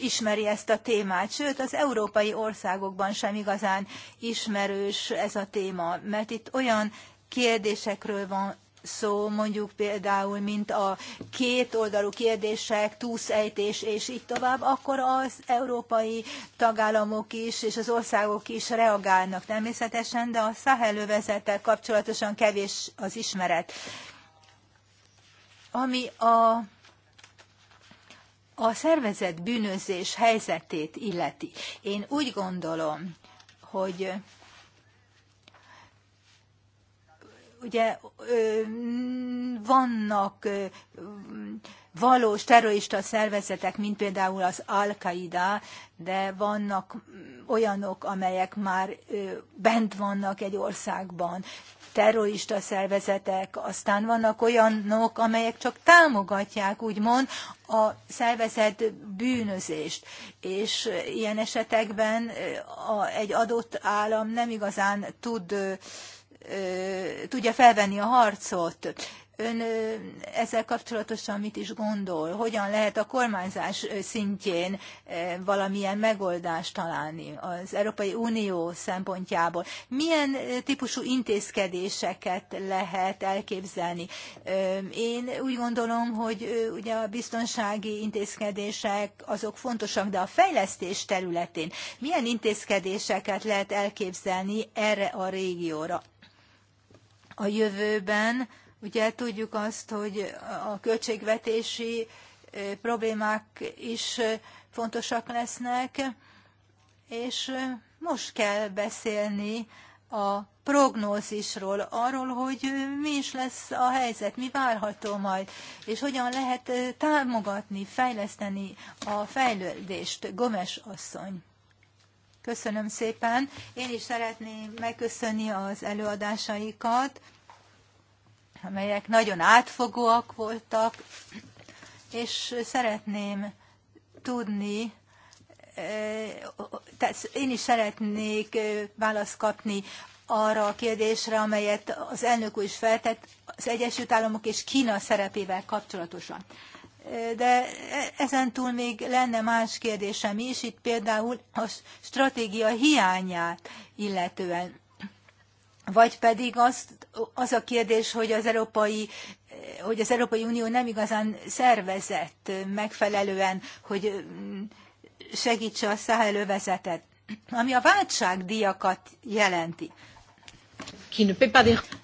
ismeri ezt a témát, sőt az európai országokban sem igazán ismerős ez a téma, mert itt olyan kérdésekről van szó, mondjuk például, mint a két oldalú kérdések, túszejtés és így tovább, akkor az európai tagállamok is és az országok is reagálnak természetesen, de a övezettel kapcsolatosan kevés az ismeret. Ami a a szervezet bűnözés helyzetét illeti. Én úgy gondolom, hogy ugye vannak valós terrorista szervezetek, mint például az Al-Qaida, de vannak olyanok, amelyek már bent vannak egy országban, terrorista szervezetek, aztán vannak olyanok, amelyek csak támogatják, úgymond, a szervezet bűnözést. És ilyen esetekben egy adott állam nem igazán tud tudja felvenni a harcot. Ön ezzel kapcsolatosan mit is gondol? Hogyan lehet a kormányzás szintjén valamilyen megoldást találni az Európai Unió szempontjából? Milyen típusú intézkedéseket lehet elképzelni? Én úgy gondolom, hogy ugye a biztonsági intézkedések azok fontosak, de a fejlesztés területén milyen intézkedéseket lehet elképzelni erre a régióra? a jövőben. Ugye tudjuk azt, hogy a költségvetési problémák is fontosak lesznek, és most kell beszélni a prognózisról, arról, hogy mi is lesz a helyzet, mi várható majd, és hogyan lehet támogatni, fejleszteni a fejlődést. Gomes asszony. Köszönöm szépen. Én is szeretném megköszönni az előadásaikat, amelyek nagyon átfogóak voltak, és szeretném tudni, eh, tehát én is szeretnék eh, választ kapni arra a kérdésre, amelyet az elnök úr is feltett az Egyesült Államok és Kína szerepével kapcsolatosan de ezen túl még lenne más kérdésem is, itt például a stratégia hiányát illetően. Vagy pedig az, az a kérdés, hogy az Európai hogy az Európai Unió nem igazán szervezett megfelelően, hogy segítse a száhelővezetet, ami a váltságdíjakat jelenti.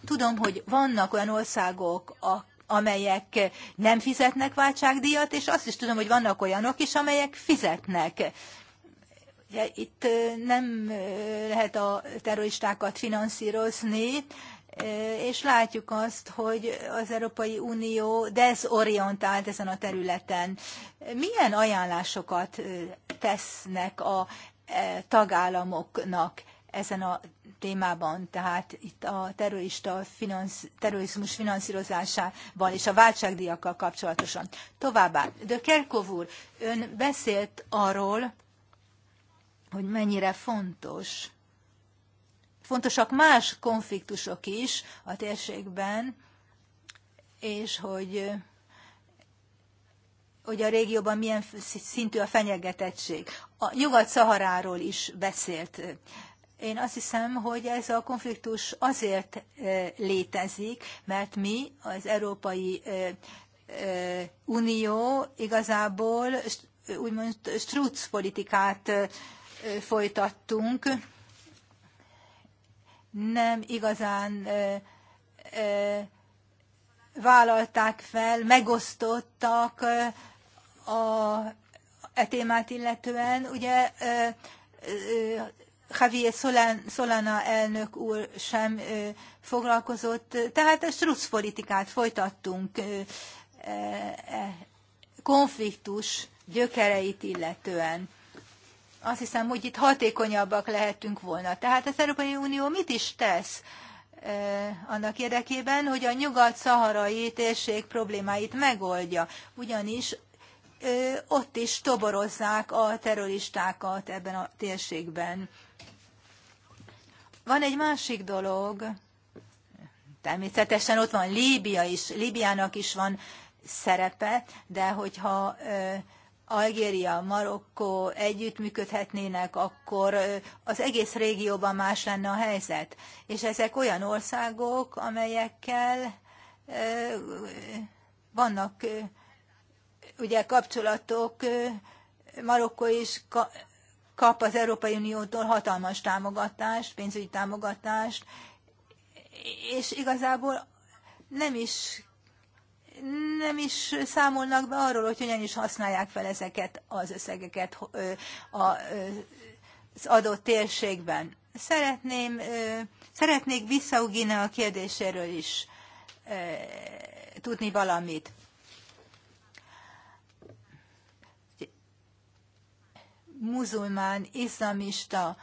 Tudom, hogy vannak olyan országok, a amelyek nem fizetnek váltságdíjat, és azt is tudom, hogy vannak olyanok is, amelyek fizetnek. Ugye itt nem lehet a terroristákat finanszírozni, és látjuk azt, hogy az Európai Unió dezorientált ezen a területen. Milyen ajánlásokat tesznek a e, tagállamoknak ezen a témában, tehát itt a terrorista finansz, terrorizmus finanszírozásával és a váltságdiakkal kapcsolatosan. Továbbá, de Kerkov úr, ön beszélt arról, hogy mennyire fontos, fontosak más konfliktusok is a térségben, és hogy hogy a régióban milyen szintű a fenyegetettség. A Nyugat-Szaharáról is beszélt én azt hiszem, hogy ez a konfliktus azért létezik, mert mi, az Európai Unió igazából úgymond struc politikát folytattunk, nem igazán vállalták fel, megosztottak a e témát illetően. Ugye Javier Solana elnök úr sem foglalkozott, tehát a strusz politikát folytattunk e, e, konfliktus gyökereit illetően. Azt hiszem, hogy itt hatékonyabbak lehetünk volna. Tehát az Európai Unió mit is tesz annak érdekében, hogy a nyugat-szaharai térség problémáit megoldja, ugyanis ott is toborozzák a terroristákat ebben a térségben. Van egy másik dolog, természetesen ott van Líbia is, Líbiának is van szerepe, de hogyha Algéria, Marokkó együttműködhetnének, akkor az egész régióban más lenne a helyzet. És ezek olyan országok, amelyekkel vannak ugye kapcsolatok, Marokkó is kap az Európai Uniótól hatalmas támogatást, pénzügyi támogatást, és igazából nem is nem is számolnak be arról, hogy hogyan is használják fel ezeket az összegeket az adott térségben. Szeretném, szeretnék visszaugni a kérdéséről is tudni valamit. muzulmán, iszlamista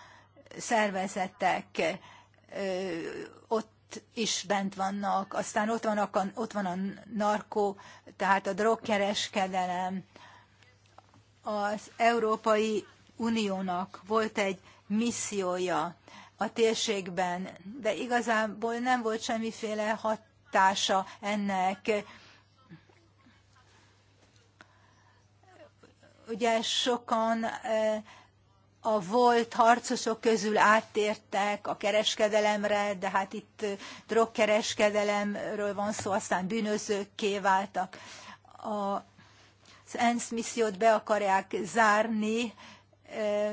szervezetek ott is bent vannak, aztán ott, vannak a, ott van a narkó, tehát a drogkereskedelem. Az Európai Uniónak volt egy missziója a térségben, de igazából nem volt semmiféle hatása ennek Ugye sokan eh, a volt harcosok közül áttértek a kereskedelemre, de hát itt eh, drogkereskedelemről van szó, aztán bűnözőkké váltak. A az ENSZ missziót be akarják zárni, eh,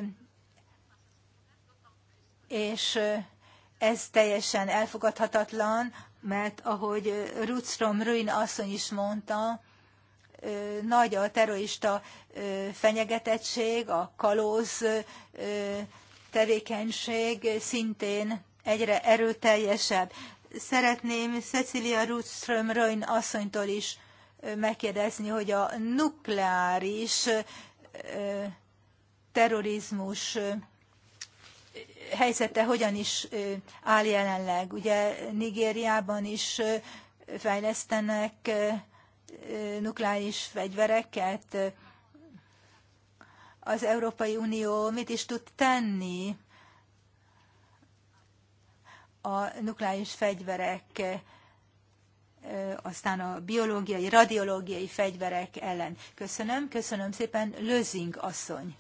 és ez teljesen elfogadhatatlan, mert ahogy Rutstrom Ruin asszony is mondta, nagy a terrorista fenyegetettség, a kalóz tevékenység szintén egyre erőteljesebb. Szeretném Cecilia Rudström Röjn asszonytól is megkérdezni, hogy a nukleáris terrorizmus helyzete hogyan is áll jelenleg. Ugye Nigériában is fejlesztenek nukleáris fegyvereket? Az Európai Unió mit is tud tenni a nukleáris fegyverek, eh, aztán a biológiai, radiológiai fegyverek ellen? Köszönöm, köszönöm szépen, Lözing asszony.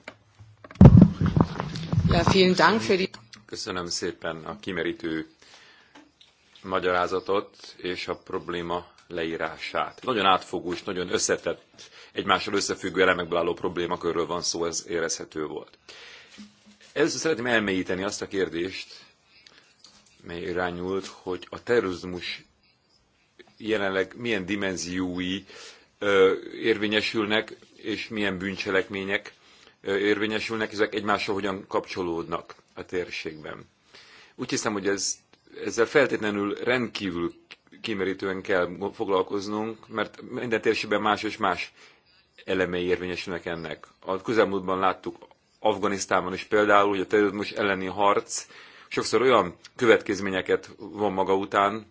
Köszönöm szépen a kimerítő magyarázatot és a probléma leírását. Nagyon átfogó és nagyon összetett, egymással összefüggő elemekből álló problémakörről van szó, ez érezhető volt. Először szeretném elmélyíteni azt a kérdést, mely irányult, hogy a terrorizmus jelenleg milyen dimenziói ö, érvényesülnek, és milyen bűncselekmények ö, érvényesülnek, ezek egymással hogyan kapcsolódnak a térségben. Úgy hiszem, hogy ez, ezzel feltétlenül rendkívül kimerítően kell foglalkoznunk, mert minden térségben más és más elemei érvényesülnek ennek. A közelmúltban láttuk Afganisztánban is például, hogy a terrorizmus elleni harc sokszor olyan következményeket von maga után,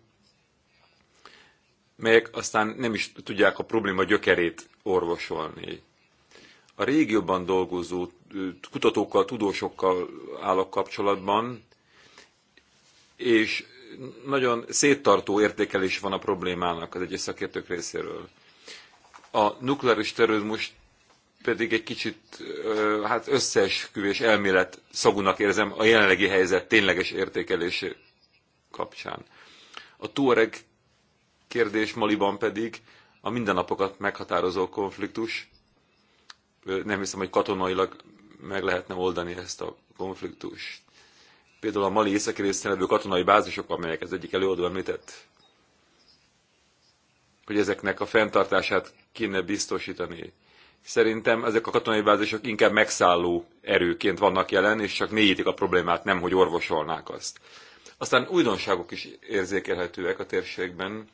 melyek aztán nem is tudják a probléma gyökerét orvosolni. A régióban dolgozó kutatókkal, tudósokkal állok kapcsolatban, és nagyon széttartó értékelés van a problémának az egyes szakértők részéről. A nukleáris terrorizmus pedig egy kicsit hát összeesküvés elmélet szagúnak érzem a jelenlegi helyzet tényleges értékelésé kapcsán. A Tuareg kérdés Maliban pedig a mindennapokat meghatározó konfliktus. Nem hiszem, hogy katonailag meg lehetne oldani ezt a konfliktust. Például a Mali északi részén levő katonai bázisok, amelyek az egyik előadó említett, hogy ezeknek a fenntartását kéne biztosítani. Szerintem ezek a katonai bázisok inkább megszálló erőként vannak jelen, és csak négyítik a problémát, nem hogy orvosolnák azt. Aztán újdonságok is érzékelhetőek a térségben.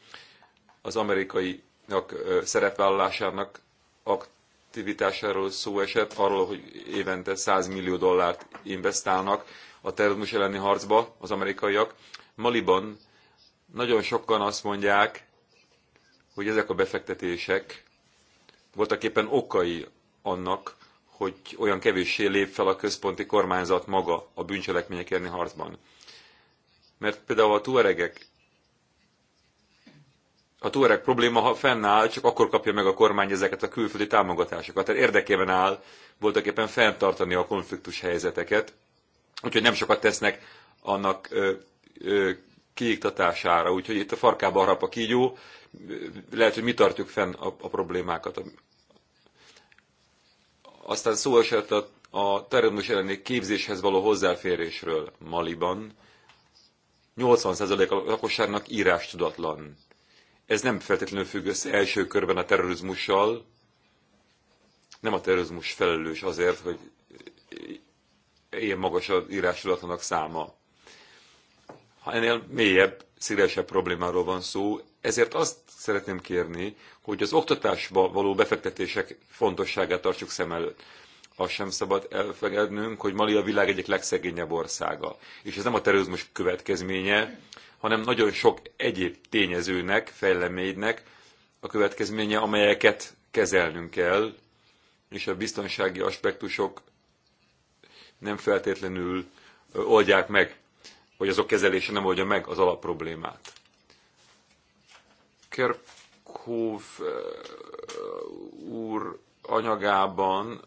Az amerikaiak szerepvállalásának aktivitásáról szó esett, arról, hogy évente 100 millió dollárt investálnak a terrorizmus elleni harcba az amerikaiak. Maliban nagyon sokan azt mondják, hogy ezek a befektetések voltak éppen okai annak, hogy olyan kevéssé lép fel a központi kormányzat maga a bűncselekmények elleni harcban. Mert például a tuaregek a Tuareg probléma, ha fennáll, csak akkor kapja meg a kormány ezeket a külföldi támogatásokat. Tehát érdekében áll voltak éppen fenntartani a konfliktus helyzeteket, úgyhogy nem sokat tesznek annak ö, ö, kiiktatására. Úgyhogy itt a farkába harap a kígyó, lehet, hogy mi tartjuk fenn a, a problémákat. Aztán szó esett a, a terrorizmus elleni képzéshez való hozzáférésről Maliban. 80% a lakosságnak írás tudatlan. Ez nem feltétlenül függ össze első körben a terrorizmussal. Nem a terrorizmus felelős azért, hogy ilyen magas az írásudatlanak száma. Ha ennél mélyebb, szélesebb problémáról van szó, ezért azt szeretném kérni, hogy az oktatásba való befektetések fontosságát tartsuk szem előtt. Azt sem szabad elfegednünk, hogy Mali a világ egyik legszegényebb országa. És ez nem a terrorizmus következménye, hanem nagyon sok egyéb tényezőnek, fejleménynek a következménye, amelyeket kezelnünk kell, és a biztonsági aspektusok nem feltétlenül oldják meg, vagy azok kezelése nem oldja meg az alapproblémát. Kerkhove úr anyagában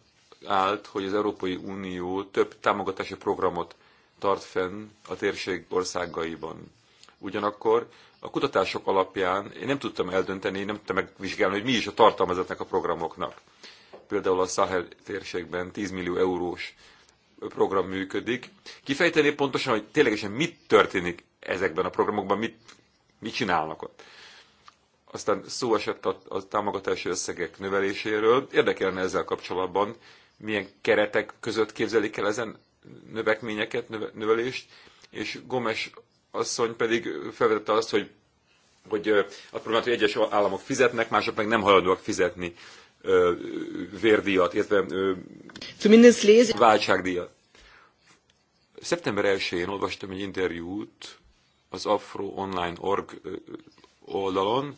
állt, hogy az Európai Unió több támogatási programot tart fenn a térség országaiban. Ugyanakkor a kutatások alapján én nem tudtam eldönteni, nem tudtam megvizsgálni, hogy mi is a tartalmazatnak a programoknak. Például a Sahel térségben 10 millió eurós program működik. Kifejteni pontosan, hogy ténylegesen mit történik ezekben a programokban, mit, mit csinálnak ott. Aztán szó esett a, a támogatási összegek növeléséről. Érdekelne ezzel kapcsolatban, milyen keretek között képzelik el ezen növekményeket, növe, növelést, és Gomes asszony pedig felvetette azt, hogy hogy a problémát, hogy egyes államok fizetnek, mások meg nem hajlandóak fizetni vérdíjat, illetve váltságdíjat. Szeptember 1-én olvastam egy interjút az Afro Online Org oldalon,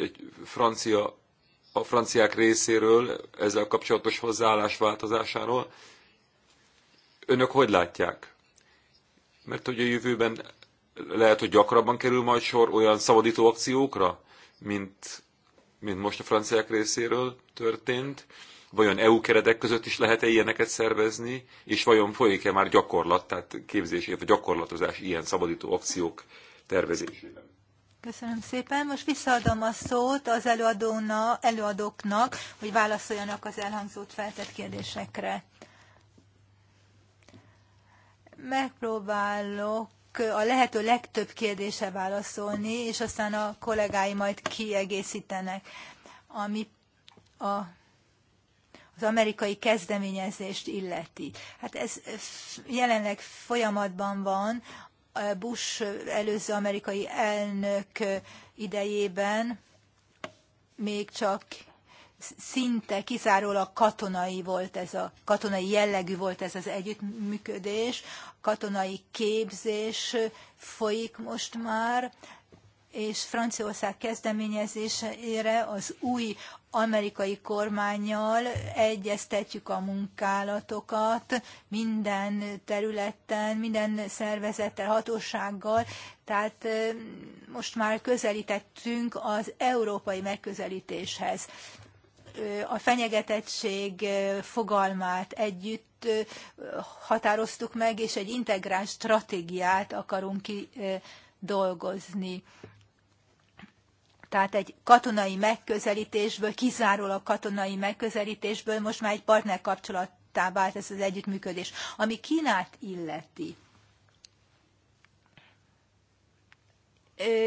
egy francia, a franciák részéről ezzel kapcsolatos hozzáállás változásáról. Önök hogy látják? Mert hogy a jövőben lehet, hogy gyakrabban kerül majd sor olyan szabadító akciókra, mint mint most a franciák részéről történt, vajon EU keretek között is lehet-e ilyeneket szervezni, és vajon folyik-e már gyakorlat, tehát képzés, vagy gyakorlatozás ilyen szabadító akciók tervezésében? Köszönöm szépen. Most visszaadom a szót az előadóna, előadóknak, hogy válaszoljanak az elhangzott feltett kérdésekre. Megpróbálok a lehető legtöbb kérdése válaszolni, és aztán a kollégái majd kiegészítenek, ami a, az amerikai kezdeményezést illeti. Hát ez jelenleg folyamatban van, Bush előző amerikai elnök idejében még csak szinte kizárólag katonai volt ez a, katonai jellegű volt ez az együttműködés, katonai képzés folyik most már, és Franciaország kezdeményezésére az új amerikai kormányjal egyeztetjük a munkálatokat minden területen, minden szervezettel, hatósággal, tehát most már közelítettünk az európai megközelítéshez a fenyegetettség fogalmát együtt határoztuk meg, és egy integrált stratégiát akarunk kidolgozni. Tehát egy katonai megközelítésből, kizárólag katonai megközelítésből most már egy kapcsolattá vált ez az együttműködés. Ami Kínát illeti,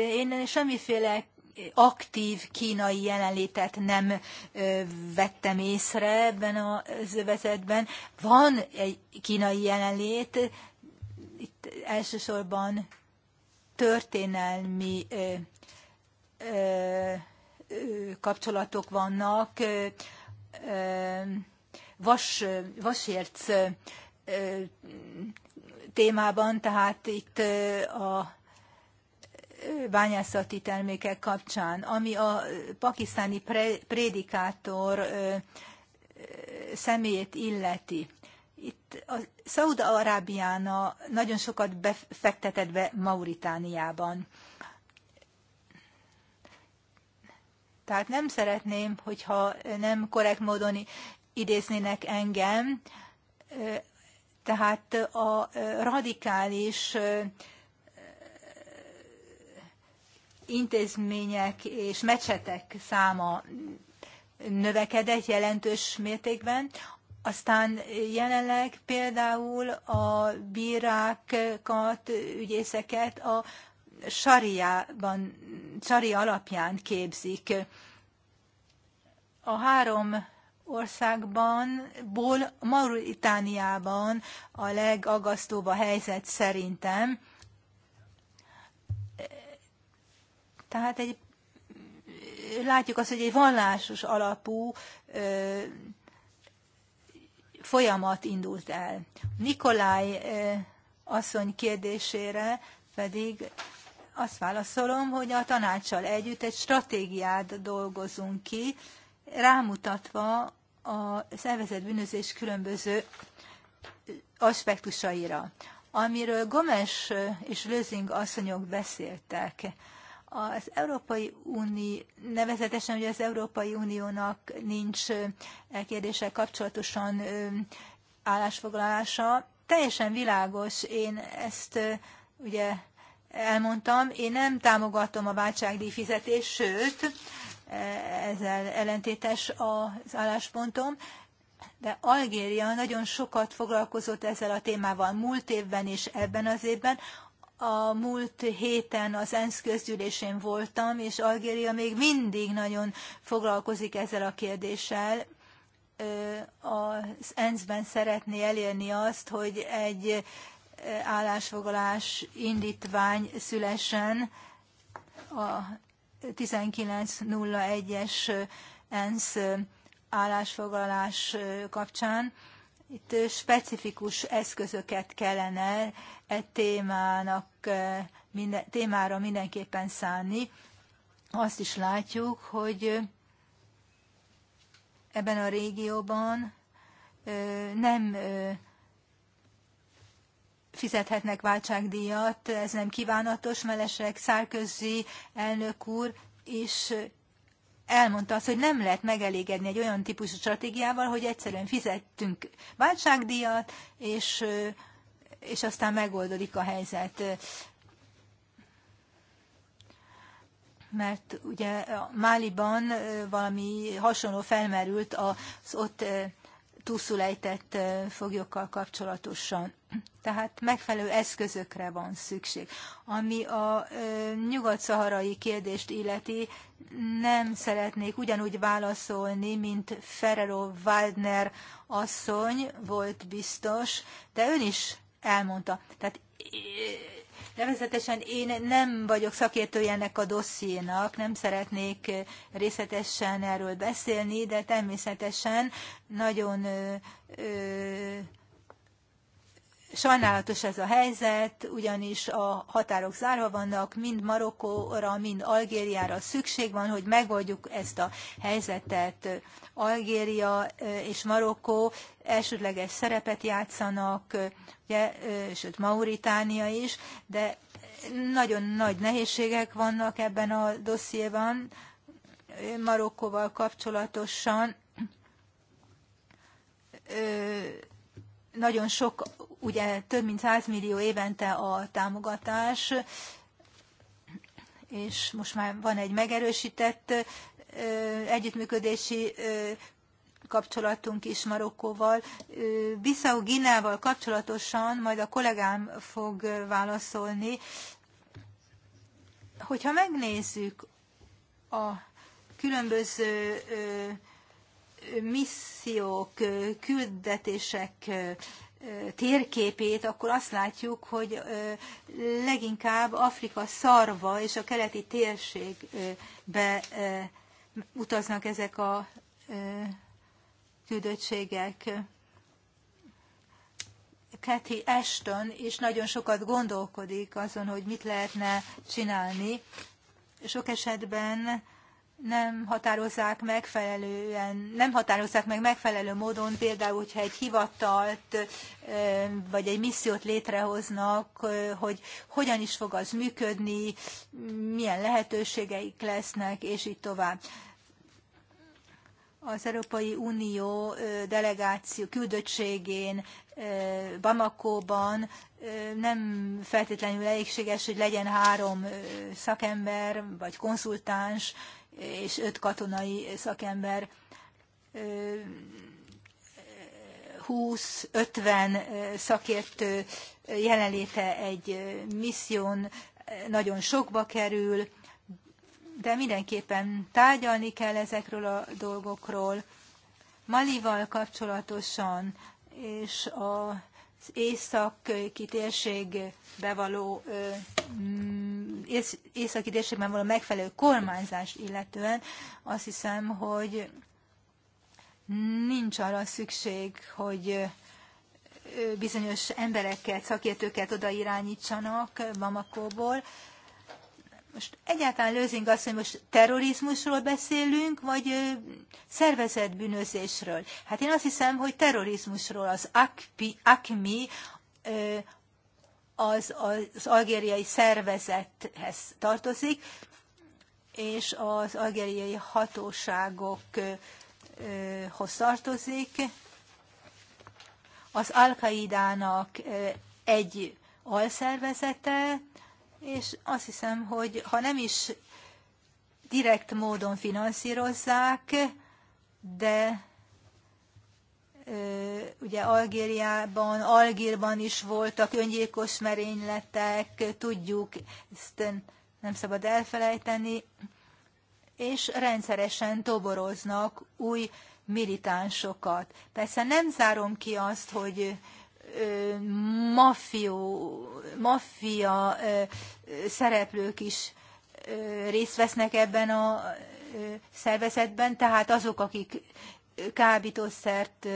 én semmiféle aktív kínai jelenlétet nem vettem észre ebben a övezetben. Van egy kínai jelenlét, itt elsősorban történelmi kapcsolatok vannak, vas, vasérc témában, tehát itt a bányászati termékek kapcsán, ami a pakisztáni prédikátor személyét illeti. Itt a szaúd arábiána nagyon sokat befektetett be Mauritániában. Tehát nem szeretném, hogyha nem korrekt módon idéznének engem, tehát a radikális intézmények és mecsetek száma növekedett jelentős mértékben, aztán jelenleg például a bírákat, ügyészeket a sariában, sari alapján képzik. A három országban, ból Mauritániában a legagasztóbb a helyzet szerintem. Tehát egy, látjuk azt, hogy egy vallásos alapú ö, folyamat indult el. Nikolaj ö, asszony kérdésére pedig azt válaszolom, hogy a tanácssal együtt egy stratégiát dolgozunk ki, rámutatva a szervezet bűnözés különböző aspektusaira. Amiről Gomes és Lözing asszonyok beszéltek, az Európai Unió, nevezetesen, hogy az Európai Uniónak nincs e kérdéssel kapcsolatosan állásfoglalása, teljesen világos, én ezt ugye elmondtam, én nem támogatom a váltságdíj fizetés, sőt, e, ezzel ellentétes az álláspontom, de Algéria nagyon sokat foglalkozott ezzel a témával múlt évben és ebben az évben. A múlt héten az ENSZ közgyűlésén voltam, és Algéria még mindig nagyon foglalkozik ezzel a kérdéssel. Az ENSZ-ben szeretné elérni azt, hogy egy állásfoglalás indítvány szülessen a 1901-es ENSZ állásfoglalás kapcsán. Itt specifikus eszközöket kellene e témának, e, minden, témára mindenképpen szánni. Azt is látjuk, hogy e, ebben a régióban e, nem fizethetnek váltságdíjat, ez nem kívánatos, melesek Szárközi elnök úr is elmondta azt, hogy nem lehet megelégedni egy olyan típusú stratégiával, hogy egyszerűen fizettünk váltságdíjat, és és aztán megoldódik a helyzet. Mert ugye Máliban valami hasonló felmerült az ott túszulejtett foglyokkal kapcsolatosan. Tehát megfelelő eszközökre van szükség. Ami a nyugat-szaharai kérdést illeti, nem szeretnék ugyanúgy válaszolni, mint Ferrero Waldner asszony volt biztos, de ön is elmondta. Tehát eh, Nevezetesen én nem vagyok szakértője ennek a dossziénak, nem szeretnék eh, részletesen erről beszélni, de természetesen nagyon ö, eh, ö, Sajnálatos ez a helyzet, ugyanis a határok zárva vannak, mind Marokkóra, mind Algériára szükség van, hogy megoldjuk ezt a helyzetet. Algéria és Marokkó elsődleges szerepet játszanak, ugye, sőt Mauritánia is, de nagyon nagy nehézségek vannak ebben a dossziéban Marokkóval kapcsolatosan. Nagyon sok ugye több mint 100 millió évente a támogatás, és most már van egy megerősített együttműködési kapcsolatunk is Marokkóval. Bissau Ginával kapcsolatosan majd a kollégám fog válaszolni. Hogyha megnézzük a különböző missziók, küldetések térképét, akkor azt látjuk, hogy leginkább Afrika szarva és a keleti térségbe utaznak ezek a küldöttségek. Kathy Ashton is nagyon sokat gondolkodik azon, hogy mit lehetne csinálni. Sok esetben nem határozzák megfelelően, nem határozzák meg megfelelő módon, például, hogyha egy hivatalt vagy egy missziót létrehoznak, hogy hogyan is fog az működni, milyen lehetőségeik lesznek, és így tovább. Az Európai Unió delegáció küldöttségén Bamakóban nem feltétlenül elégséges, hogy legyen három szakember vagy konzultáns, és öt katonai szakember 20-50 szakértő jelenléte egy misszión nagyon sokba kerül, de mindenképpen tárgyalni kell ezekről a dolgokról. Malival kapcsolatosan és az észak térség bevaló ész, északi térségben való megfelelő kormányzást illetően azt hiszem, hogy nincs arra szükség, hogy bizonyos embereket, szakértőket oda irányítsanak Bamakóból. Most egyáltalán lőzünk azt, hogy most terrorizmusról beszélünk, vagy szervezett bűnözésről. Hát én azt hiszem, hogy terrorizmusról az ACMI, az az algériai szervezethez tartozik, és az algériai hatóságokhoz tartozik. Az Al-Qaidának egy alszervezete, és azt hiszem, hogy ha nem is direkt módon finanszírozzák, de ugye Algériában, Algírban is voltak öngyilkos merényletek, tudjuk, ezt nem szabad elfelejteni, és rendszeresen toboroznak új militánsokat. Persze nem zárom ki azt, hogy mafió, maffia szereplők is részt vesznek ebben a szervezetben, tehát azok, akik kábítószert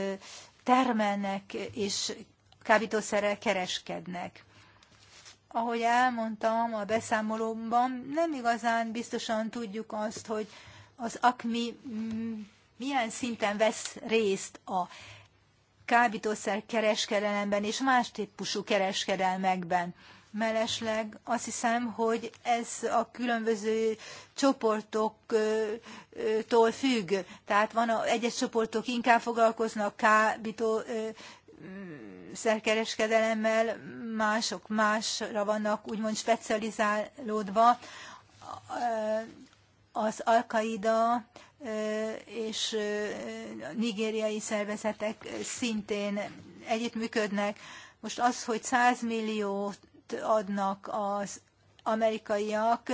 termelnek és kábítószerrel kereskednek. Ahogy elmondtam a beszámolómban, nem igazán biztosan tudjuk azt, hogy az akmi mm, milyen szinten vesz részt a kábítószer kereskedelemben és más típusú kereskedelmekben. Mellesleg azt hiszem, hogy ez a különböző csoportoktól függ. Tehát van a, egyes csoportok inkább foglalkoznak kábító mm, szerkereskedelemmel, mások másra vannak úgymond specializálódva. Az Al-Qaida és nigériai szervezetek szintén együttműködnek. Most az, hogy 100 milliót adnak az amerikaiak.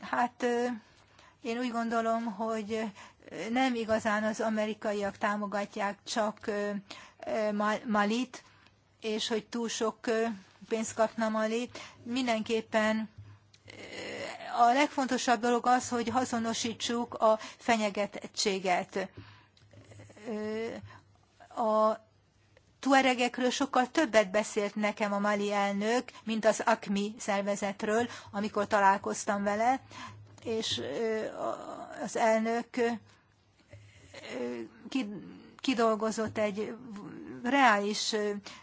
Hát én úgy gondolom, hogy nem igazán az amerikaiak támogatják csak Malit, és hogy túl sok pénzt kapna Malit. Mindenképpen a legfontosabb dolog az, hogy hazonosítsuk a fenyegetettséget. A tuaregekről sokkal többet beszélt nekem a mali elnök, mint az AKMI szervezetről, amikor találkoztam vele, és az elnök kidolgozott egy reális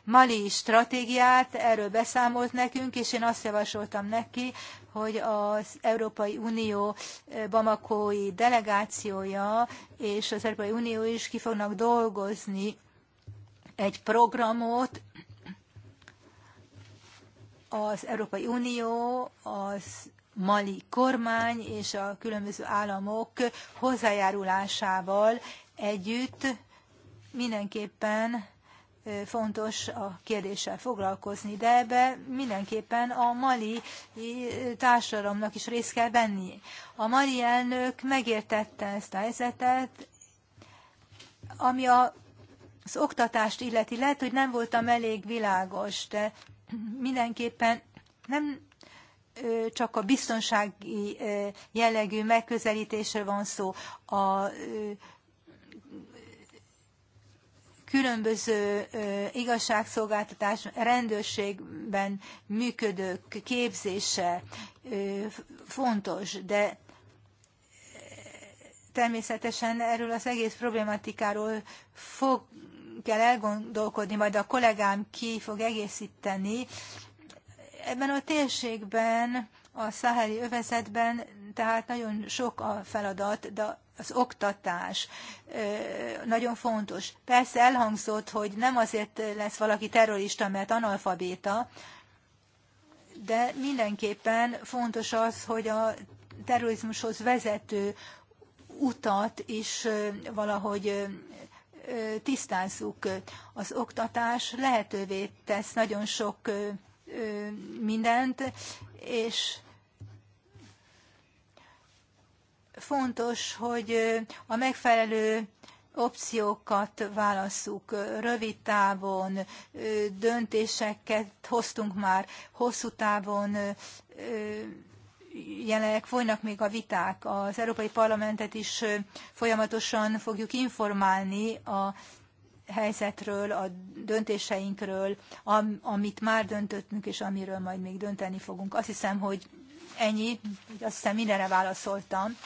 mali stratégiát, erről beszámolt nekünk, és én azt javasoltam neki, hogy az Európai Unió Bamakói delegációja és az Európai Unió is ki fognak dolgozni egy programot az Európai Unió, az mali kormány és a különböző államok hozzájárulásával együtt mindenképpen fontos a kérdéssel foglalkozni, de ebbe mindenképpen a mali társadalomnak is részt kell venni. A mali elnök megértette ezt a helyzetet, ami a az oktatást illeti, lehet, hogy nem voltam elég világos, de mindenképpen nem csak a biztonsági jellegű megközelítésről van szó. A különböző igazságszolgáltatás rendőrségben működők képzése fontos, de természetesen erről az egész problématikáról fog kell elgondolkodni, majd a kollégám ki fog egészíteni. Ebben a térségben, a szaheli övezetben, tehát nagyon sok a feladat, de az oktatás nagyon fontos. Persze elhangzott, hogy nem azért lesz valaki terrorista, mert analfabéta, de mindenképpen fontos az, hogy a terrorizmushoz vezető utat is valahogy tisztázzuk. Az oktatás lehetővé tesz nagyon sok mindent, és fontos, hogy a megfelelő opciókat válasszuk rövid távon, döntéseket hoztunk már hosszú távon, jelenleg folynak még a viták. Az Európai Parlamentet is folyamatosan fogjuk informálni a helyzetről, a döntéseinkről, am, amit már döntöttünk, és amiről majd még dönteni fogunk. Azt hiszem, hogy ennyi, azt hiszem mindenre válaszoltam.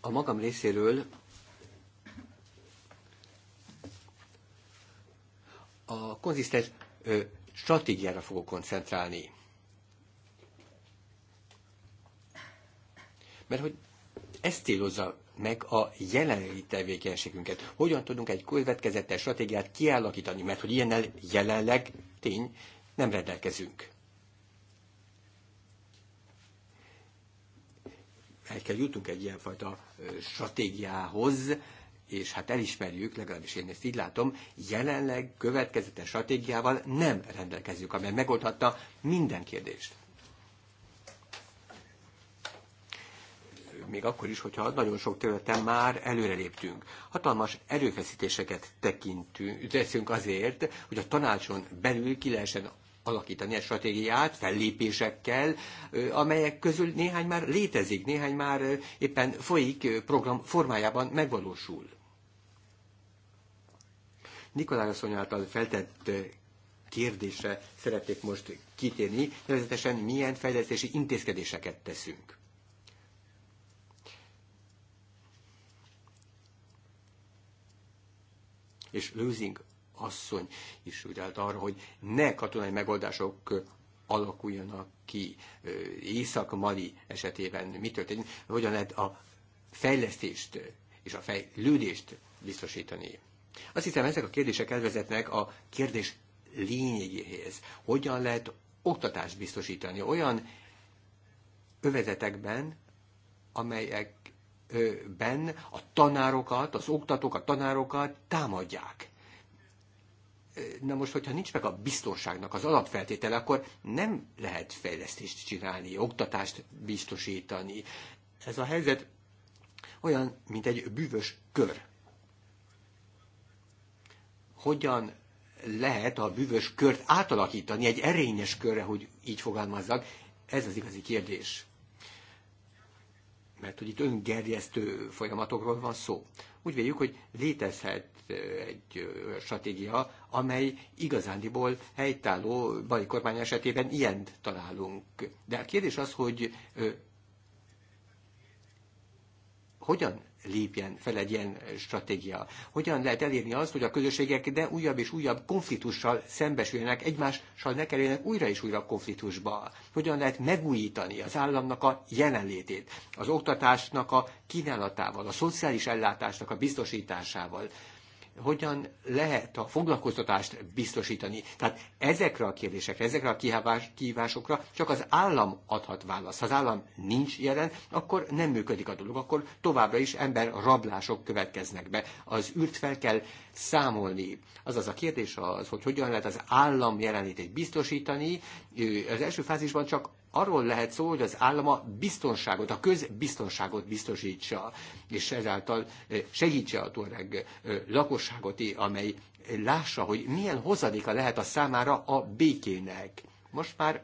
A magam részéről a konzisztens stratégiára fogok koncentrálni. Mert hogy ez célozza meg a jelenlegi tevékenységünket. Hogyan tudunk egy következettel stratégiát kialakítani, mert hogy ilyennel jelenleg tény nem rendelkezünk. El kell jutunk egy ilyenfajta stratégiához, és hát elismerjük, legalábbis én ezt így látom, jelenleg következetes stratégiával nem rendelkezünk, amely megoldhatta minden kérdést. még akkor is, hogyha nagyon sok területen már előreléptünk. Hatalmas erőfeszítéseket tekintünk, teszünk azért, hogy a tanácson belül ki lehessen alakítani egy stratégiát fellépésekkel, amelyek közül néhány már létezik, néhány már éppen folyik program formájában megvalósul. Nikolaj asszony által feltett eh, kérdésre szeretnék most kitérni, nevezetesen milyen fejlesztési intézkedéseket teszünk. És Lőzing asszony is úgy állt arra, hogy ne katonai megoldások eh, alakuljanak ki eh, Észak-Mali esetében mi történik, hogyan lehet a fejlesztést és a fejlődést biztosítani. Azt hiszem, ezek a kérdések elvezetnek a kérdés lényegéhez. Hogyan lehet oktatást biztosítani olyan övezetekben, amelyekben a tanárokat, az oktatók a tanárokat támadják. Na most, hogyha nincs meg a biztonságnak az alapfeltétele, akkor nem lehet fejlesztést csinálni, oktatást biztosítani. Ez a helyzet olyan, mint egy bűvös kör hogyan lehet a bűvös kört átalakítani egy erényes körre, hogy így fogalmazzak, ez az igazi kérdés. Mert hogy itt öngerjesztő folyamatokról van szó. Úgy véljük, hogy létezhet egy stratégia, amely igazándiból helytálló bali kormány esetében ilyen találunk. De a kérdés az, hogy hogyan lépjen fel egy ilyen stratégia? Hogyan lehet elérni azt, hogy a közösségek de újabb és újabb konfliktussal szembesüljenek, egymással ne kerüljenek újra és újra konfliktusba? Hogyan lehet megújítani az államnak a jelenlétét, az oktatásnak a kínálatával, a szociális ellátásnak a biztosításával? hogyan lehet a foglalkoztatást biztosítani. Tehát ezekre a kérdésekre, ezekre a kihívásokra csak az állam adhat választ. Ha az állam nincs jelen, akkor nem működik a dolog, akkor továbbra is ember rablások következnek be. Az űrt fel kell számolni. Azaz a kérdés az, hogy hogyan lehet az állam jelenlétét biztosítani. Az első fázisban csak arról lehet szó, hogy az állama biztonságot, a közbiztonságot biztosítsa, és ezáltal eh, segítse a tuareg eh, lakosságot, eh, amely lássa, hogy milyen hozadéka lehet a számára a békének. Most már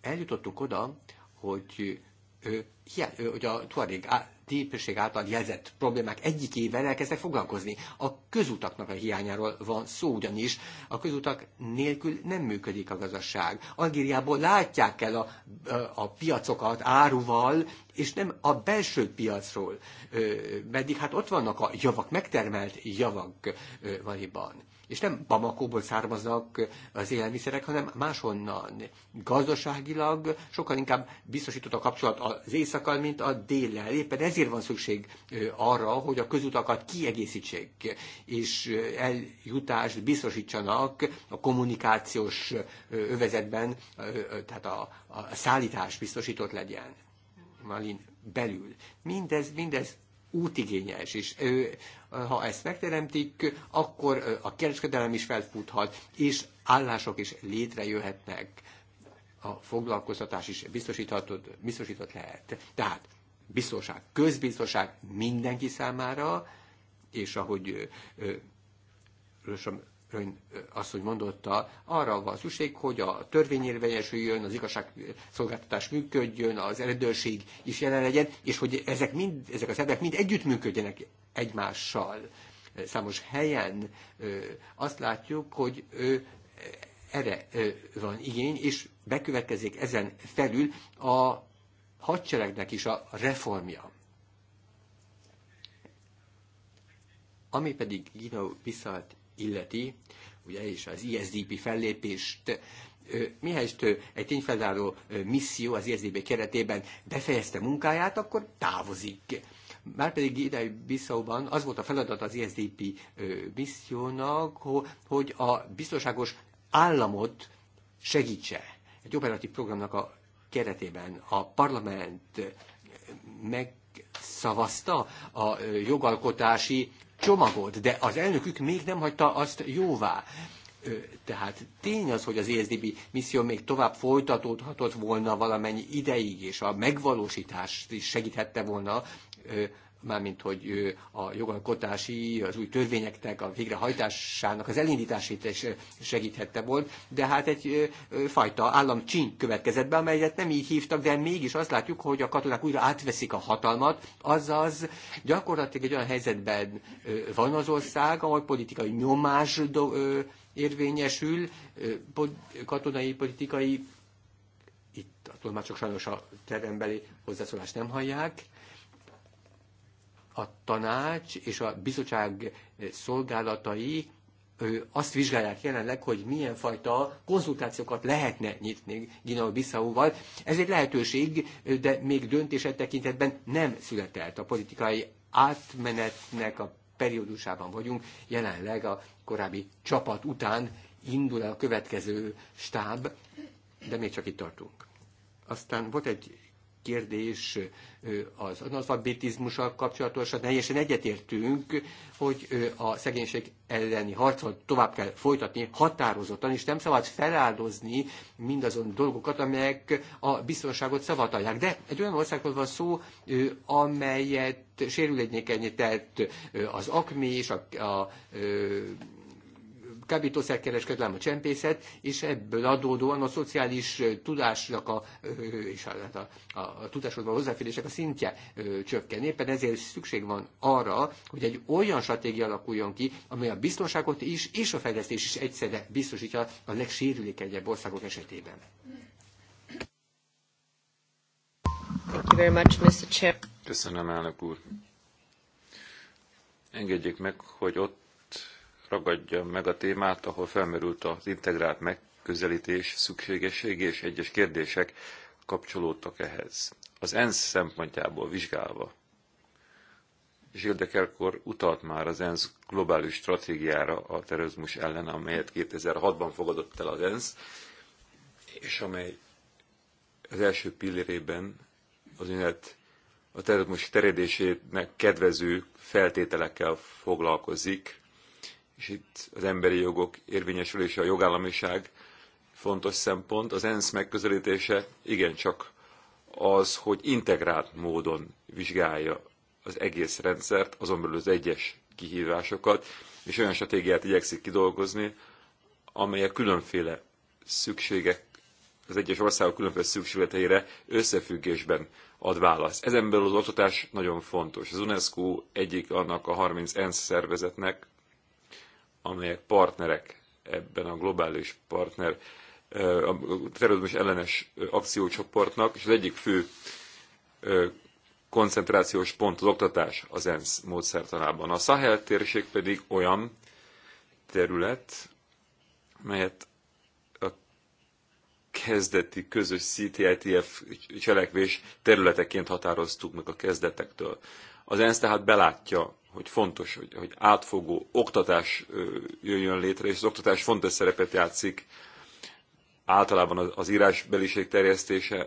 eljutottunk oda, hogy hogy a Tuareg népesség által jelzett problémák egyikével elkezdtek foglalkozni. A közutaknak a hiányáról van szó ugyanis. A közutak nélkül nem működik a gazdaság. Algériából látják el a, a piacokat áruval, és nem a belső piacról, pedig hát ott vannak a javak, megtermelt javak valiban és nem Bamakóból származnak az élelmiszerek, hanem máshonnan. Gazdaságilag sokkal inkább biztosított a kapcsolat az éjszakal, mint a déllel. Éppen ezért van szükség arra, hogy a közutakat kiegészítsék, és eljutást biztosítsanak a kommunikációs övezetben, tehát a, a szállítás biztosított legyen. Malin belül. Mindez, mindez útigényes, és ha ezt megteremtik, akkor a kereskedelem is felfuthat, és állások is létrejöhetnek, a foglalkoztatás is biztosíthatod, biztosított lehet. Tehát biztonság, közbiztonság mindenki számára, és ahogy Rösöm Rön asszony mondotta, arra van szükség, hogy a törvény érvényesüljön, az igazságszolgáltatás működjön, az eredőség is jelen legyen, és hogy ezek, mind, ezek a szervek mind együtt működjenek egymással. Számos helyen azt látjuk, hogy erre van igény, és bekövetkezik ezen felül a hadseregnek is a reformja. Ami pedig Gino Piszalt illeti, ugye, és az ISDP fellépést mihelyest egy tényfeltáró misszió az ISDP keretében befejezte munkáját, akkor távozik. Márpedig idei Bissauban az volt a feladat az ISDP missziónak, hogy a biztonságos államot segítse. Egy operatív programnak a keretében a parlament megszavazta a jogalkotási csomagot, de az elnökük még nem hagyta azt jóvá. Tehát tény az, hogy az ESDB misszió még tovább folytatódhatott volna valamennyi ideig, és a megvalósítást is segíthette volna mármint hogy a jogalkotási, az új törvényeknek a végrehajtásának az elindítását is segíthette volt, de hát egy fajta államcsíny következett be, amelyet nem így hívtak, de mégis azt látjuk, hogy a katonák újra átveszik a hatalmat, azaz gyakorlatilag egy olyan helyzetben van az ország, ahol politikai nyomás érvényesül, katonai, politikai, itt a tolmácsok sajnos a terembeli hozzászólást nem hallják, a tanács és a bizottság szolgálatai azt vizsgálják jelenleg, hogy milyen fajta konzultációkat lehetne nyitni Ginao Bissauval. Ez egy lehetőség, de még döntése tekintetben nem született. A politikai átmenetnek a periódusában vagyunk, jelenleg a korábbi csapat után indul el a következő stáb, de még csak itt tartunk. Aztán volt egy kérdés az analfabetizmussal kapcsolatosan teljesen egyetértünk, hogy a szegénység elleni harcot tovább kell folytatni határozottan, és nem szabad feláldozni mindazon dolgokat, amelyek a biztonságot szavatolják. De egy olyan országról van szó, amelyet sérülékenyített az akmi és a, a, a kábítószerkereskedelem, a csempészet, és ebből adódóan a szociális tudásnak a, és hát a, a, a tudáshoz való hozzáférések a szintje csökken. Éppen ezért szükség van arra, hogy egy olyan stratégia alakuljon ki, amely a biztonságot is, és a fejlesztés is egyszerre biztosítja a legsérülékenyebb országok esetében. Thank you very much, Mr. Chair. Köszönöm, elnök úr. Engedjék meg, hogy ott ragadja meg a témát, ahol felmerült az integrált megközelítés szükségessége, és egyes kérdések kapcsolódtak ehhez. Az ENSZ szempontjából vizsgálva, Kerkor utalt már az ENSZ globális stratégiára a terrorizmus ellen, amelyet 2006-ban fogadott el az ENSZ, és amely az első pillérében az ünnep a terrorizmus terjedésének kedvező feltételekkel foglalkozik, és itt az emberi jogok érvényesülése, a jogállamiság fontos szempont. Az ENSZ megközelítése igencsak az, hogy integrált módon vizsgálja az egész rendszert, azon belül az egyes kihívásokat, és olyan stratégiát igyekszik kidolgozni, amelyek különféle szükségek, az egyes országok különféle szükségleteire összefüggésben ad választ. Ezen belül az oktatás nagyon fontos. Az UNESCO egyik annak a 30 ENSZ szervezetnek, amelyek partnerek ebben a globális partner a terrorizmus ellenes akciócsoportnak, és az egyik fő koncentrációs pont az oktatás az ENSZ módszertanában. A Sahel térség pedig olyan terület, melyet a kezdeti közös CTITF cselekvés területeként határoztuk meg a kezdetektől. Az ENSZ tehát belátja hogy fontos, hogy, hogy átfogó oktatás jöjjön létre, és az oktatás fontos szerepet játszik. Általában az, az írásbeliség terjesztése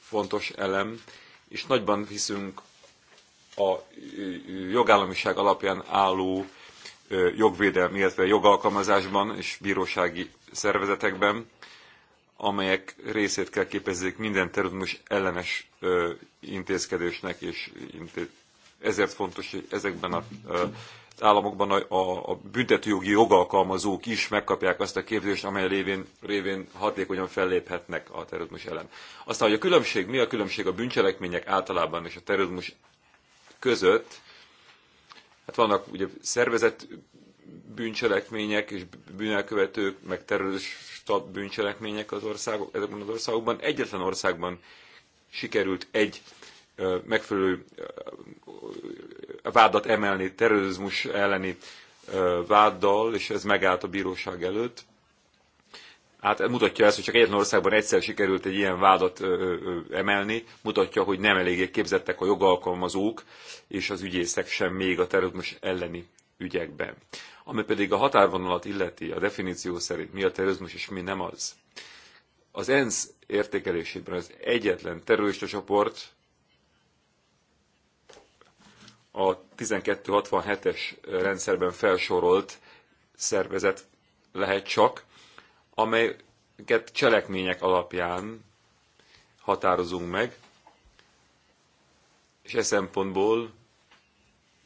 fontos elem, és nagyban hiszünk a jogállamiság alapján álló jogvédelmi, illetve jogalkalmazásban és bírósági szervezetekben, amelyek részét kell képezzék minden terrorizmus ellenes intézkedésnek és ezért fontos, hogy ezekben a államokban a, a, a büntetőjogi jogalkalmazók is megkapják azt a képzést, amely révén, révén hatékonyan felléphetnek a terrorizmus ellen. Aztán, hogy a különbség, mi a különbség a bűncselekmények általában és a terrorizmus között, hát vannak ugye szervezett bűncselekmények és bűnelkövetők, meg terrorista bűncselekmények az országok, ezekben az országokban. Egyetlen országban sikerült egy megfelelő vádat emelni terrorizmus elleni váddal, és ez megállt a bíróság előtt. Hát mutatja ezt, hogy csak egyetlen országban egyszer sikerült egy ilyen vádat emelni, mutatja, hogy nem eléggé képzettek a jogalkalmazók és az ügyészek sem még a terrorizmus elleni ügyekben. Ami pedig a határvonalat illeti, a definíció szerint mi a terrorizmus és mi nem az. Az ENSZ értékelésében az egyetlen terrorista csoport, a 1267-es rendszerben felsorolt szervezet lehet csak, amelyeket cselekmények alapján határozunk meg, és e szempontból,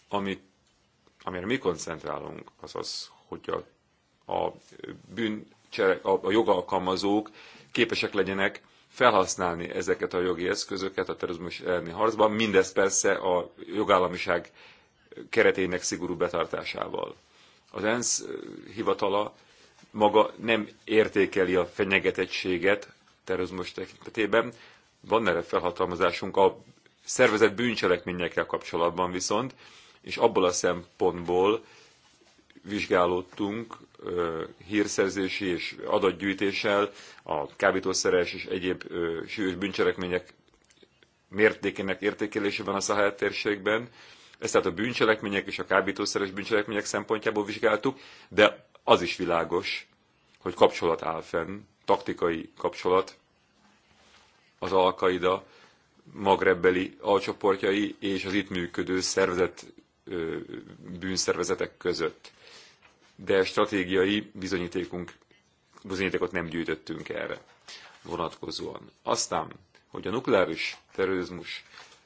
amit, amire mi koncentrálunk, az az, hogy a, a bűncselek, a, a jogalkalmazók képesek legyenek felhasználni ezeket a jogi eszközöket a terrorizmus elleni harcban, mindez persze a jogállamiság keretének szigorú betartásával. Az ENSZ hivatala maga nem értékeli a fenyegetettséget terrorizmus tekintetében, van erre felhatalmazásunk a szervezett bűncselekményekkel kapcsolatban viszont, és abból a szempontból vizsgálódtunk, hírszerzési és adatgyűjtéssel, a kábítószeres és egyéb súlyos bűncselekmények mértékének értékelésében a Szahel térségben. Ezt tehát a bűncselekmények és a kábítószeres bűncselekmények szempontjából vizsgáltuk, de az is világos, hogy kapcsolat áll fenn, taktikai kapcsolat az Alkaida magrebbeli alcsoportjai és az itt működő szervezet bűnszervezetek között de stratégiai bizonyítékunk, bizonyítékot nem gyűjtöttünk erre vonatkozóan. Aztán, hogy a nukleáris terrorizmus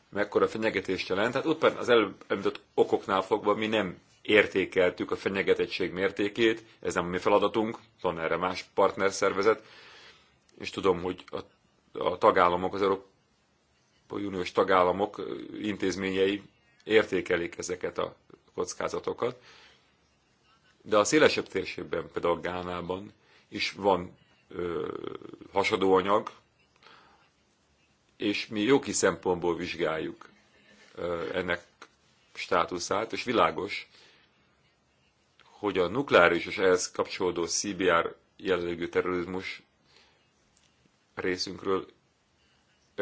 mekkora fenyegetést jelent, hát ott az előbb említett okoknál fogva mi nem értékeltük a fenyegetettség mértékét, ez nem a mi feladatunk, van erre más partnerszervezet, és tudom, hogy a, a tagállamok, az Európai Uniós tagállamok intézményei értékelik ezeket a kockázatokat de a szélesebb térségben, például Gánában is van ö, hasadóanyag, és mi jogi szempontból vizsgáljuk ö, ennek státuszát, és világos, hogy a nukleáris és ehhez kapcsolódó CBR jellegű terrorizmus részünkről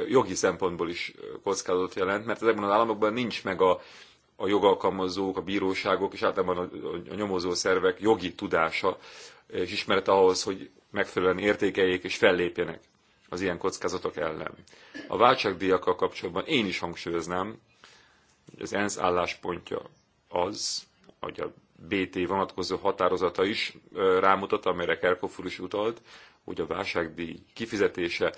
jogi szempontból is kockázatot jelent, mert ezekben az államokban nincs meg a, a jogalkalmazók, a bíróságok és általában a, nyomozó szervek jogi tudása és ismerete ahhoz, hogy megfelelően értékeljék és fellépjenek az ilyen kockázatok ellen. A váltságdíjakkal kapcsolatban én is hangsúlyoznám, hogy az ENSZ álláspontja az, hogy a BT vonatkozó határozata is rámutat, amire Kerkofur is utalt, hogy a válságdíj kifizetése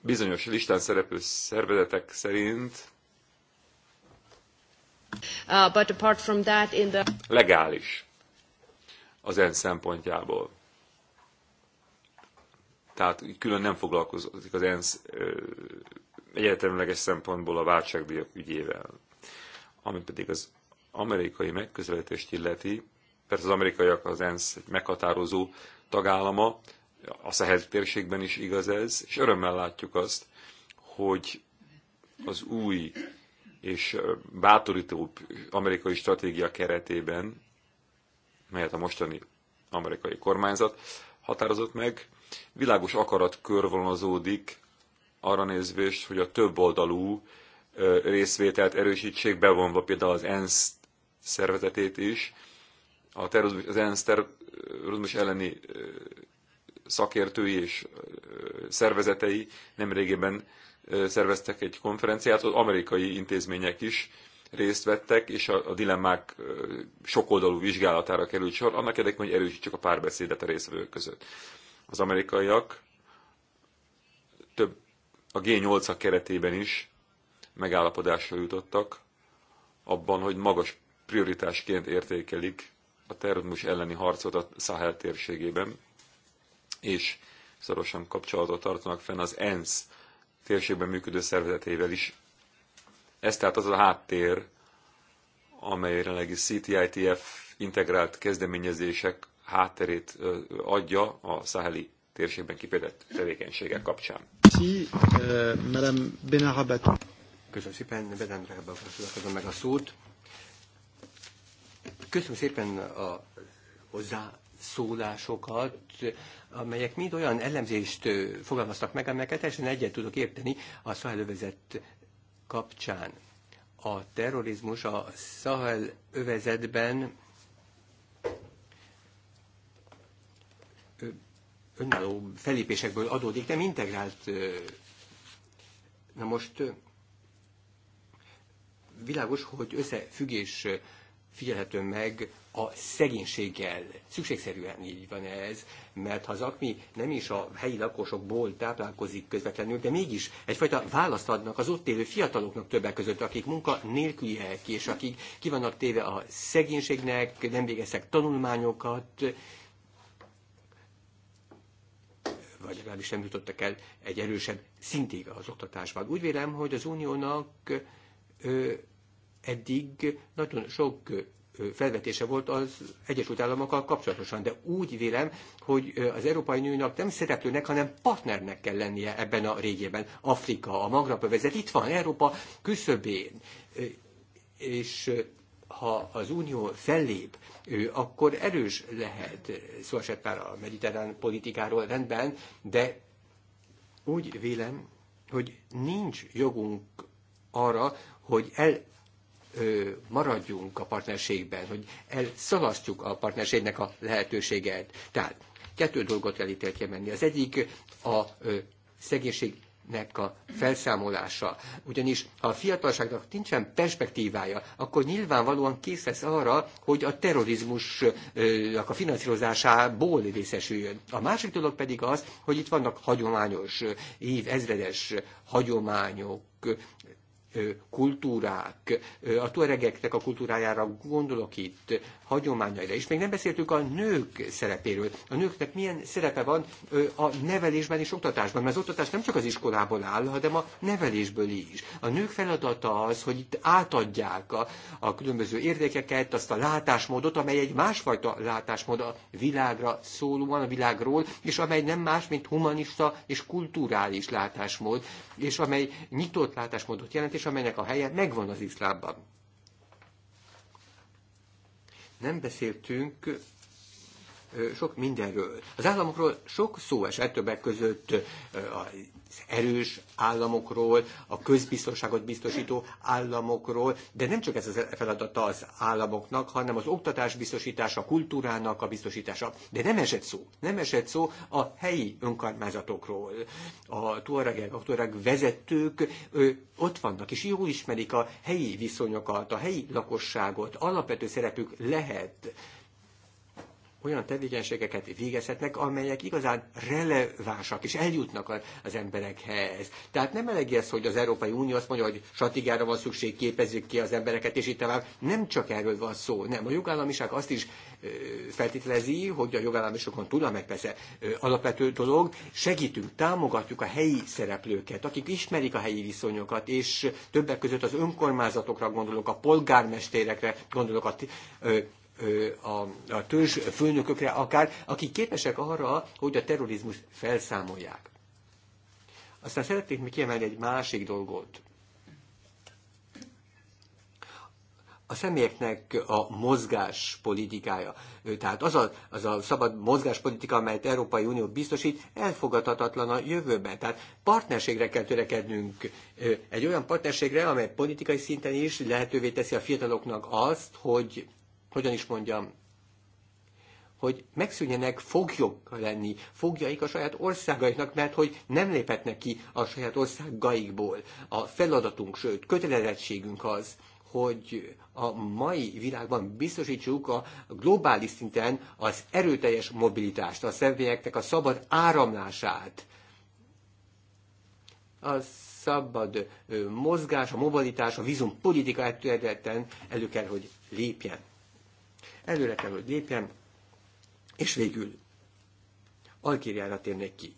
bizonyos listán szereplő szervezetek szerint Uh, but apart from that in the... Legális az EN szempontjából. Tehát külön nem foglalkozik az ENSZ egyetemleges szempontból a váltságdíjak ügyével. Ami pedig az amerikai megközelítést illeti, persze az amerikaiak az ENSZ egy meghatározó tagállama, a Szehez térségben is igaz ez, és örömmel látjuk azt, hogy az új és bátorítóbb amerikai stratégia keretében, melyet a mostani amerikai kormányzat határozott meg, világos akarat körvonozódik arra nézvést, hogy a több oldalú részvételt erősítsék, bevonva például az ENSZ szervezetét is, a terrorizmus, az ENSZ terrorizmus elleni szakértői és szervezetei nemrégében szerveztek egy konferenciát, az amerikai intézmények is részt vettek, és a, a dilemmák sokoldalú vizsgálatára került sor, annak érdekében, hogy erősítsük a párbeszédet a részvevők között. Az amerikaiak több a G8-ak keretében is megállapodásra jutottak abban, hogy magas prioritásként értékelik a terrorizmus elleni harcot a Száhel térségében, és szorosan kapcsolatot tartanak fenn az ENSZ térségben működő szervezetével is. Ez tehát az a háttér, amely jelenlegi CTITF integrált kezdeményezések hátterét adja a száheli térségben kifejezett tevékenységek kapcsán. Köszönöm szépen, Beden adom meg a szót. Köszönöm szépen a hozzá szólásokat, amelyek mind olyan elemzést fogalmaztak meg, amelyeket teljesen egyet tudok érteni a szahelövezet kapcsán. A terrorizmus a Szahel övezetben önálló felépésekből adódik, nem integrált. Na most világos, hogy összefüggés figyelhető meg a szegénységgel. Szükségszerűen így van ez, mert ha az akmi nem is a helyi lakosokból táplálkozik közvetlenül, de mégis egyfajta választ adnak az ott élő fiataloknak többek között, akik munka nélküliek, és akik ki vannak téve a szegénységnek, nem végeztek tanulmányokat, vagy legalábbis nem jutottak el egy erősebb szintig az oktatásban. Úgy vélem, hogy az uniónak ö, eddig nagyon sok felvetése volt az Egyesült Államokkal kapcsolatosan, de úgy vélem, hogy az Európai Uniónak nem szereplőnek, hanem partnernek kell lennie ebben a régiben. Afrika, a Magrab vezet. itt van Európa küszöbén. És ha az Unió fellép, ő akkor erős lehet, szó esett már a mediterrán politikáról rendben, de úgy vélem, hogy nincs jogunk arra, hogy el maradjunk a partnerségben, hogy elszalasztjuk a partnerségnek a lehetőséget. Tehát kettő dolgot kell itt Az egyik a szegénység nek a felszámolása. Ugyanis ha a fiatalságnak nincsen perspektívája, akkor nyilvánvalóan kész lesz arra, hogy a terrorizmusnak a finanszírozásából részesüljön. A másik dolog pedig az, hogy itt vannak hagyományos, évezredes hagyományok, kultúrák, a tuaregeknek a kultúrájára gondolok itt, hagyományaira, és még nem beszéltünk a nők szerepéről. A nőknek milyen szerepe van a nevelésben és oktatásban, mert az oktatás nem csak az iskolából áll, hanem a nevelésből is. A nők feladata az, hogy itt átadják a, a különböző érdekeket, azt a látásmódot, amely egy másfajta látásmód a világra szólóan, a világról, és amely nem más, mint humanista és kulturális látásmód, és amely nyitott látásmódot jelent, és amelynek a helye megvan az iszlámban. Nem beszéltünk sok mindenről. Az államokról sok szó esett többek között az erős államokról, a közbiztonságot biztosító államokról, de nem csak ez a feladata az államoknak, hanem az oktatás biztosítása, a kultúrának a biztosítása. De nem esett szó, nem esett szó a helyi önkormányzatokról. A tuaregek, a tuareg vezetők ő, ott vannak, és jól ismerik a helyi viszonyokat, a helyi lakosságot, alapvető szerepük lehet olyan tevékenységeket végezhetnek, amelyek igazán relevánsak, és eljutnak az emberekhez. Tehát nem elég ez, hogy az Európai Unió azt mondja, hogy stratégiára van szükség, képezzük ki az embereket, és itt tovább. Nem csak erről van szó, nem. A jogállamiság azt is feltételezi, hogy a jogállamisokon túl, amely persze alapvető dolog, segítünk, támogatjuk a helyi szereplőket, akik ismerik a helyi viszonyokat, és többek között az önkormányzatokra gondolok, a polgármesterekre gondolok, a a, a törzs főnökökre akár, akik képesek arra, hogy a terrorizmus felszámolják. Aztán szeretnék még kiemelni egy másik dolgot. a személyeknek a mozgás politikája. Tehát az a, az a szabad mozgáspolitika, amelyet Európai Unió biztosít, elfogadhatatlan a jövőben. Tehát partnerségre kell törekednünk, egy olyan partnerségre, amely politikai szinten is lehetővé teszi a fiataloknak azt, hogy hogyan is mondjam, hogy megszűnjenek foglyok lenni, fogjaik a saját országaiknak, mert hogy nem léphetnek ki a saját országaikból. A feladatunk, sőt, kötelezettségünk az, hogy a mai világban biztosítsuk a globális szinten az erőteljes mobilitást, a személyeknek a szabad áramlását. A szabad mozgás, a mobilitás, a vízum politika területen elő kell, hogy lépjen előre kell, hogy lépjen, és végül Alkirjára térnék ki.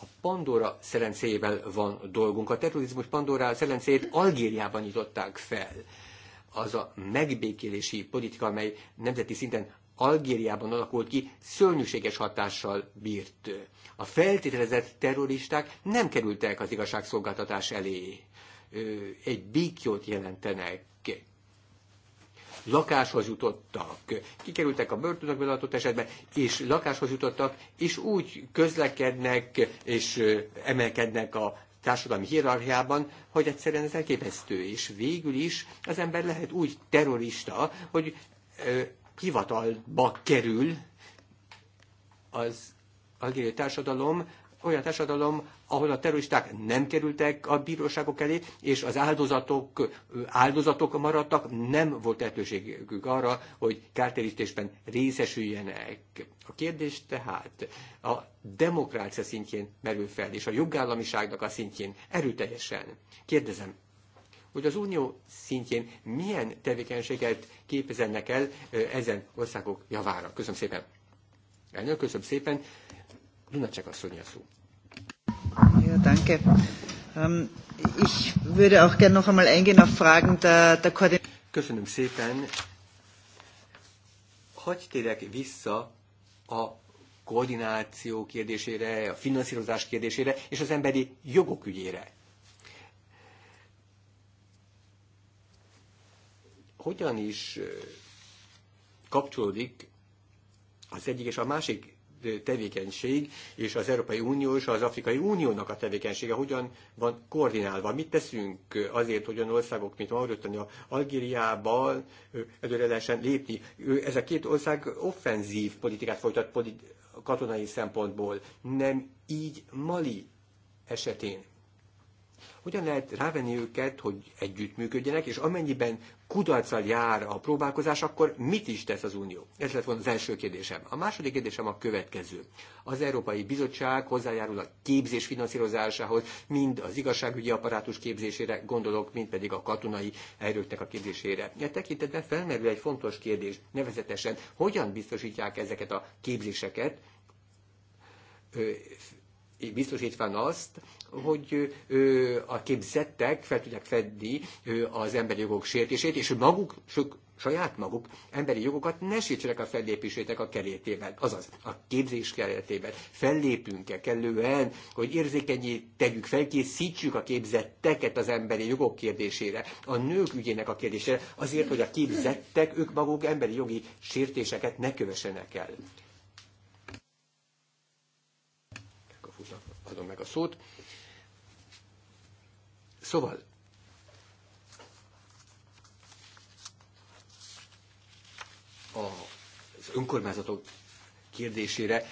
A Pandora szerencéjével van dolgunk. A terrorizmus Pandora szerencéjét Algériában nyitották fel. Az a megbékélési politika, amely nemzeti szinten Algériában alakult ki, szörnyűséges hatással bírt. A feltételezett terroristák nem kerültek az igazságszolgáltatás elé. Egy békjót jelentenek lakáshoz jutottak, kikerültek a börtönökbe adott esetben, és lakáshoz jutottak, és úgy közlekednek és emelkednek a társadalmi hierarchiában, hogy egyszerűen ez elképesztő, és végül is az ember lehet úgy terrorista, hogy ö, hivatalba kerül az algériai társadalom, olyan társadalom, ahol a terroristák nem kerültek a bíróságok elé, és az áldozatok, áldozatok maradtak, nem volt lehetőségük arra, hogy kártérítésben részesüljenek. A kérdés tehát a demokrácia szintjén merül fel, és a jogállamiságnak a szintjén erőteljesen. Kérdezem, hogy az unió szintjén milyen tevékenységet képezennek el ezen országok javára. Köszönöm szépen. Elnök, köszönöm szépen. Lunacek asszony szó. Ja, danke. Um, ich würde auch gerne noch einmal eingehen auf Fragen der, der Köszönöm szépen. Hogy térek vissza a koordináció kérdésére, a finanszírozás kérdésére és az emberi jogok ügyére. Hogyan is kapcsolódik az egyik és a másik tevékenység és az Európai Unió és az Afrikai Uniónak a tevékenysége hogyan van koordinálva. Mit teszünk azért, hogy olyan országok, mint Mauritania, Algériában előre lehessen lépni. Ez a két ország offenzív politikát folytat politi- katonai szempontból, nem így Mali esetén hogyan lehet rávenni őket, hogy együttműködjenek, és amennyiben kudarccal jár a próbálkozás, akkor mit is tesz az Unió? Ez lett volna az első kérdésem. A második kérdésem a következő. Az Európai Bizottság hozzájárul a képzés finanszírozásához, mind az igazságügyi apparátus képzésére gondolok, mind pedig a katonai erőknek a képzésére. E tekintetben felmerül egy fontos kérdés, nevezetesen hogyan biztosítják ezeket a képzéseket, biztosítván azt, hogy a képzettek fel tudják fedni az emberi jogok sértését, és maguk, saját maguk emberi jogokat ne sértsenek a fellépésétek a kerétében, azaz a képzés keretében. Fellépünk-e kellően, hogy érzékenyé tegyük, felkészítsük a képzetteket az emberi jogok kérdésére, a nők ügyének a kérdésére, azért, hogy a képzettek ők maguk emberi jogi sértéseket ne kövessenek el. Adom meg a szót. Szóval, az önkormányzatok kérdésére,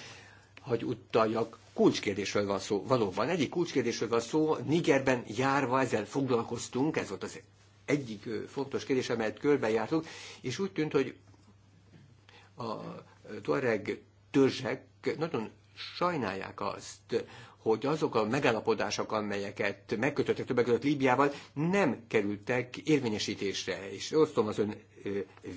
hogy utaljak, kulcskérdésről van szó. Valóban, egyik kulcskérdésről van szó, Nigerben járva ezzel foglalkoztunk, ez volt az egyik fontos kérdés, amelyet körbejártunk, és úgy tűnt, hogy a Tuareg törzsek nagyon sajnálják azt, hogy azok a megállapodások, amelyeket megkötöttek többek között Líbiával, nem kerültek érvényesítésre, és osztom az ön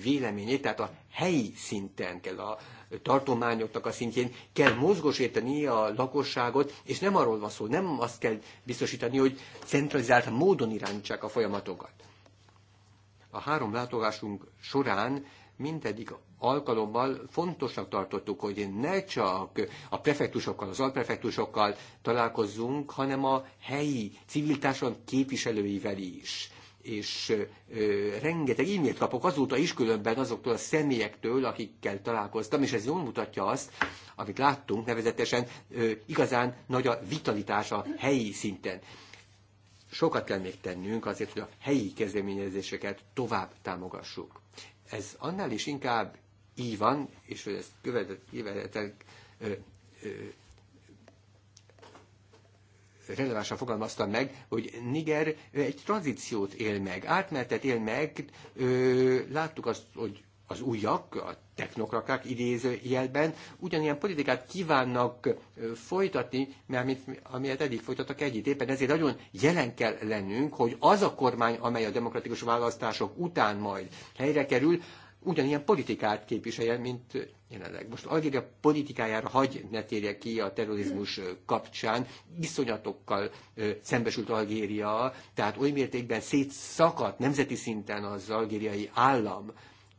véleményét, tehát a helyi szinten kell a tartományoknak a szintjén kell mozgosítani a lakosságot, és nem arról van szó, nem azt kell biztosítani, hogy centralizált módon irányítsák a folyamatokat. A három látogásunk során mindegyik alkalommal fontosnak tartottuk, hogy ne csak a prefektusokkal, az alprefektusokkal találkozzunk, hanem a helyi civil társadalom képviselőivel is és ö, rengeteg e-mailt kapok azóta is különben azoktól a személyektől, akikkel találkoztam, és ez jól mutatja azt, amit láttunk, nevezetesen ö, igazán nagy a vitalitás a helyi szinten. Sokat kell még tennünk azért, hogy a helyi kezdeményezéseket tovább támogassuk ez annál is inkább így van, és hogy ezt követetek relevánsan fogalmaztam meg, hogy Niger egy tranzíciót él meg, átmertet él meg, ö, láttuk azt, hogy az újak, a technokraták idézőjelben ugyanilyen politikát kívánnak folytatni, mert amit, amilyet eddig folytattak együtt. Éppen ezért nagyon jelen kell lennünk, hogy az a kormány, amely a demokratikus választások után majd helyre kerül, ugyanilyen politikát képviselje, mint jelenleg. Most Algéria politikájára hagy ne térje ki a terrorizmus kapcsán, iszonyatokkal szembesült Algéria, tehát oly mértékben szétszakadt nemzeti szinten az algériai állam,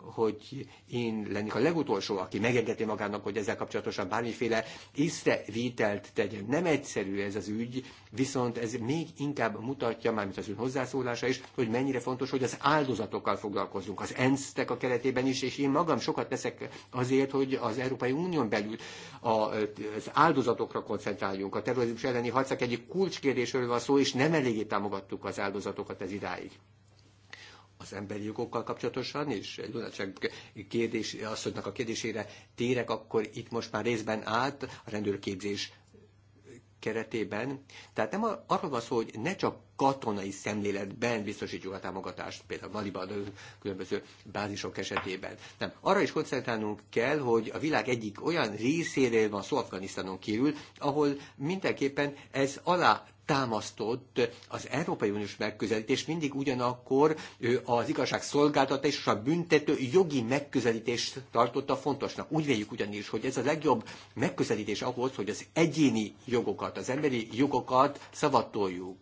hogy én lennék a legutolsó, aki megengedi magának, hogy ezzel kapcsolatosan bármiféle észrevételt tegyen. Nem egyszerű ez az ügy, viszont ez még inkább mutatja, mármint az ön hozzászólása is, hogy mennyire fontos, hogy az áldozatokkal foglalkozunk, az ensz a keretében is, és én magam sokat teszek azért, hogy az Európai Unión belül az áldozatokra koncentráljunk. A terrorizmus elleni harcak egyik kulcskérdésről van szó, és nem eléggé támogattuk az áldozatokat ez idáig az emberi jogokkal kapcsolatosan, és egy kérdés, asszonynak a kérdésére térek, akkor itt most már részben állt a rendőrképzés keretében. Tehát nem arról van szó, hogy ne csak katonai szemléletben biztosítjuk a támogatást, például Maliban különböző bázisok esetében. Nem. Arra is koncentrálnunk kell, hogy a világ egyik olyan részéről van szó Afganisztánon kívül, ahol mindenképpen ez alá támasztott az Európai Uniós megközelítés, mindig ugyanakkor az igazságszolgáltatás és a büntető jogi megközelítést tartotta fontosnak. Úgy véljük ugyanis, hogy ez a legjobb megközelítés ahhoz, hogy az egyéni jogokat, az emberi jogokat szavatoljuk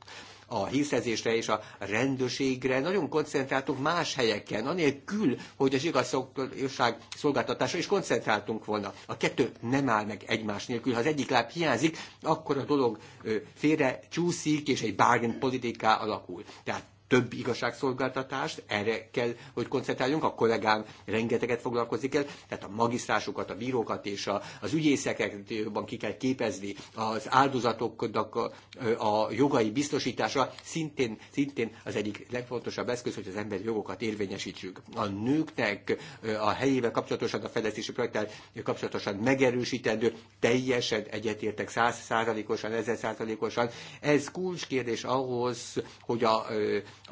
a hírszerzésre és a rendőrségre, nagyon koncentráltunk más helyeken, anélkül, hogy az igazság szolgáltatásra is koncentráltunk volna. A kettő nem áll meg egymás nélkül. Ha az egyik láb hiányzik, akkor a dolog félre csúszik, és egy bargain politiká alakul. Tehát több igazságszolgáltatást, erre kell, hogy koncentráljunk, a kollégám rengeteget foglalkozik el, tehát a magisztrásokat, a bírókat és a, az ügyészeket jobban ki kell képezni, az áldozatoknak a, a jogai biztosítása szintén, szintén az egyik legfontosabb eszköz, hogy az emberi jogokat érvényesítsük. A nőknek a helyével kapcsolatosan, a fejlesztési projekttel kapcsolatosan megerősítendő, teljesen egyetértek százszázalékosan, százalékosan, ezer százalékosan. Ez kulcskérdés ahhoz, hogy a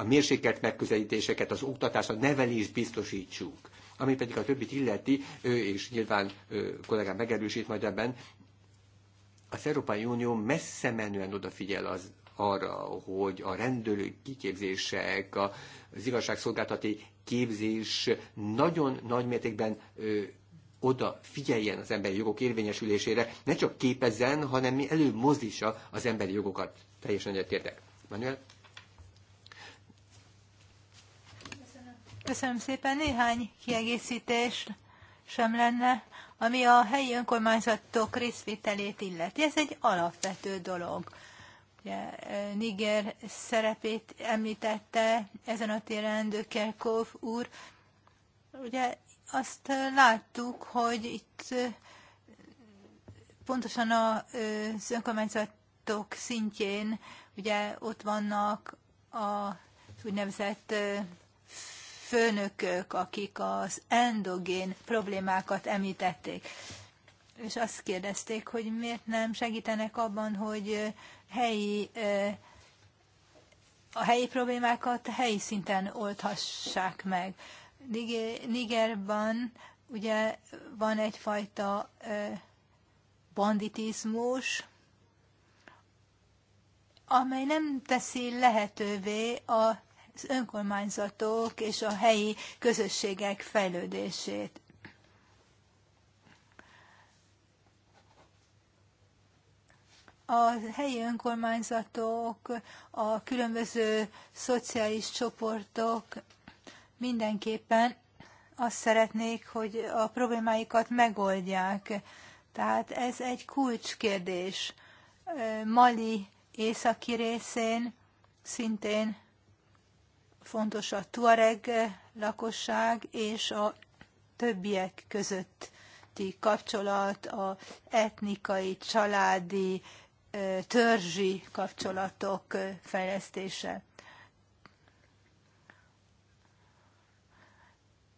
a mérsékelt megközelítéseket, az oktatás, a nevelést biztosítsuk. Ami pedig a többit illeti, ő és nyilván kollégám megerősít majd ebben, az Európai Unió messze menően odafigyel az, arra, hogy a rendőrű kiképzések, az igazságszolgáltati képzés nagyon nagy mértékben ö, oda figyeljen az emberi jogok érvényesülésére, ne csak képezzen, hanem mi előbb mozdítsa az emberi jogokat. Teljesen egyetértek. Manuel? Köszönöm szépen. Néhány kiegészítés sem lenne, ami a helyi önkormányzatok részvételét illeti. Ez egy alapvető dolog. Ugye, e, Niger szerepét említette ezen a téren Dökerkov úr. Ugye azt láttuk, hogy itt e, pontosan az önkormányzatok szintjén ugye ott vannak a úgynevezett e, főnökök, akik az endogén problémákat említették. És azt kérdezték, hogy miért nem segítenek abban, hogy helyi, a helyi problémákat helyi szinten oldhassák meg. Nigerban ugye van egyfajta banditizmus, amely nem teszi lehetővé a az önkormányzatok és a helyi közösségek fejlődését. a helyi önkormányzatok, a különböző szociális csoportok mindenképpen azt szeretnék, hogy a problémáikat megoldják. Tehát ez egy kulcskérdés. Mali északi részén szintén fontos a tuareg lakosság és a többiek közötti kapcsolat, a etnikai, családi, törzsi kapcsolatok fejlesztése.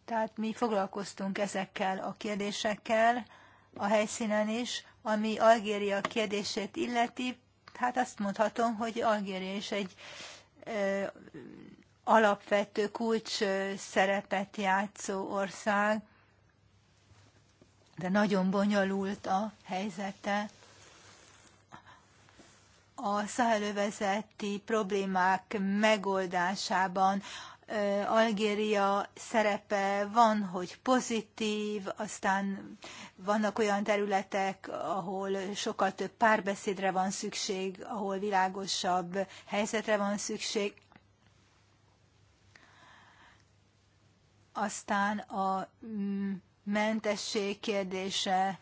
Tehát mi foglalkoztunk ezekkel a kérdésekkel a helyszínen is, ami Algéria kérdését illeti, hát azt mondhatom, hogy Algéria is egy alapvető kulcs szerepet játszó ország, de nagyon bonyolult a helyzete. A száhelővezeti problémák megoldásában Algéria szerepe van, hogy pozitív, aztán vannak olyan területek, ahol sokkal több párbeszédre van szükség, ahol világosabb helyzetre van szükség. Aztán a mm, mentesség kérdése,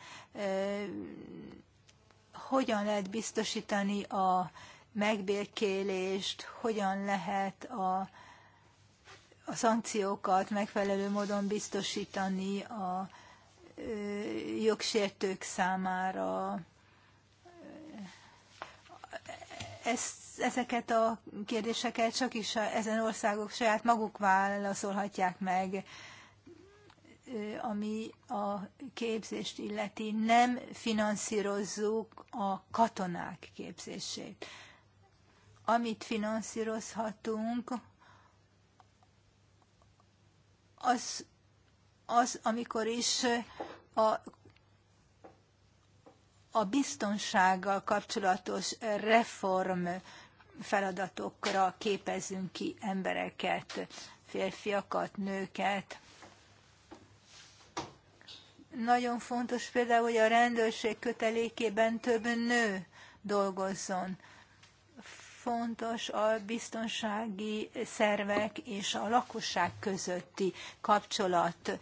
hogyan lehet biztosítani a megbékélést, hogyan lehet a, a szankciókat megfelelő módon biztosítani a jogsértők számára. Ezt ezeket a kérdéseket csak is ezen országok saját maguk válaszolhatják meg, ami a képzést illeti. Nem finanszírozzuk a katonák képzését. Amit finanszírozhatunk, az, az amikor is a a biztonsággal kapcsolatos reform feladatokra képezünk ki embereket, férfiakat, nőket. Nagyon fontos például, hogy a rendőrség kötelékében több nő dolgozzon. Fontos a biztonsági szervek és a lakosság közötti kapcsolat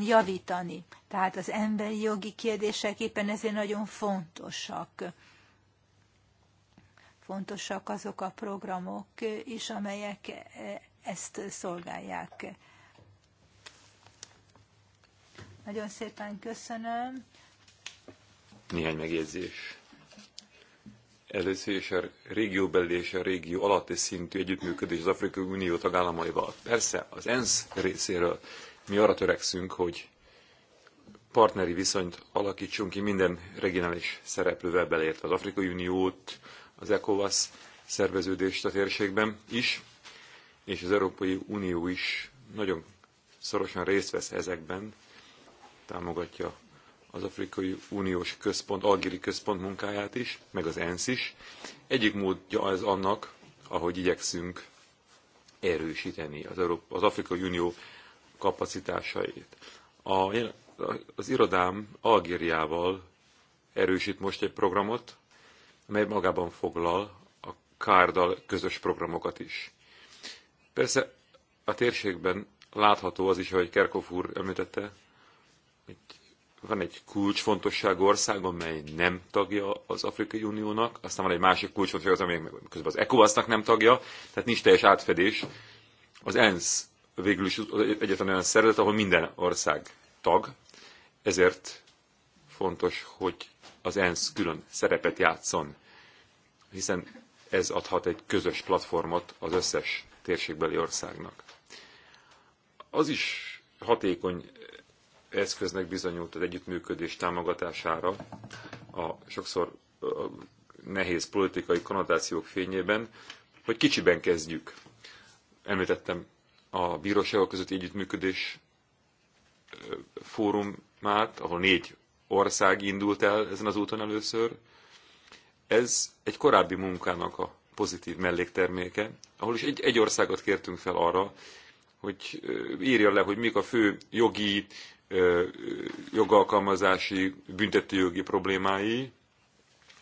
javítani. Tehát az emberi jogi kérdések éppen ezért nagyon fontosak fontosak azok a programok is, amelyek ezt szolgálják. Nagyon szépen köszönöm. Néhány megjegyzés. Először is a régióbeli és a régió alatti szintű együttműködés az Afrikai Unió tagállamaival. Persze az ENSZ részéről mi arra törekszünk, hogy partneri viszonyt alakítsunk ki minden regionális szereplővel beleértve az Afrikai Uniót, az ECOWAS szerveződést a térségben is, és az Európai Unió is nagyon szorosan részt vesz ezekben, támogatja az Afrikai Uniós Központ, Algéri Központ munkáját is, meg az ENSZ is. Egyik módja az annak, ahogy igyekszünk erősíteni az, Európa, az Afrikai Unió kapacitásait. A, az irodám Algériával erősít most egy programot, amely magában foglal a kárdal közös programokat is. Persze a térségben látható az is, ahogy Kerkov úr említette, hogy van egy kulcsfontosságú ország, amely nem tagja az Afrikai Uniónak, aztán van egy másik kulcsfontosságú, amely közben az ECOWAS-nak nem tagja, tehát nincs teljes átfedés. Az ENSZ végül is egyetlen olyan szervezet, ahol minden ország tag, ezért fontos, hogy az ENSZ külön szerepet játszon, hiszen ez adhat egy közös platformot az összes térségbeli országnak. Az is hatékony eszköznek bizonyult az együttműködés támogatására a sokszor nehéz politikai konnotációk fényében, hogy kicsiben kezdjük. Említettem a bíróságok közötti együttműködés fórumát, ahol négy ország indult el ezen az úton először. Ez egy korábbi munkának a pozitív mellékterméke, ahol is egy, egy országot kértünk fel arra, hogy írja le, hogy mik a fő jogi, jogalkalmazási, büntetőjogi problémái,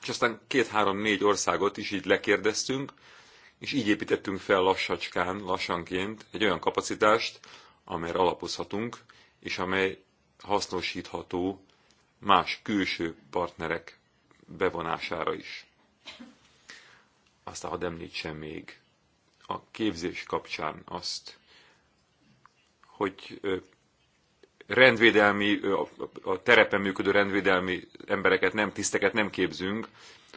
és aztán két-három-négy országot is így lekérdeztünk, és így építettünk fel lassacskán, lassanként egy olyan kapacitást, amelyre alapozhatunk, és amely hasznosítható más külső partnerek bevonására is. Aztán hadd említsem még a képzés kapcsán azt, hogy rendvédelmi, a terepen működő rendvédelmi embereket, nem tiszteket nem képzünk,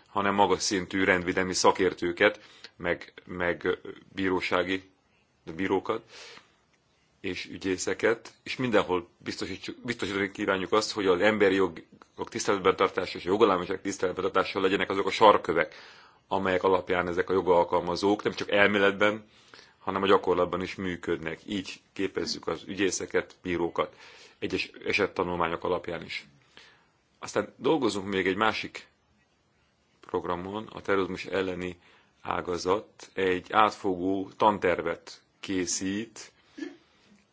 hanem magas szintű rendvédelmi szakértőket, meg, meg bírósági bírókat, és ügyészeket, és mindenhol biztosítani kívánjuk azt, hogy az emberi jogok tiszteletben tartása és jogalámaság tiszteletben tartása legyenek azok a sarkövek, amelyek alapján ezek a jogalkalmazók nem csak elméletben, hanem a gyakorlatban is működnek. Így képezzük az ügyészeket, bírókat, egyes esettanulmányok alapján is. Aztán dolgozunk még egy másik programon, a terrorizmus elleni ágazat egy átfogó tantervet készít,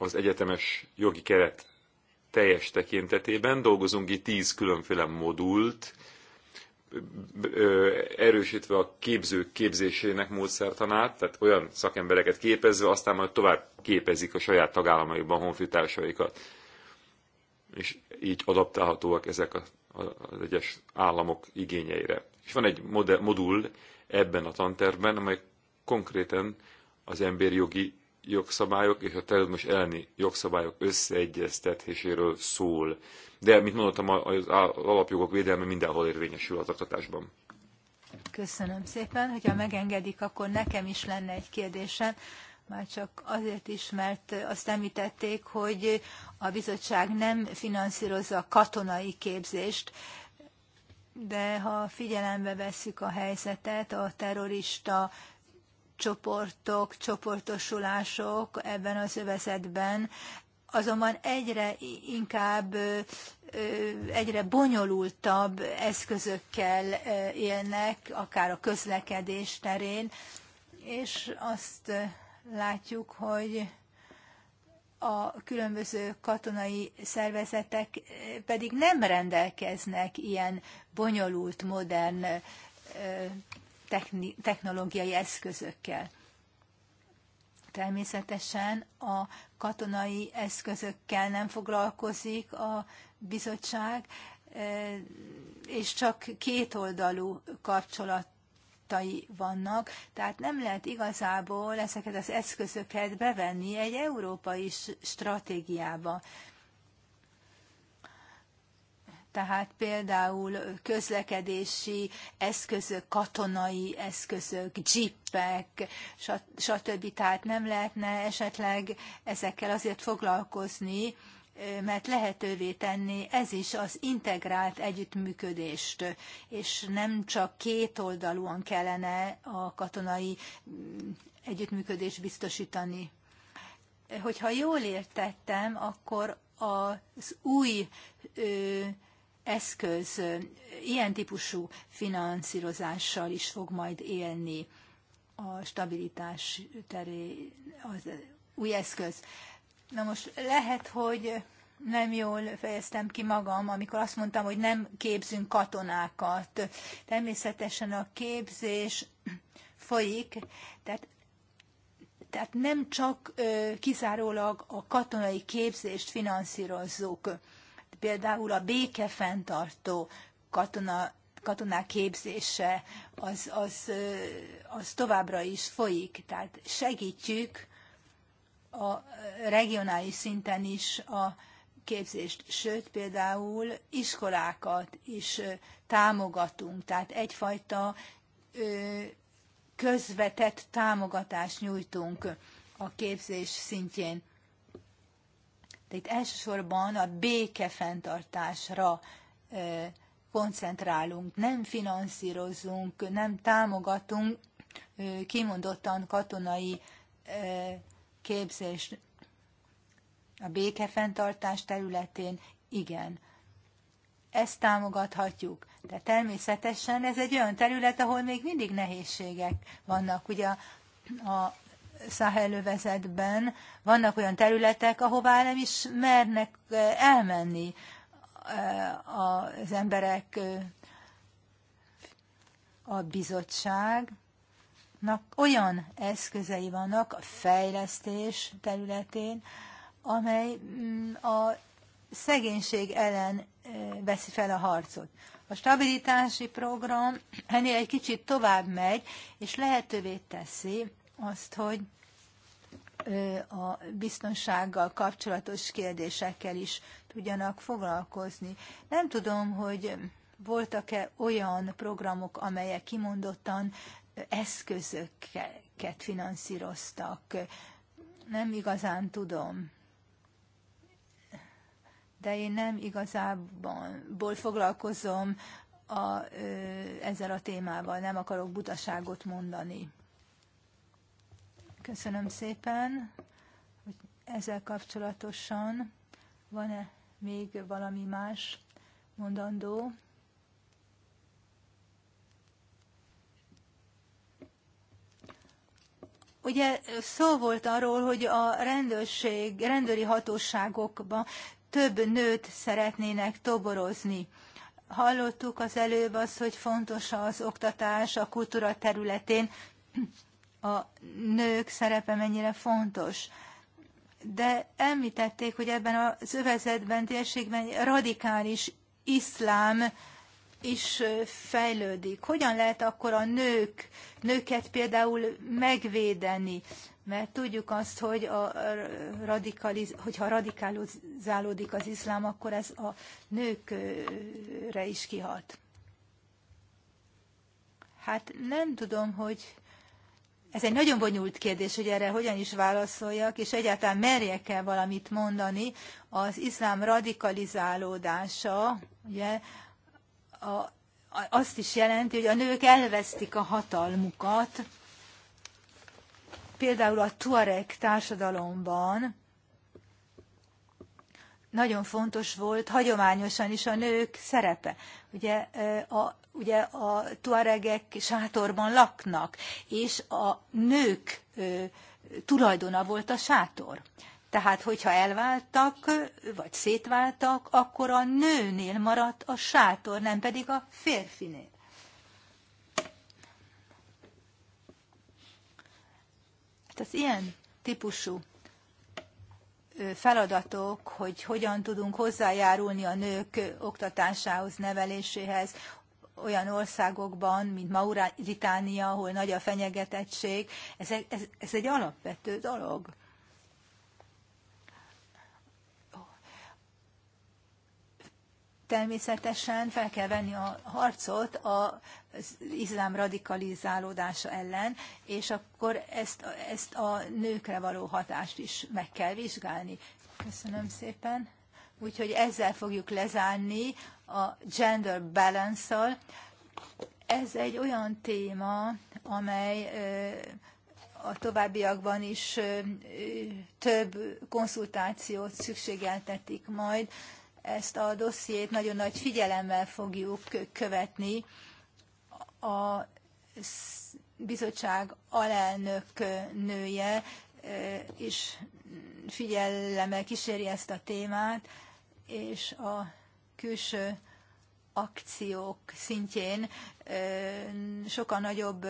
az egyetemes jogi keret teljes tekintetében. Dolgozunk itt tíz különféle modult, erősítve a képzők képzésének módszertanát, tehát olyan szakembereket képezve, aztán majd tovább képezik a saját tagállamaikban honfitársaikat. És így adaptálhatóak ezek az egyes államok igényeire. És van egy modul ebben a tanterben, amely konkrétan az emberi jogi jogszabályok és a terrorizmus elleni jogszabályok összeegyeztetéséről szól. De, mint mondottam, az alapjogok védelme mindenhol érvényesül az oktatásban. Köszönöm szépen. Hogyha megengedik, akkor nekem is lenne egy kérdésem. Már csak azért is, mert azt említették, hogy a bizottság nem finanszírozza a katonai képzést, de ha figyelembe vesszük a helyzetet, a terrorista csoportok, csoportosulások ebben az övezetben, azonban egyre inkább egyre bonyolultabb eszközökkel élnek, akár a közlekedés terén, és azt látjuk, hogy a különböző katonai szervezetek pedig nem rendelkeznek ilyen bonyolult, modern technológiai eszközökkel. Természetesen a katonai eszközökkel nem foglalkozik a bizottság, e, és csak kétoldalú kapcsolatai vannak, tehát nem lehet igazából ezeket az eszközöket bevenni egy európai stratégiába tehát például közlekedési eszközök, katonai eszközök, jeepek, stb. Tehát nem lehetne esetleg ezekkel azért foglalkozni, mert lehetővé tenni ez is az integrált együttműködést, és nem csak kétoldalúan kellene a katonai mm, együttműködést biztosítani. Hogyha jól értettem, akkor az új eszköz ilyen típusú finanszírozással is fog majd élni a stabilitás teré, az új eszköz. Na most lehet, hogy nem jól fejeztem ki magam, amikor azt mondtam, hogy nem képzünk katonákat. Természetesen a képzés folyik, tehát, tehát nem csak ö, kizárólag a katonai képzést finanszírozzuk például a békefenntartó katona, katonák képzése az, az, az továbbra is folyik. Tehát segítjük a regionális szinten is a képzést, sőt például iskolákat is támogatunk, tehát egyfajta közvetett támogatást nyújtunk a képzés szintjén de itt elsősorban a béke fenntartásra koncentrálunk, nem finanszírozunk, nem támogatunk kimondottan katonai képzést a békefenntartás területén, igen. Ezt támogathatjuk. De természetesen ez egy olyan terület, ahol még mindig nehézségek vannak. Ugye a Száhelővezetben vannak olyan területek, ahová nem is mernek eh, elmenni eh, az emberek eh, a bizottságnak olyan eszközei vannak a fejlesztés területén, amely mm, a szegénység ellen veszi fel a harcot. A stabilitási program ennél egy kicsit tovább megy, és lehetővé teszi azt, hogy a biztonsággal kapcsolatos kérdésekkel is tudjanak foglalkozni. Nem tudom, hogy voltak-e olyan programok, amelyek kimondottan eszközöket finanszíroztak. Nem igazán tudom. De én nem igazából foglalkozom a, ezzel a témával, nem akarok butaságot mondani. Köszönöm szépen, hogy ezzel kapcsolatosan van-e még valami más mondandó? Ugye szó volt arról, hogy a rendőrség, rendőri hatóságokba több nőt szeretnének toborozni. Hallottuk az előbb azt, hogy fontos az oktatás a kultúra területén a nők szerepe mennyire fontos. De említették, hogy ebben az övezetben, térségben radikális iszlám is fejlődik. Hogyan lehet akkor a nők, nőket például megvédeni? Mert tudjuk azt, hogy a radikaliz, hogyha radikalizálódik az iszlám, akkor ez a nőkre is kihat. Hát nem tudom, hogy ez egy nagyon bonyolult kérdés, hogy erre hogyan is válaszoljak, és egyáltalán merjek-e valamit mondani. Az iszlám radikalizálódása, ugye, a, azt is jelenti, hogy a nők elvesztik a hatalmukat. Például a Tuareg társadalomban nagyon fontos volt hagyományosan is a nők szerepe. Ugye a ugye a tuaregek sátorban laknak, és a nők tulajdona volt a sátor. Tehát, hogyha elváltak, vagy szétváltak, akkor a nőnél maradt a sátor, nem pedig a férfinél. Hát az ilyen típusú feladatok, hogy hogyan tudunk hozzájárulni a nők oktatásához, neveléséhez, olyan országokban, mint Mauritánia, ahol nagy a fenyegetettség. Ez egy, ez, ez egy alapvető dolog. Természetesen fel kell venni a harcot az izlám radikalizálódása ellen, és akkor ezt, ezt a nőkre való hatást is meg kell vizsgálni. Köszönöm szépen úgyhogy ezzel fogjuk lezárni a gender balance-szal. Ez egy olyan téma, amely a továbbiakban is több konszultációt szükségeltetik majd. Ezt a dossziét nagyon nagy figyelemmel fogjuk követni. A bizottság alelnök nője is figyelemmel kíséri ezt a témát, és a külső akciók szintjén sokkal nagyobb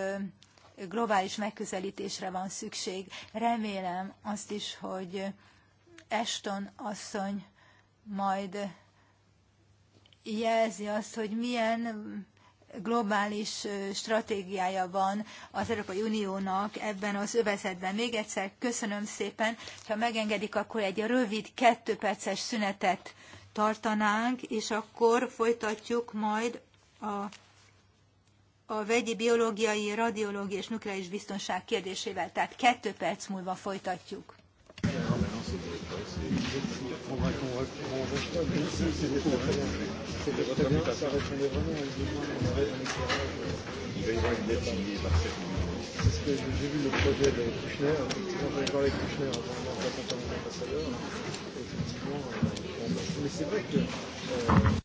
globális megközelítésre van szükség. Remélem azt is, hogy Eston asszony majd jelzi azt, hogy milyen globális stratégiája van az Európai Uniónak ebben az övezetben. Még egyszer köszönöm szépen, ha megengedik, akkor egy rövid kettőperces szünetet tartanánk, és akkor folytatjuk majd a, a vegyi, biológiai, radiológiai és nukleáris biztonság kérdésével. Tehát kettő perc múlva folytatjuk. Köszönöm. C'était très bien, ça répondait vraiment aux besoins qu'on avait dans l'éclairage. Il va y avoir une dette signée par cette C'est ce que j'ai vu le projet de Kouchner. Effectivement, j'avais parlé avec Kouchner avant de passer par mon ambassadeur. Effectivement, euh, mais c'est vrai que. Euh,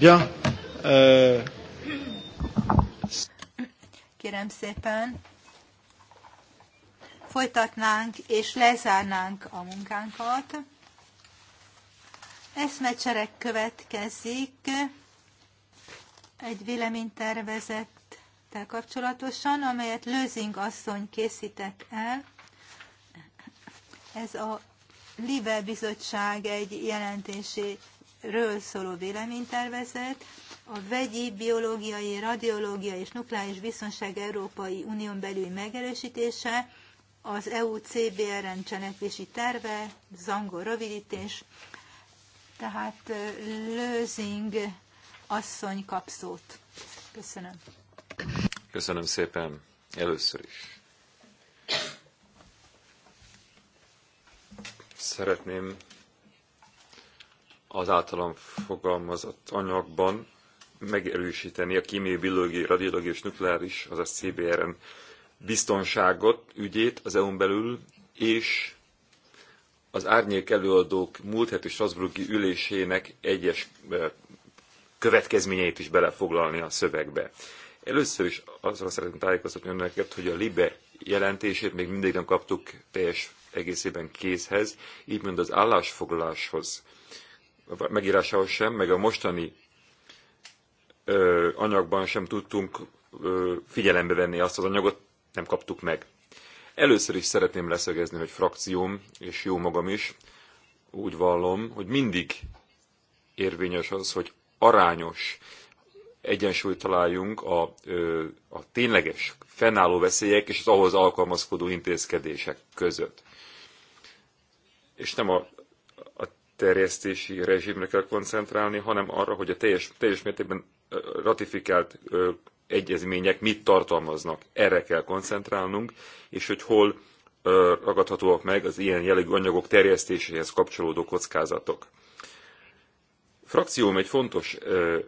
Bien. Euh... Kérem szépen, folytatnánk és lezárnánk a munkánkat. Eszmecserek következik egy véleménytervezettel kapcsolatosan, amelyet Lőzing asszony készített el. Ez a Live Bizottság egy jelentésé ről szóló véleménytervezet, a vegyi, biológiai, radiológiai és nukleáris biztonság Európai Unión belüli megerősítése, az EU CBRN cselekvési terve, zangol rövidítés, tehát Lőzing asszony kapszót. Köszönöm. Köszönöm szépen először is. Szeretném az általam fogalmazott anyagban megerősíteni a kémiai, biológiai, radiológiai és nukleáris, azaz CBRN biztonságot, ügyét az EU-n belül, és az árnyék előadók múlt heti Strasburgi ülésének egyes eh, következményeit is belefoglalni a szövegbe. Először is azra szeretném tájékoztatni önöket, hogy a LIBE jelentését még mindig nem kaptuk teljes egészében kézhez, így mond az állásfoglaláshoz megírásához sem, meg a mostani ö, anyagban sem tudtunk ö, figyelembe venni azt az anyagot, nem kaptuk meg. Először is szeretném leszögezni, hogy frakcióm, és jó magam is, úgy vallom, hogy mindig érvényes az, hogy arányos egyensúlyt találjunk a, a tényleges fennálló veszélyek és az ahhoz alkalmazkodó intézkedések között. És nem a terjesztési rezsimre kell koncentrálni, hanem arra, hogy a teljes, teljes mértékben ratifikált ö, egyezmények mit tartalmaznak. Erre kell koncentrálnunk, és hogy hol ö, ragadhatóak meg az ilyen jellegű anyagok terjesztéséhez kapcsolódó kockázatok. Frakcióm egy fontos ö,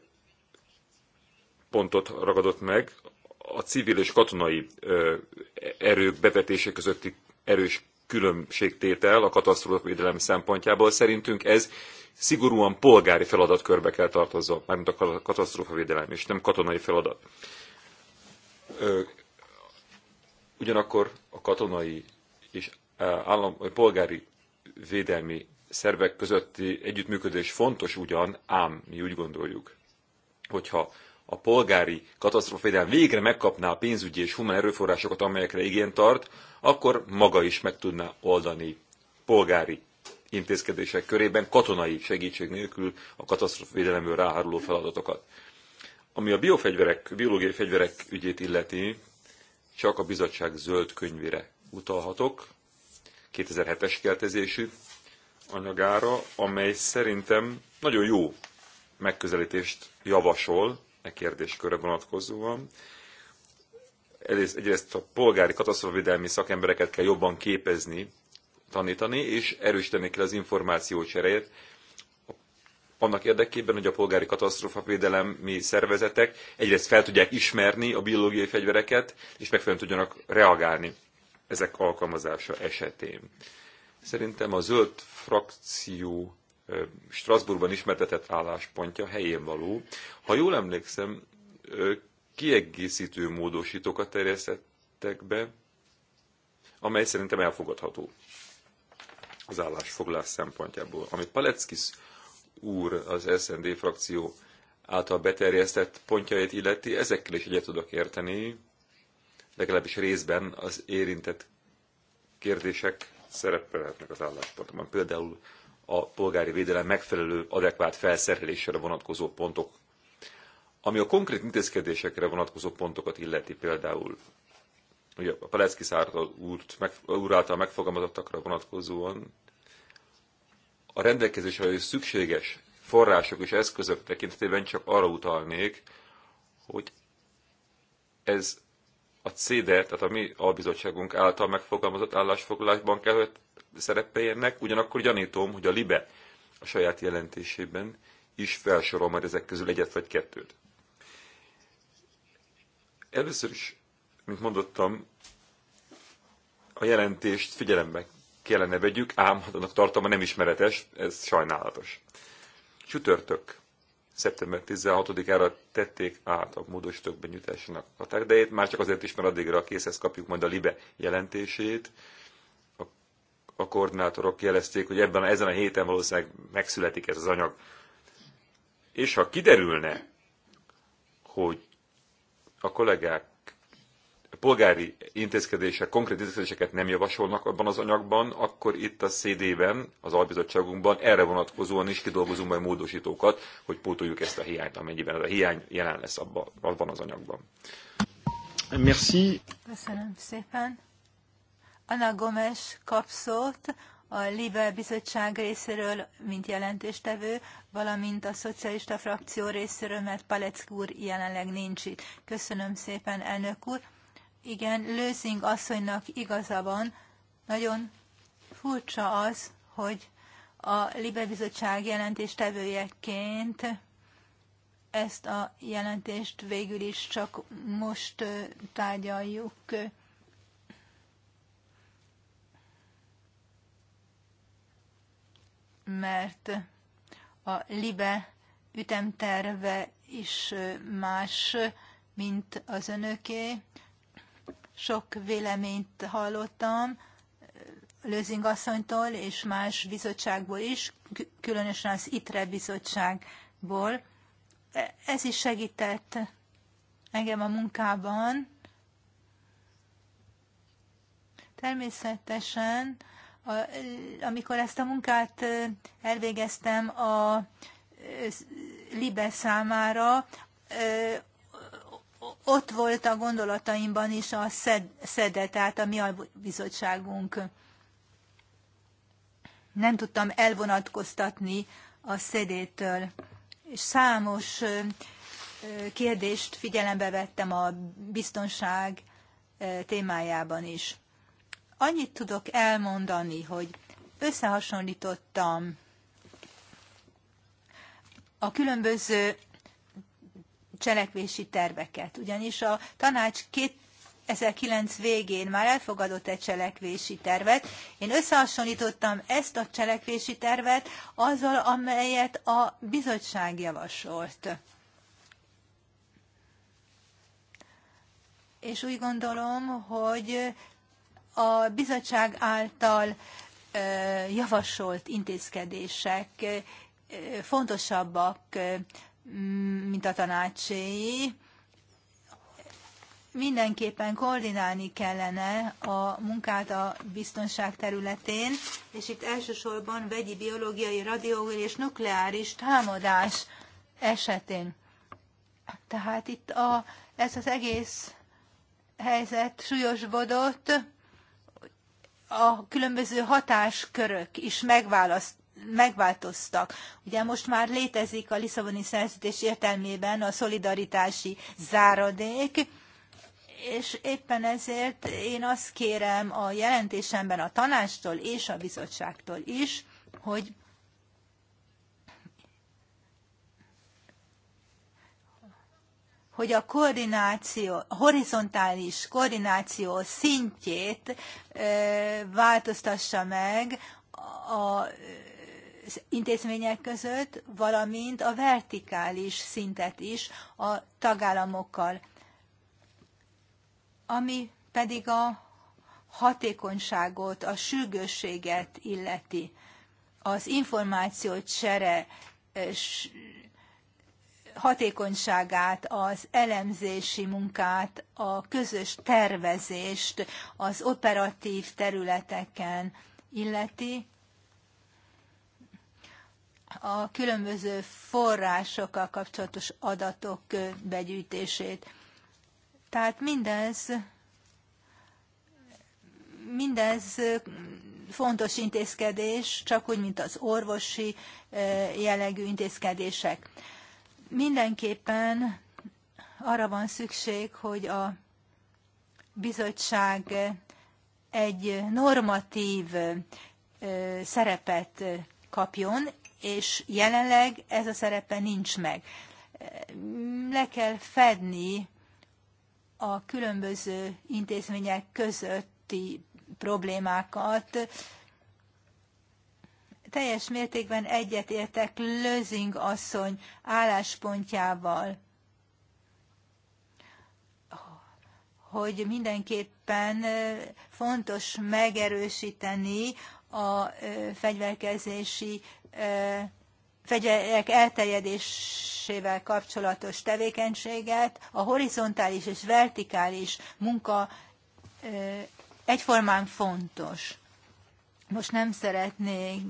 pontot ragadott meg, a civil és katonai erők bevetése közötti erős különbségtétel a katasztrófavédelem szempontjából. Szerintünk ez szigorúan polgári feladatkörbe kell tartozzon, mármint a katasztrófavédelem, és nem katonai feladat. Ugyanakkor a katonai és állam, polgári védelmi szervek közötti együttműködés fontos ugyan, ám mi úgy gondoljuk, hogyha a polgári katasztrófavédelem végre megkapná a pénzügyi és humán erőforrásokat, amelyekre igény tart, akkor maga is meg tudná oldani polgári intézkedések körében katonai segítség nélkül a katasztrófavédelemből ráháruló feladatokat. Ami a biofegyverek, biológiai fegyverek ügyét illeti, csak a bizottság zöld könyvére utalhatok, 2007-es keltezésű anyagára, amely szerintem nagyon jó megközelítést javasol e kérdéskörre vonatkozóan. Egyrészt a polgári katasztrofavédelmi szakembereket kell jobban képezni, tanítani, és erősíteni kell az információ cserét, annak érdekében, hogy a polgári katasztrófavédelemi szervezetek egyrészt fel tudják ismerni a biológiai fegyvereket, és megfelelően tudjanak reagálni ezek alkalmazása esetén. Szerintem a zöld frakció Strasbourgban ismertetett álláspontja helyén való. Ha jól emlékszem, kiegészítő módosítókat terjesztettek be, amely szerintem elfogadható az állásfoglás szempontjából. Ami Paleckis úr az SND frakció által beterjesztett pontjait illeti, ezekkel is egyet tudok érteni, legalábbis részben az érintett kérdések szerepelhetnek az álláspontban. Például a polgári védelem megfelelő adekvát felszerelésére vonatkozó pontok. Ami a konkrét intézkedésekre vonatkozó pontokat illeti például, ugye a Palecki Szártal úrt, meg, úr által megfogalmazottakra vonatkozóan, a rendelkezésre szükséges források és eszközök tekintetében csak arra utalnék, hogy ez a CEDE, tehát a mi albizottságunk által megfogalmazott állásfoglalásban kell, szerepeljenek, ugyanakkor gyanítom, hogy a LIBE a saját jelentésében is felsorol majd ezek közül egyet vagy kettőt. Először is, mint mondottam, a jelentést figyelembe kellene vegyük, ám hát annak tartalma nem ismeretes, ez sajnálatos. Csütörtök, szeptember 16-ára tették át a módosítók benyújtásának határidejét, már csak azért is, mert addigra készhez kapjuk majd a LIBE jelentését, a koordinátorok jelezték, hogy ebben ezen a héten valószínűleg megszületik ez az anyag. És ha kiderülne, hogy a kollégák polgári intézkedések, konkrét intézkedéseket nem javasolnak abban az anyagban, akkor itt a CD-ben, az albizottságunkban erre vonatkozóan is kidolgozunk majd módosítókat, hogy pótoljuk ezt a hiányt, amennyiben ez a hiány jelen lesz abban, abban az anyagban. Merci. Köszönöm szépen. Anna Gomes kapszót a Libe bizottság részéről, mint jelentéstevő, valamint a szocialista frakció részéről, mert Palec úr jelenleg nincs itt. Köszönöm szépen, elnök úr. Igen, Lőzing asszonynak igaza van, nagyon furcsa az, hogy a Libe bizottság jelentéstevőjeként ezt a jelentést végül is csak most tárgyaljuk mert a libe ütemterve is más, mint az önöké. Sok véleményt hallottam Lőzing asszonytól és más bizottságból is, különösen az ITRE bizottságból. E-, ez is segített engem a munkában. Természetesen a, amikor ezt a munkát elvégeztem a Libe számára, ott volt a gondolataimban is a szede, tehát a mi a bizottságunk. Nem tudtam elvonatkoztatni a szedétől, és számos kérdést figyelembe vettem a biztonság témájában is. Annyit tudok elmondani, hogy összehasonlítottam a különböző cselekvési terveket. Ugyanis a tanács 2009 végén már elfogadott egy cselekvési tervet. Én összehasonlítottam ezt a cselekvési tervet azzal, amelyet a bizottság javasolt. És úgy gondolom, hogy a bizottság által javasolt intézkedések fontosabbak, mint a tanácséi. Mindenképpen koordinálni kellene a munkát a biztonság területén, és itt elsősorban vegyi, biológiai, radiói és nukleáris támadás esetén. Tehát itt a, ez az egész helyzet súlyosbodott, a különböző hatáskörök is megválaszt, megváltoztak. Ugye most már létezik a Lisszaboni szerződés értelmében a szolidaritási záradék, és éppen ezért én azt kérem a jelentésemben a tanástól és a bizottságtól is, hogy hogy a koordináció, a horizontális koordináció szintjét változtassa meg a intézmények között, valamint a vertikális szintet is a tagállamokkal, ami pedig a hatékonyságot, a sürgősséget illeti. Az csere hatékonyságát, az elemzési munkát, a közös tervezést az operatív területeken illeti, a különböző forrásokkal kapcsolatos adatok begyűjtését. Tehát mindez, mindez fontos intézkedés, csak úgy, mint az orvosi eh, jellegű intézkedések. Mindenképpen arra van szükség, hogy a bizottság egy normatív szerepet kapjon, és jelenleg ez a szerepe nincs meg. Le kell fedni a különböző intézmények közötti problémákat, teljes mértékben egyetértek Lözing asszony álláspontjával, hogy mindenképpen fontos megerősíteni a fegyverkezési fegyverek elterjedésével kapcsolatos tevékenységet, a horizontális és vertikális munka egyformán fontos. Most nem szeretnék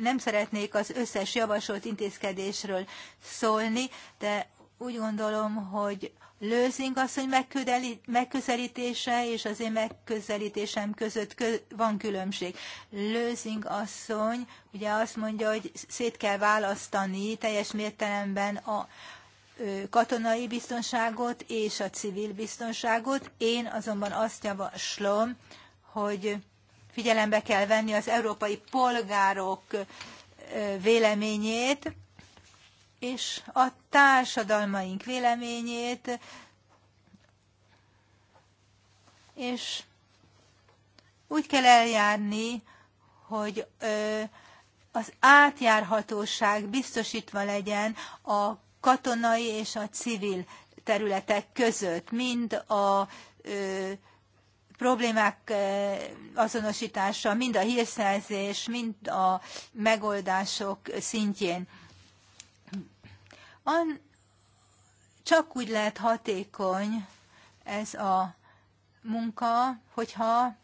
nem szeretnék az összes javasolt intézkedésről szólni, de úgy gondolom, hogy Lőzing asszony megközelítése és az én megközelítésem között van különbség. Lőzing asszony ugye azt mondja, hogy szét kell választani teljes mértelemben a katonai biztonságot és a civil biztonságot. Én azonban azt javaslom, hogy figyelembe kell venni az európai polgárok véleményét, és a társadalmaink véleményét, és úgy kell eljárni, hogy az átjárhatóság biztosítva legyen a katonai és a civil területek között, mind a problémák eh, azonosítása mind a hírszerzés, mind a megoldások szintjén. An, csak úgy lehet hatékony ez a munka, hogyha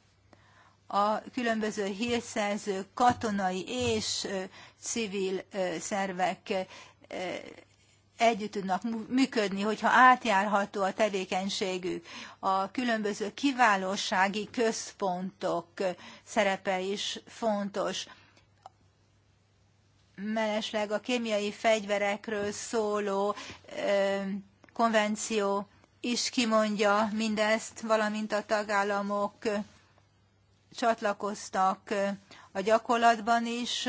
a különböző hírszerzők, katonai és eh, civil eh, szervek együtt tudnak működni, hogyha átjárható a tevékenységük. A különböző kiválósági központok szerepe is fontos. Mellesleg a kémiai fegyverekről szóló ö, konvenció is kimondja mindezt, valamint a tagállamok csatlakoztak a gyakorlatban is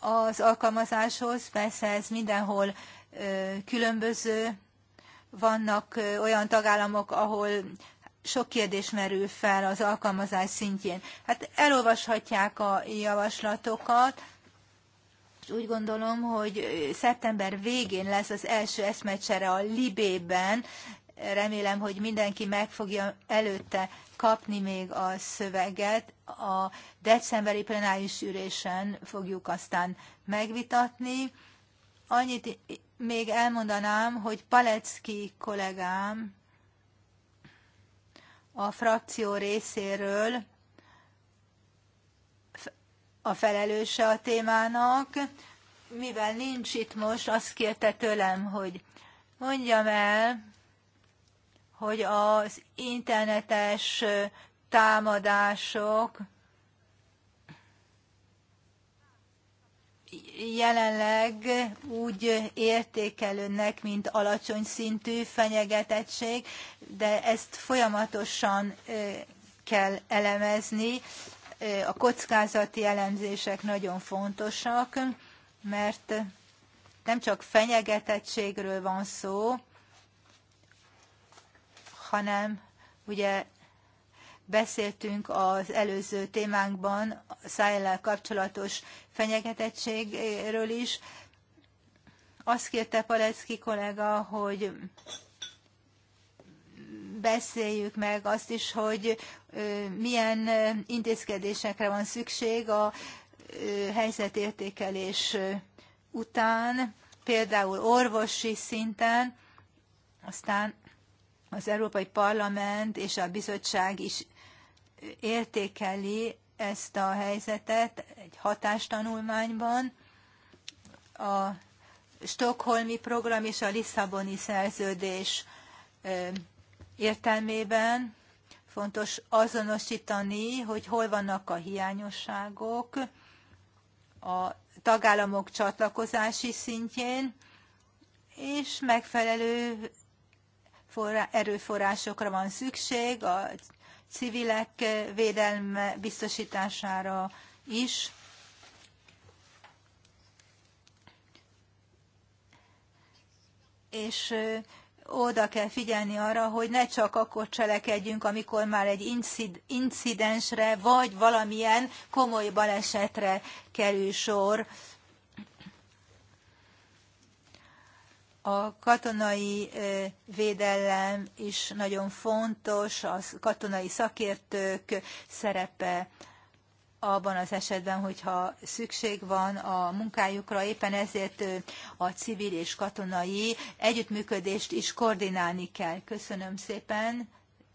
az alkalmazáshoz. Persze ez mindenhol különböző. Vannak olyan tagállamok, ahol sok kérdés merül fel az alkalmazás szintjén. Hát elolvashatják a javaslatokat, és úgy gondolom, hogy szeptember végén lesz az első eszmecsere a Libében. Remélem, hogy mindenki meg fogja előtte kapni még a szöveget. A decemberi plenáris ülésen fogjuk aztán megvitatni. Annyit még elmondanám, hogy Palecki kollégám a frakció részéről a felelőse a témának. Mivel nincs itt most, azt kérte tőlem, hogy mondjam el, hogy az internetes támadások jelenleg úgy értékelőnek, mint alacsony szintű fenyegetettség, de ezt folyamatosan kell elemezni. A kockázati elemzések nagyon fontosak, mert nem csak fenyegetettségről van szó, hanem ugye beszéltünk az előző témánkban szájlel kapcsolatos fenyegetettségről is. Azt kérte Palecki kollega, hogy beszéljük meg azt is, hogy milyen intézkedésekre van szükség a helyzetértékelés után, például orvosi szinten, aztán az Európai Parlament és a bizottság is értékeli ezt a helyzetet, egy hatástanulmányban a Stockholmi program és a Lisszaboni szerződés értelmében fontos azonosítani, hogy hol vannak a hiányosságok a tagállamok csatlakozási szintjén, és megfelelő erőforrásokra van szükség a civilek védelme biztosítására is. és oda kell figyelni arra, hogy ne csak akkor cselekedjünk, amikor már egy incidensre vagy valamilyen komoly balesetre kerül sor. A katonai védelem is nagyon fontos, a katonai szakértők szerepe abban az esetben, hogyha szükség van a munkájukra, éppen ezért a civil és katonai együttműködést is koordinálni kell. Köszönöm szépen,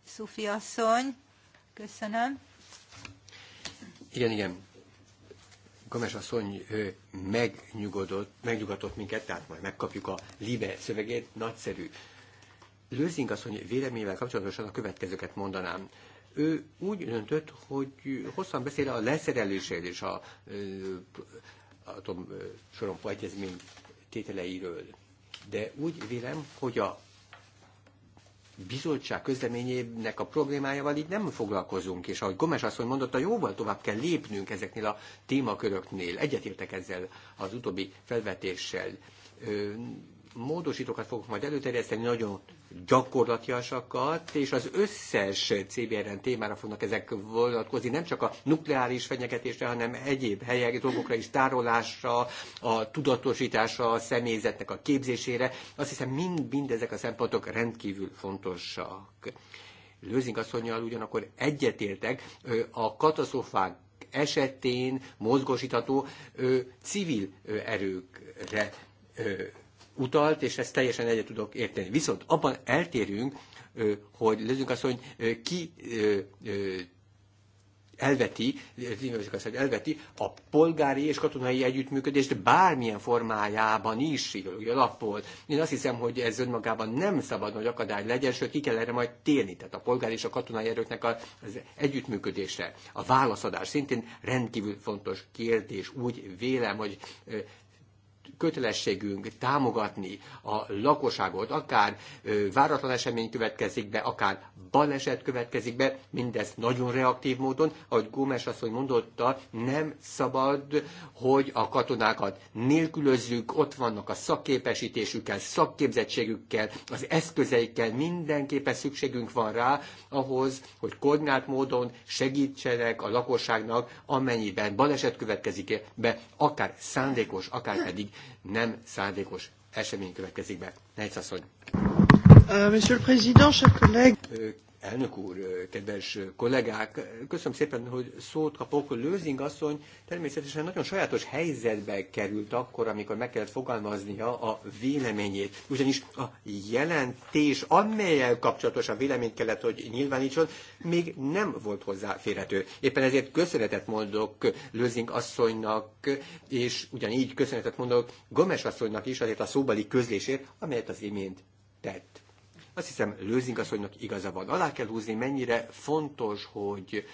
Szufi asszony. Köszönöm. Igen, igen. Gomes asszony megnyugodott, megnyugatott minket, tehát majd megkapjuk a libe szövegét, nagyszerű. Lőzing asszony véleményével kapcsolatosan a következőket mondanám ő úgy döntött, hogy hosszan beszél a leszerelésről és a atomsorompó egyezmény tételeiről. De úgy vélem, hogy a bizottság közleményének a problémájával így nem foglalkozunk, és ahogy Gomes asszony mondotta, jóval tovább kell lépnünk ezeknél a témaköröknél. Egyetértek ezzel az utóbbi felvetéssel módosítókat fogok majd előterjeszteni, nagyon gyakorlatiasakat, és az összes CBRN témára fognak ezek vonatkozni, nem csak a nukleáris fenyegetésre, hanem egyéb helyek, dolgokra is, tárolásra, a tudatosításra, a személyzetnek a képzésére. Azt hiszem, mind, mind ezek a szempontok rendkívül fontosak. Lőzing asszonyjal ugyanakkor egyetértek, a katasztrofák esetén mozgósítható ö, civil ö, erőkre ö, utalt, és ezt teljesen egyet tudok érteni. Viszont abban eltérünk, hogy legyünk azt, hogy ki elveti, elveti a polgári és katonai együttműködést bármilyen formájában is, ideológia lappol. Én azt hiszem, hogy ez önmagában nem szabad nagy akadály legyen, sőt ki kell erre majd térni, tehát a polgári és a katonai erőknek az együttműködésre. A válaszadás szintén rendkívül fontos kérdés, úgy vélem, hogy kötelességünk támogatni a lakosságot, akár váratlan esemény következik be, akár baleset következik be, mindez nagyon reaktív módon, ahogy Gómez asszony mondotta, nem szabad, hogy a katonákat nélkülözzük, ott vannak a szakképesítésükkel, szakképzettségükkel, az eszközeikkel, mindenképpen szükségünk van rá ahhoz, hogy koordinált módon segítsenek a lakosságnak, amennyiben baleset következik be, akár szándékos, akár pedig nem szándékos esemény következik be. Nejc asszony. Euh, Monsieur le Président, chers collègues. Elnök úr, kedves kollégák, köszönöm szépen, hogy szót kapok. Lőzing asszony természetesen nagyon sajátos helyzetbe került akkor, amikor meg kellett fogalmaznia a véleményét. Ugyanis a jelentés, amelyel kapcsolatos a véleményt kellett, hogy nyilvánítson, még nem volt hozzáférhető. Éppen ezért köszönetet mondok Lőzing asszonynak, és ugyanígy köszönetet mondok Gomes asszonynak is azért a szóbeli közlésért, amelyet az imént tett. Azt hiszem, Lőzing asszonynak igaza van. Alá kell húzni, mennyire fontos, hogy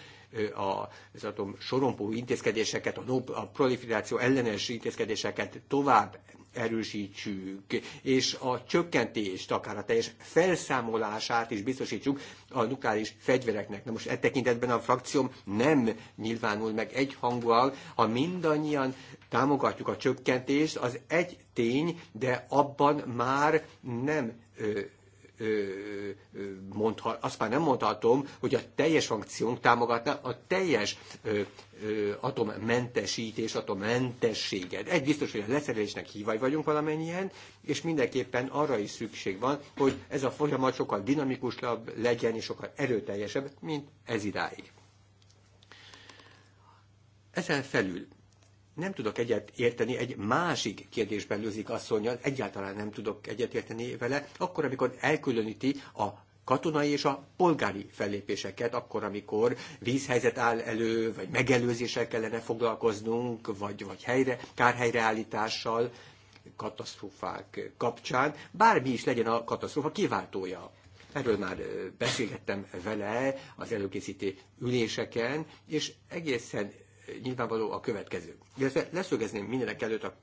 a, az atom sorompó intézkedéseket, a, no, a proliferáció ellenes intézkedéseket tovább erősítsük, és a csökkentést, akár a teljes felszámolását is biztosítsuk a nukleáris fegyvereknek. Na most e tekintetben a frakcióm nem nyilvánul meg egy hangúal, ha mindannyian támogatjuk a csökkentést, az egy tény, de abban már nem ö, mondha, azt már nem mondhatom, hogy a teljes funkciónk támogatná a teljes atommentesítés, atommentességet. Egy biztos, hogy a leszerelésnek hívai vagyunk valamennyien, és mindenképpen arra is szükség van, hogy ez a folyamat sokkal dinamikusabb legyen, és sokkal erőteljesebb, mint ez idáig. Ezen felül nem tudok egyet érteni egy másik kérdésben lőzik asszonyjal, egyáltalán nem tudok egyet érteni vele, akkor, amikor elkülöníti a katonai és a polgári fellépéseket, akkor, amikor vízhelyzet áll elő, vagy megelőzéssel kellene foglalkoznunk, vagy, vagy helyre, kárhelyreállítással, katasztrófák kapcsán, bármi is legyen a katasztrófa kiváltója. Erről már beszélgettem vele az előkészítő üléseken, és egészen nyilvánvaló a következő. Illetve leszögezném mindenek előtt a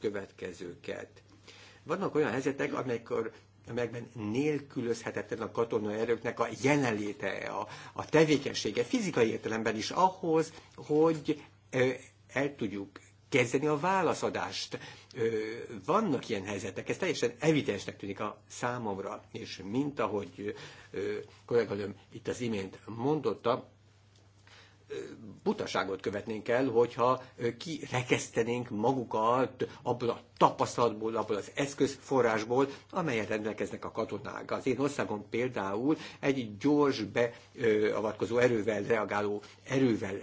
következőket. Vannak olyan helyzetek, amikor amelyekben nélkülözhetetlen a katonai erőknek a jelenléte, a, a tevékenysége fizikai értelemben is ahhoz, hogy ö, el tudjuk kezdeni a válaszadást. Ö, vannak ilyen helyzetek, ez teljesen evidensnek tűnik a számomra, és mint ahogy ö, kollégalőm itt az imént mondotta, butaságot követnénk el, hogyha kirekesztenénk magukat abból a tapasztalatból, abból az eszközforrásból, amelyet rendelkeznek a katonák. Az én országom például egy gyors beavatkozó erővel reagáló erővel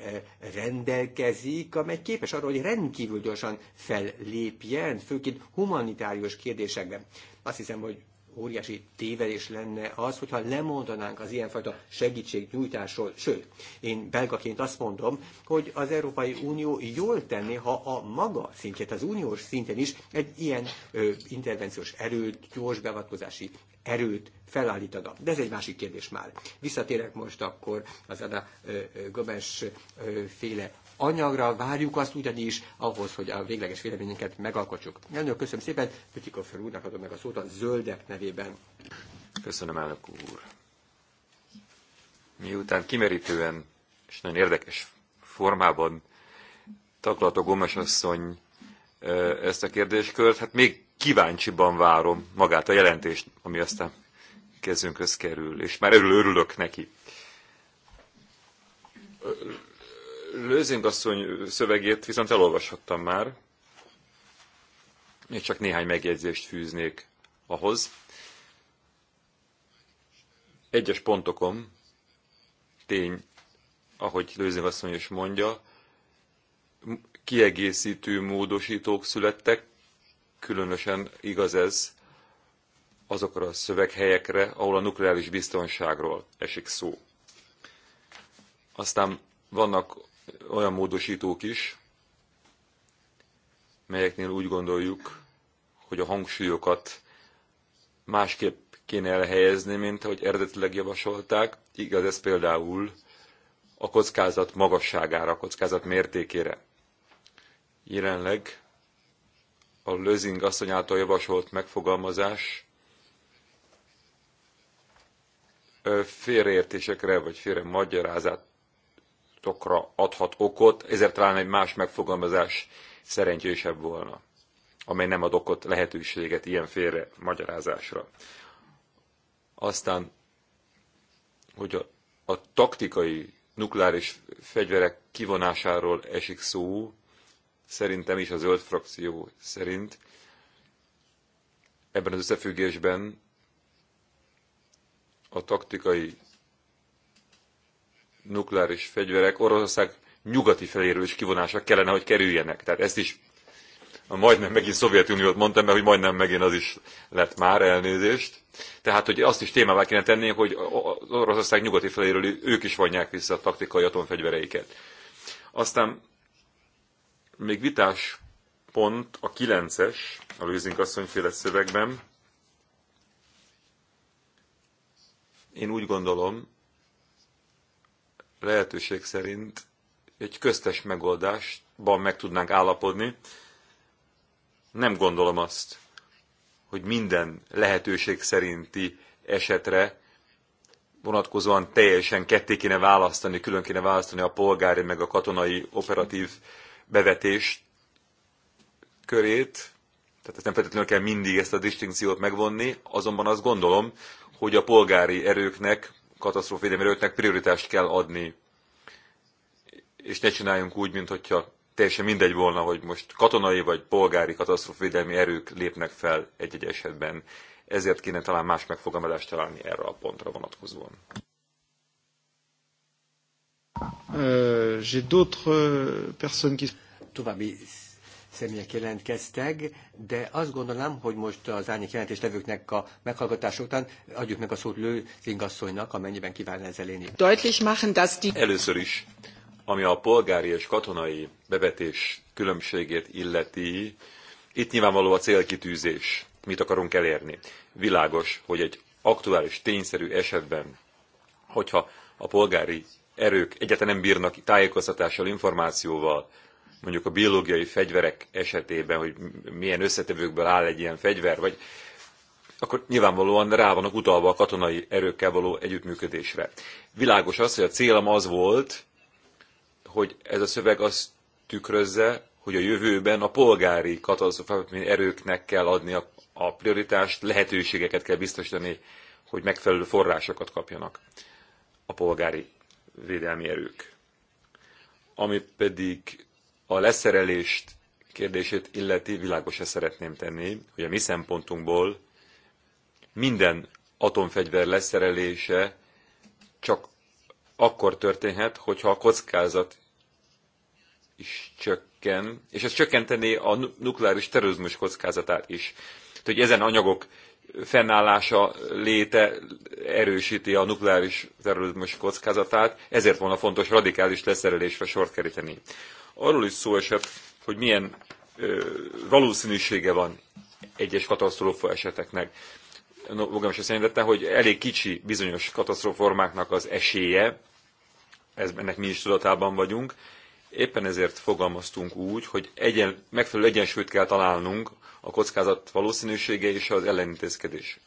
rendelkezik, amely képes arra, hogy rendkívül gyorsan fellépjen, főként humanitárius kérdésekben. Azt hiszem, hogy óriási tévedés lenne az, hogyha lemondanánk az ilyenfajta segítségnyújtásról. Sőt, én belgaként azt mondom, hogy az Európai Unió jól tenné, ha a maga szintjét, az uniós szinten is egy ilyen ö, intervenciós erőt, gyors beavatkozási erőt felállítana. De ez egy másik kérdés már. Visszatérek most akkor az Ada Gomes féle anyagra várjuk azt ugyanis ahhoz, hogy a végleges véleményeket megalkotsuk. Nagyon köszönöm szépen, Pütikofer úrnak adom meg a szót a zöldek nevében. Köszönöm, elnök úr. Miután kimerítően és nagyon érdekes formában taglalta Gomes asszony ezt a kérdéskört, hát még kíváncsiban várom magát a jelentést, ami aztán kezünk kerül, és már örül, örülök neki Lőzing asszony szövegét viszont elolvashattam már. Én csak néhány megjegyzést fűznék ahhoz. Egyes pontokon tény, ahogy Lőzing asszony is mondja, kiegészítő módosítók születtek, különösen igaz ez azokra a szöveghelyekre, ahol a nukleáris biztonságról esik szó. Aztán vannak olyan módosítók is, melyeknél úgy gondoljuk, hogy a hangsúlyokat másképp kéne elhelyezni, mint ahogy eredetileg javasolták. Igaz ez például a kockázat magasságára, a kockázat mértékére. Jelenleg a Lözing asszony által javasolt megfogalmazás félreértésekre vagy félre magyarázat tokra adhat okot, ezért talán egy más megfogalmazás szerencsésebb volna, amely nem ad okot lehetőséget ilyen félre magyarázásra. Aztán, hogy a, a taktikai nukleáris fegyverek kivonásáról esik szó, szerintem is a zöld frakció szerint, ebben az összefüggésben a taktikai nukleáris fegyverek Oroszország nyugati feléről is kivonása kellene, hogy kerüljenek. Tehát ezt is a majdnem megint Szovjetuniót mondtam, mert hogy majdnem megint az is lett már elnézést. Tehát, hogy azt is témává kéne tenni, hogy az Oroszország nyugati feléről ők is vonják vissza a taktikai atomfegyvereiket. Aztán még vitás pont a 9-es, a Lőzink asszonyféle szövegben. Én úgy gondolom, lehetőség szerint egy köztes megoldásban meg tudnánk állapodni. Nem gondolom azt, hogy minden lehetőség szerinti esetre vonatkozóan teljesen ketté kéne választani, külön kéne választani a polgári meg a katonai operatív bevetés körét, tehát ezt nem feltétlenül kell mindig ezt a distinkciót megvonni, azonban azt gondolom, hogy a polgári erőknek erőknek prioritást kell adni, és ne csináljunk úgy, mintha teljesen mindegy volna, hogy most katonai vagy polgári katasztrófavédelmi erők lépnek fel egy-egy esetben. Ezért kéne talán más megfogalmazást találni erre a pontra vonatkozóan. Uh, J'ai d'autres euh, personnes qui... További személyek jelentkeztek, de azt gondolom, hogy most az árnyék jelentéstevőknek a meghallgatás után adjuk meg a szót Lő asszonynak, amennyiben kíván ezzel élni. Először is, ami a polgári és katonai bevetés különbségét illeti, itt nyilvánvaló a célkitűzés, mit akarunk elérni. Világos, hogy egy aktuális, tényszerű esetben, hogyha a polgári erők egyáltalán nem bírnak tájékoztatással, információval, mondjuk a biológiai fegyverek esetében, hogy milyen összetevőkből áll egy ilyen fegyver, vagy akkor nyilvánvalóan rá vannak utalva a katonai erőkkel való együttműködésre. Világos az, hogy a célom az volt, hogy ez a szöveg azt tükrözze, hogy a jövőben a polgári katasztrofákmin erőknek kell adni a, a prioritást, lehetőségeket kell biztosítani, hogy megfelelő forrásokat kapjanak a polgári védelmi erők. Ami pedig a leszerelést kérdését illeti világosra szeretném tenni, hogy a mi szempontunkból minden atomfegyver leszerelése csak akkor történhet, hogyha a kockázat is csökken, és ez csökkentené a nukleáris terrorizmus kockázatát is. Tehát, hogy ezen anyagok fennállása, léte erősíti a nukleáris terrorizmus kockázatát, ezért volna fontos radikális leszerelésre sort keríteni arról is szó esett, hogy milyen ö, valószínűsége van egyes katasztrófa eseteknek. No, magam is szerintem, hogy elég kicsi bizonyos katasztróformáknak az esélye, ez, ennek mi is tudatában vagyunk, éppen ezért fogalmaztunk úgy, hogy egyen, megfelelő egyensúlyt kell találnunk a kockázat valószínűsége és az ellenintézkedés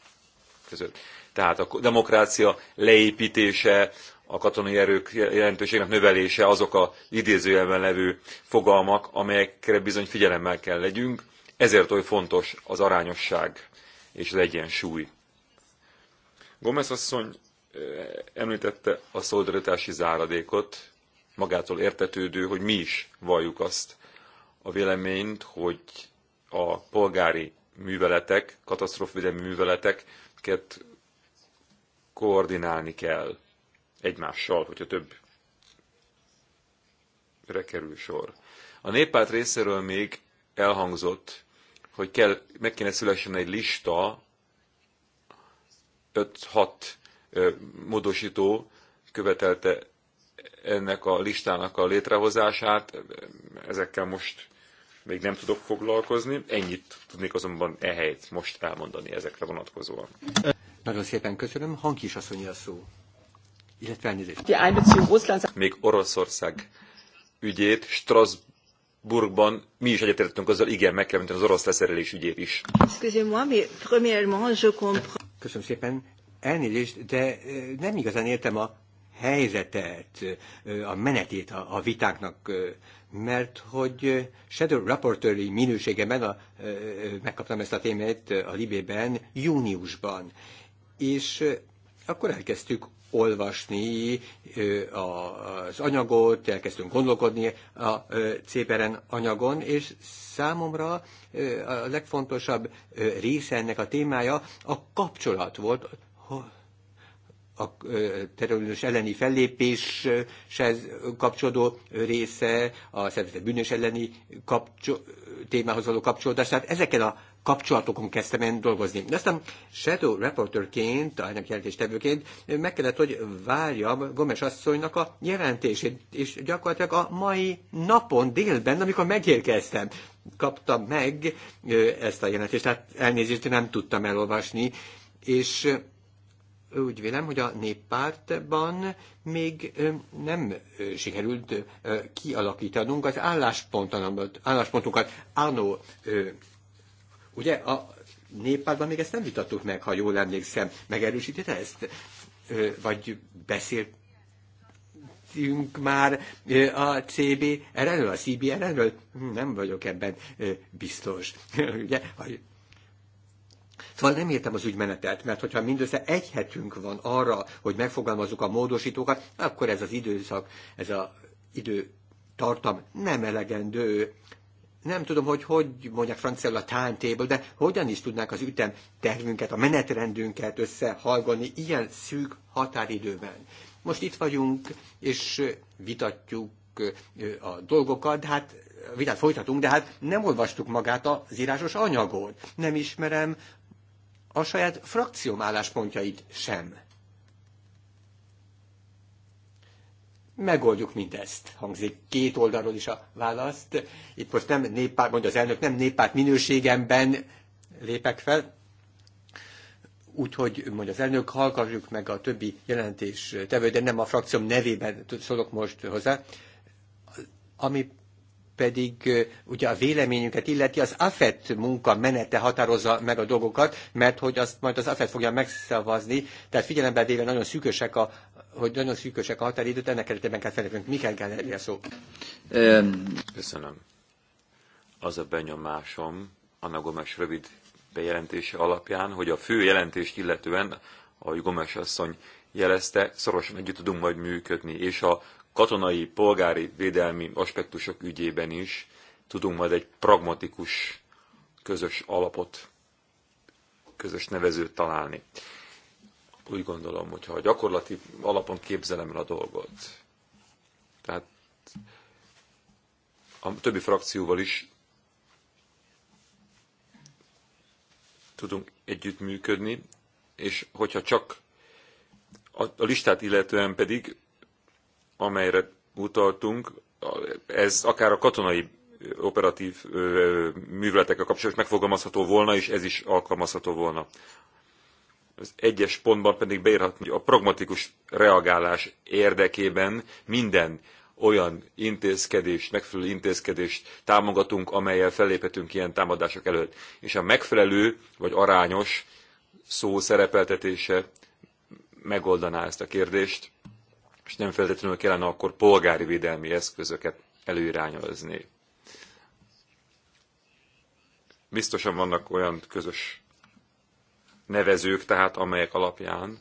között. Tehát a demokrácia leépítése, a katonai erők jelentőségnek növelése azok a idézőjelben levő fogalmak, amelyekre bizony figyelemmel kell legyünk, ezért oly fontos az arányosság és az egyensúly. Gomez asszony említette a szolidaritási záradékot, magától értetődő, hogy mi is valljuk azt a véleményt, hogy a polgári műveletek, katasztrofvédelmi műveleteket koordinálni kell egymással, hogyha több kerül sor. A néppárt részéről még elhangzott, hogy kell, meg kéne szülessen egy lista, 5-6 módosító követelte ennek a listának a létrehozását, ezekkel most még nem tudok foglalkozni, ennyit tudnék azonban ehelyt most elmondani ezekre vonatkozóan. Nagyon szépen köszönöm, hangkis asszony a szó illetve elnézést. Még Oroszország ügyét Strasbourgban mi is egyetértettünk azzal, igen, meg kell az orosz leszerelés ügyét is. Köszönöm szépen, elnézést, de nem igazán értem a helyzetet, a menetét a, a vitáknak, mert hogy Shadow Rapporteuri minőségemben a, megkaptam ezt a témát a Libében júniusban, és akkor elkezdtük olvasni az anyagot, elkezdtünk gondolkodni a Céperen anyagon, és számomra a legfontosabb része ennek a témája a kapcsolat volt a terrorizmus elleni fellépéshez kapcsolódó része, a szervezet bűnös elleni kapcsol, témához való kapcsolódás. Tehát ezeken a kapcsolatokon kezdtem én dolgozni. De aztán Shadow Reporterként, ennek jelentéstevőként meg kellett, hogy várjam Gomes asszonynak a jelentését, és gyakorlatilag a mai napon délben, amikor megérkeztem, kaptam meg ezt a jelentést, tehát elnézést nem tudtam elolvasni, és úgy vélem, hogy a néppártban még nem sikerült kialakítanunk az álláspontunkat. Álláspontunkat Arno Ugye a néppárban még ezt nem vitattuk meg, ha jól emlékszem. Megerősítette ezt? Vagy beszélt beszéltünk már a Cb, erről, a CB erről? Hm, nem vagyok ebben biztos. Ugye? Szóval nem értem az ügymenetet, mert hogyha mindössze egy hetünk van arra, hogy megfogalmazzuk a módosítókat, akkor ez az időszak, ez az idő tartam nem elegendő nem tudom, hogy hogy mondják franciául a timetable, de hogyan is tudnák az ütem tervünket, a menetrendünket összehallgani ilyen szűk határidőben. Most itt vagyunk, és vitatjuk a dolgokat, de hát vitát folytatunk, de hát nem olvastuk magát az írásos anyagot. Nem ismerem a saját frakcióm álláspontjait sem. megoldjuk mindezt. Hangzik két oldalról is a választ. Itt most nem néppárt, mondja az elnök, nem néppárt minőségemben lépek fel. Úgyhogy mondja az elnök, hallgassuk meg a többi jelentés tevő, de nem a frakcióm nevében szólok most hozzá. Ami pedig ugye a véleményünket illeti, az AFET munka menete határozza meg a dolgokat, mert hogy azt majd az AFET fogja megszavazni, tehát figyelembe véve nagyon szűkösek a hogy nagyon szűkösek a határidőt, ennek keretében kell felépülnünk. Mikkel kell erre szó? Köszönöm. Az a benyomásom, Anna Gomes rövid bejelentése alapján, hogy a fő jelentést illetően, ahogy Gomes asszony jelezte, szorosan együtt tudunk majd működni, és a katonai, polgári, védelmi aspektusok ügyében is tudunk majd egy pragmatikus közös alapot, közös nevezőt találni úgy gondolom, hogyha a gyakorlati alapon képzelem el a dolgot, tehát a többi frakcióval is tudunk együttműködni, és hogyha csak a, listát illetően pedig, amelyre utaltunk, ez akár a katonai operatív műveletekkel kapcsolatos megfogalmazható volna, és ez is alkalmazható volna az egyes pontban pedig beírhatni, hogy a pragmatikus reagálás érdekében minden olyan intézkedést, megfelelő intézkedést támogatunk, amelyel felléphetünk ilyen támadások előtt. És a megfelelő vagy arányos szó szerepeltetése megoldaná ezt a kérdést, és nem feltétlenül kellene akkor polgári védelmi eszközöket előirányozni. Biztosan vannak olyan közös nevezők, tehát amelyek alapján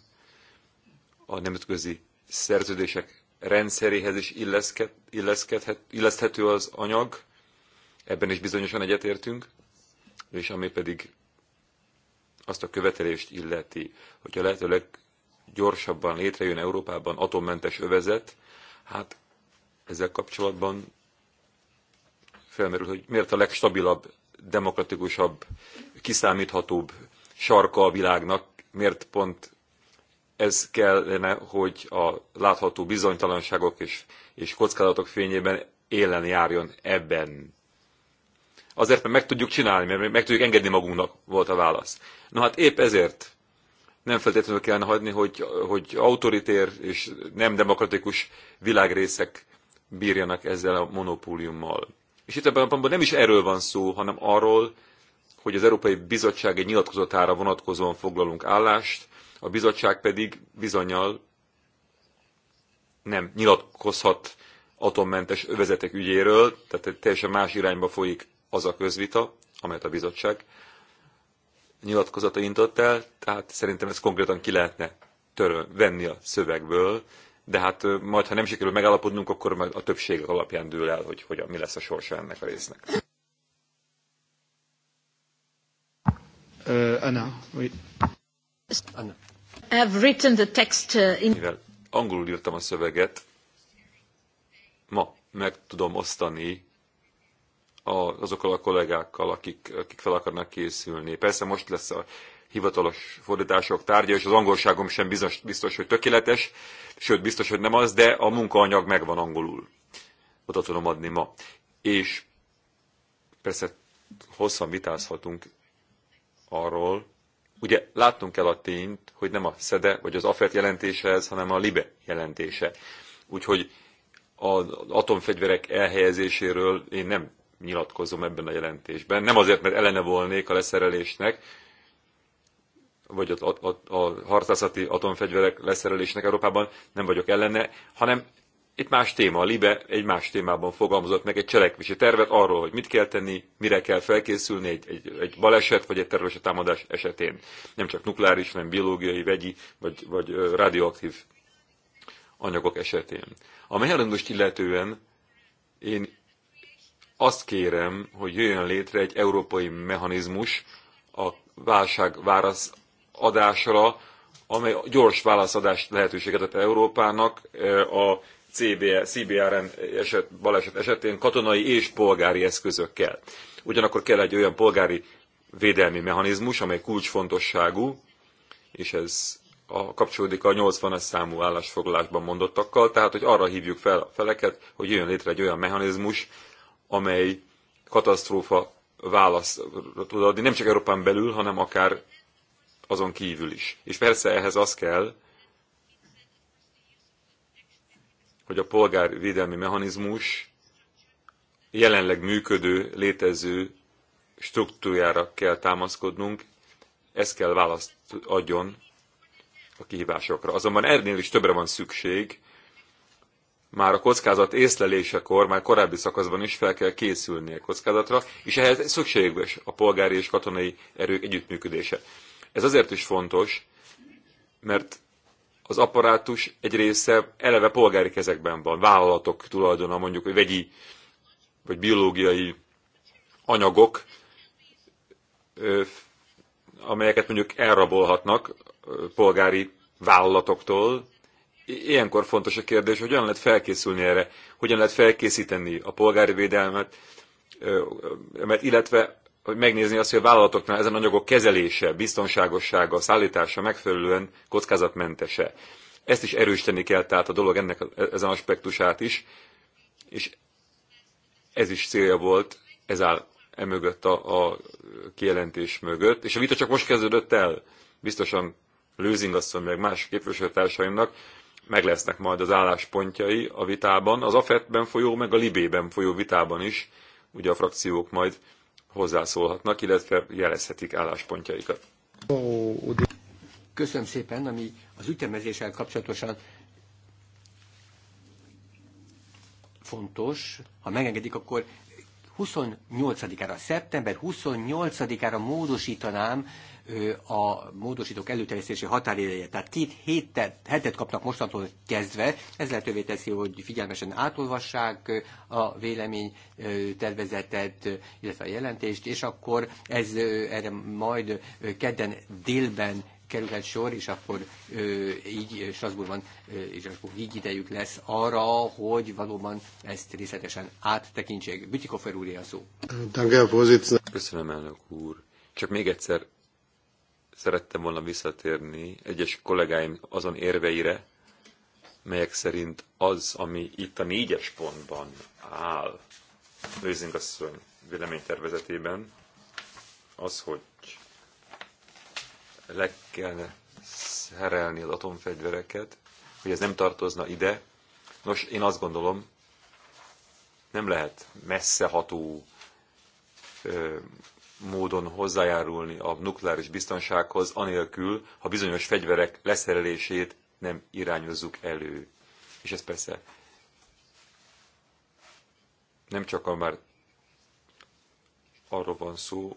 a nemzetközi szerződések rendszeréhez is illeszked, illeszkedhet, illeszthető az anyag, ebben is bizonyosan egyetértünk, és ami pedig azt a követelést illeti, hogyha lehetőleg gyorsabban létrejön Európában atommentes övezet, hát ezzel kapcsolatban felmerül, hogy miért a legstabilabb, demokratikusabb, kiszámíthatóbb sarka a világnak, miért pont ez kellene, hogy a látható bizonytalanságok és, és kockázatok fényében élen járjon ebben. Azért, mert meg tudjuk csinálni, mert meg tudjuk engedni magunknak, volt a válasz. Na hát épp ezért nem feltétlenül kellene hagyni, hogy, hogy autoritér és nem demokratikus világrészek bírjanak ezzel a monopóliummal. És itt ebben a pontban nem is erről van szó, hanem arról, hogy az Európai Bizottság egy nyilatkozatára vonatkozóan foglalunk állást, a bizottság pedig bizonyal nem nyilatkozhat atommentes övezetek ügyéről, tehát egy teljesen más irányba folyik az a közvita, amelyet a bizottság nyilatkozata intott el, tehát szerintem ezt konkrétan ki lehetne töröl, venni a szövegből, de hát majd, ha nem sikerül megállapodnunk, akkor majd a többség alapján dől el, hogy hogyan, mi lesz a sorsa ennek a résznek. Uh, Anna, oui. Anna. written the text uh, in... Mivel angolul írtam a szöveget, ma meg tudom osztani a, azokkal a kollégákkal, akik, akik fel akarnak készülni. Persze most lesz a hivatalos fordítások tárgya, és az angolságom sem biztos, biztos hogy tökéletes, sőt, biztos, hogy nem az, de a munkaanyag megvan angolul. Oda tudom adni ma. És persze hosszan vitázhatunk arról, ugye láttunk kell a tényt, hogy nem a SZEDE vagy az AFET jelentése ez, hanem a LIBE jelentése. Úgyhogy az atomfegyverek elhelyezéséről én nem nyilatkozom ebben a jelentésben. Nem azért, mert ellene volnék a leszerelésnek, vagy a, a, a harcászati atomfegyverek leszerelésnek Európában nem vagyok ellene, hanem itt más téma, a Libe egy más témában fogalmazott meg egy cselekvési tervet arról, hogy mit kell tenni, mire kell felkészülni egy, egy, egy baleset vagy egy terrorista támadás esetén. Nem csak nukleáris, hanem biológiai, vegyi vagy, vagy radioaktív anyagok esetén. A mechanizmust illetően én azt kérem, hogy jöjjön létre egy európai mechanizmus a válság válasz adásra, amely gyors válaszadást lehetőséget ad Európának a CBR, CBRN eset, baleset esetén katonai és polgári eszközökkel. Ugyanakkor kell egy olyan polgári védelmi mechanizmus, amely kulcsfontosságú, és ez a, kapcsolódik a 80-as számú állásfoglalásban mondottakkal, tehát hogy arra hívjuk fel a feleket, hogy jöjjön létre egy olyan mechanizmus, amely katasztrófa választ tud adni, nem csak Európán belül, hanem akár azon kívül is. És persze ehhez az kell, hogy a polgárvédelmi mechanizmus jelenleg működő, létező struktúrára kell támaszkodnunk, ez kell választ adjon a kihívásokra. Azonban ernél is többre van szükség, már a kockázat észlelésekor, már korábbi szakaszban is fel kell készülni a kockázatra, és ehhez szükséges a polgári és katonai erők együttműködése. Ez azért is fontos, mert az apparátus egy része eleve polgári kezekben van, vállalatok tulajdona, mondjuk hogy vegyi vagy biológiai anyagok, amelyeket mondjuk elrabolhatnak polgári vállalatoktól. Ilyenkor fontos a kérdés, hogy hogyan lehet felkészülni erre, hogyan lehet felkészíteni a polgári védelmet, illetve hogy megnézni azt, hogy a vállalatoknál ezen anyagok kezelése, biztonságossága, szállítása megfelelően kockázatmentese. Ezt is erősíteni kell tehát a dolog ennek e-, ezen aspektusát is, és ez is célja volt, ez áll emögött a, a kijelentés mögött, és a vita csak most kezdődött el. Biztosan Lőzing asszony, meg más képviselőtársaimnak meg lesznek majd az álláspontjai a vitában, az AFET-ben folyó, meg a Libében folyó vitában is, ugye a frakciók majd hozzászólhatnak, illetve jelezhetik álláspontjaikat. Köszönöm szépen, ami az ütemezéssel kapcsolatosan fontos, ha megengedik, akkor 28-ára, szeptember 28-ára módosítanám a módosítók előterjesztési határideje. Tehát két hétet, hetet kapnak mostantól kezdve. Ez lehetővé teszi, hogy figyelmesen átolvassák a vélemény tervezetet, illetve a jelentést, és akkor ez erre majd kedden délben kerülhet sor, és akkor ö, így Strasbourgban, és akkor így idejük lesz arra, hogy valóban ezt részletesen áttekintsék. Bütikofer úr a szó. Köszönöm, elnök úr. Csak még egyszer szerettem volna visszatérni egyes kollégáim azon érveire, melyek szerint az, ami itt a négyes pontban áll, Lézing asszony véleménytervezetében, az, hogy le kellene szerelni az atomfegyvereket, hogy ez nem tartozna ide. Nos, én azt gondolom, nem lehet messzeható módon hozzájárulni a nukleáris biztonsághoz, anélkül, ha bizonyos fegyverek leszerelését nem irányozzuk elő. És ez persze nem csak a már arról van szó,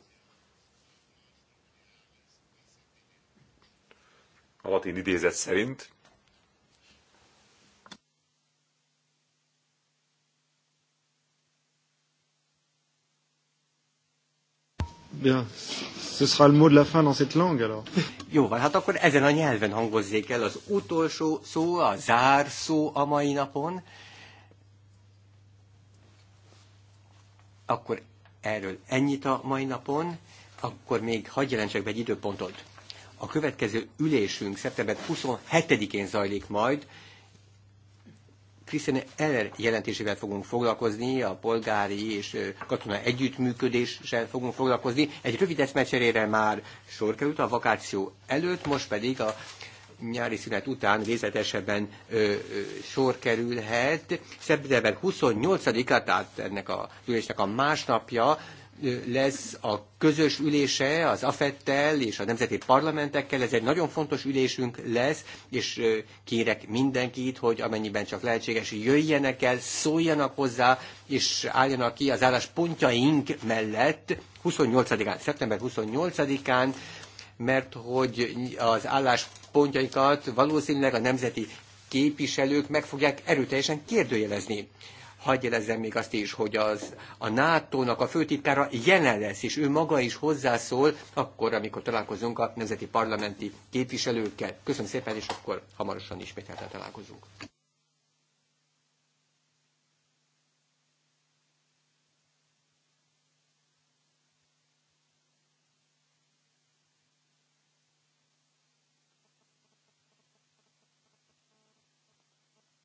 a latin idézet szerint, Ja, Ce sera le mot de la fin dans cette langue, alors. Jó van, hát akkor ezen a nyelven hangozzék el az utolsó szó, a zárszó a mai napon. Akkor erről ennyit a mai napon, akkor még hagyj jelentsek be egy időpontot. A következő ülésünk szeptember 27-én zajlik majd, Krisztián Eller jelentésével fogunk foglalkozni, a polgári és katona együttműködéssel fogunk foglalkozni. Egy rövid eszmecserére már sor került a vakáció előtt, most pedig a nyári szünet után részletesebben ö, ö, sor kerülhet. Szeptember 28 a tehát ennek a ülésnek a másnapja lesz a közös ülése az AFET-tel és a nemzeti parlamentekkel. Ez egy nagyon fontos ülésünk lesz, és kérek mindenkit, hogy amennyiben csak lehetséges, jöjjenek el, szóljanak hozzá, és álljanak ki az álláspontjaink mellett 28-án, szeptember 28-án, mert hogy az álláspontjainkat valószínűleg a nemzeti képviselők meg fogják erőteljesen kérdőjelezni. Hagyj jelezzem még azt is, hogy az, a NATO-nak a főtitkára jelen lesz, és ő maga is hozzászól akkor, amikor találkozunk a nemzeti parlamenti képviselőkkel. Köszönöm szépen, és akkor hamarosan ismételten találkozunk.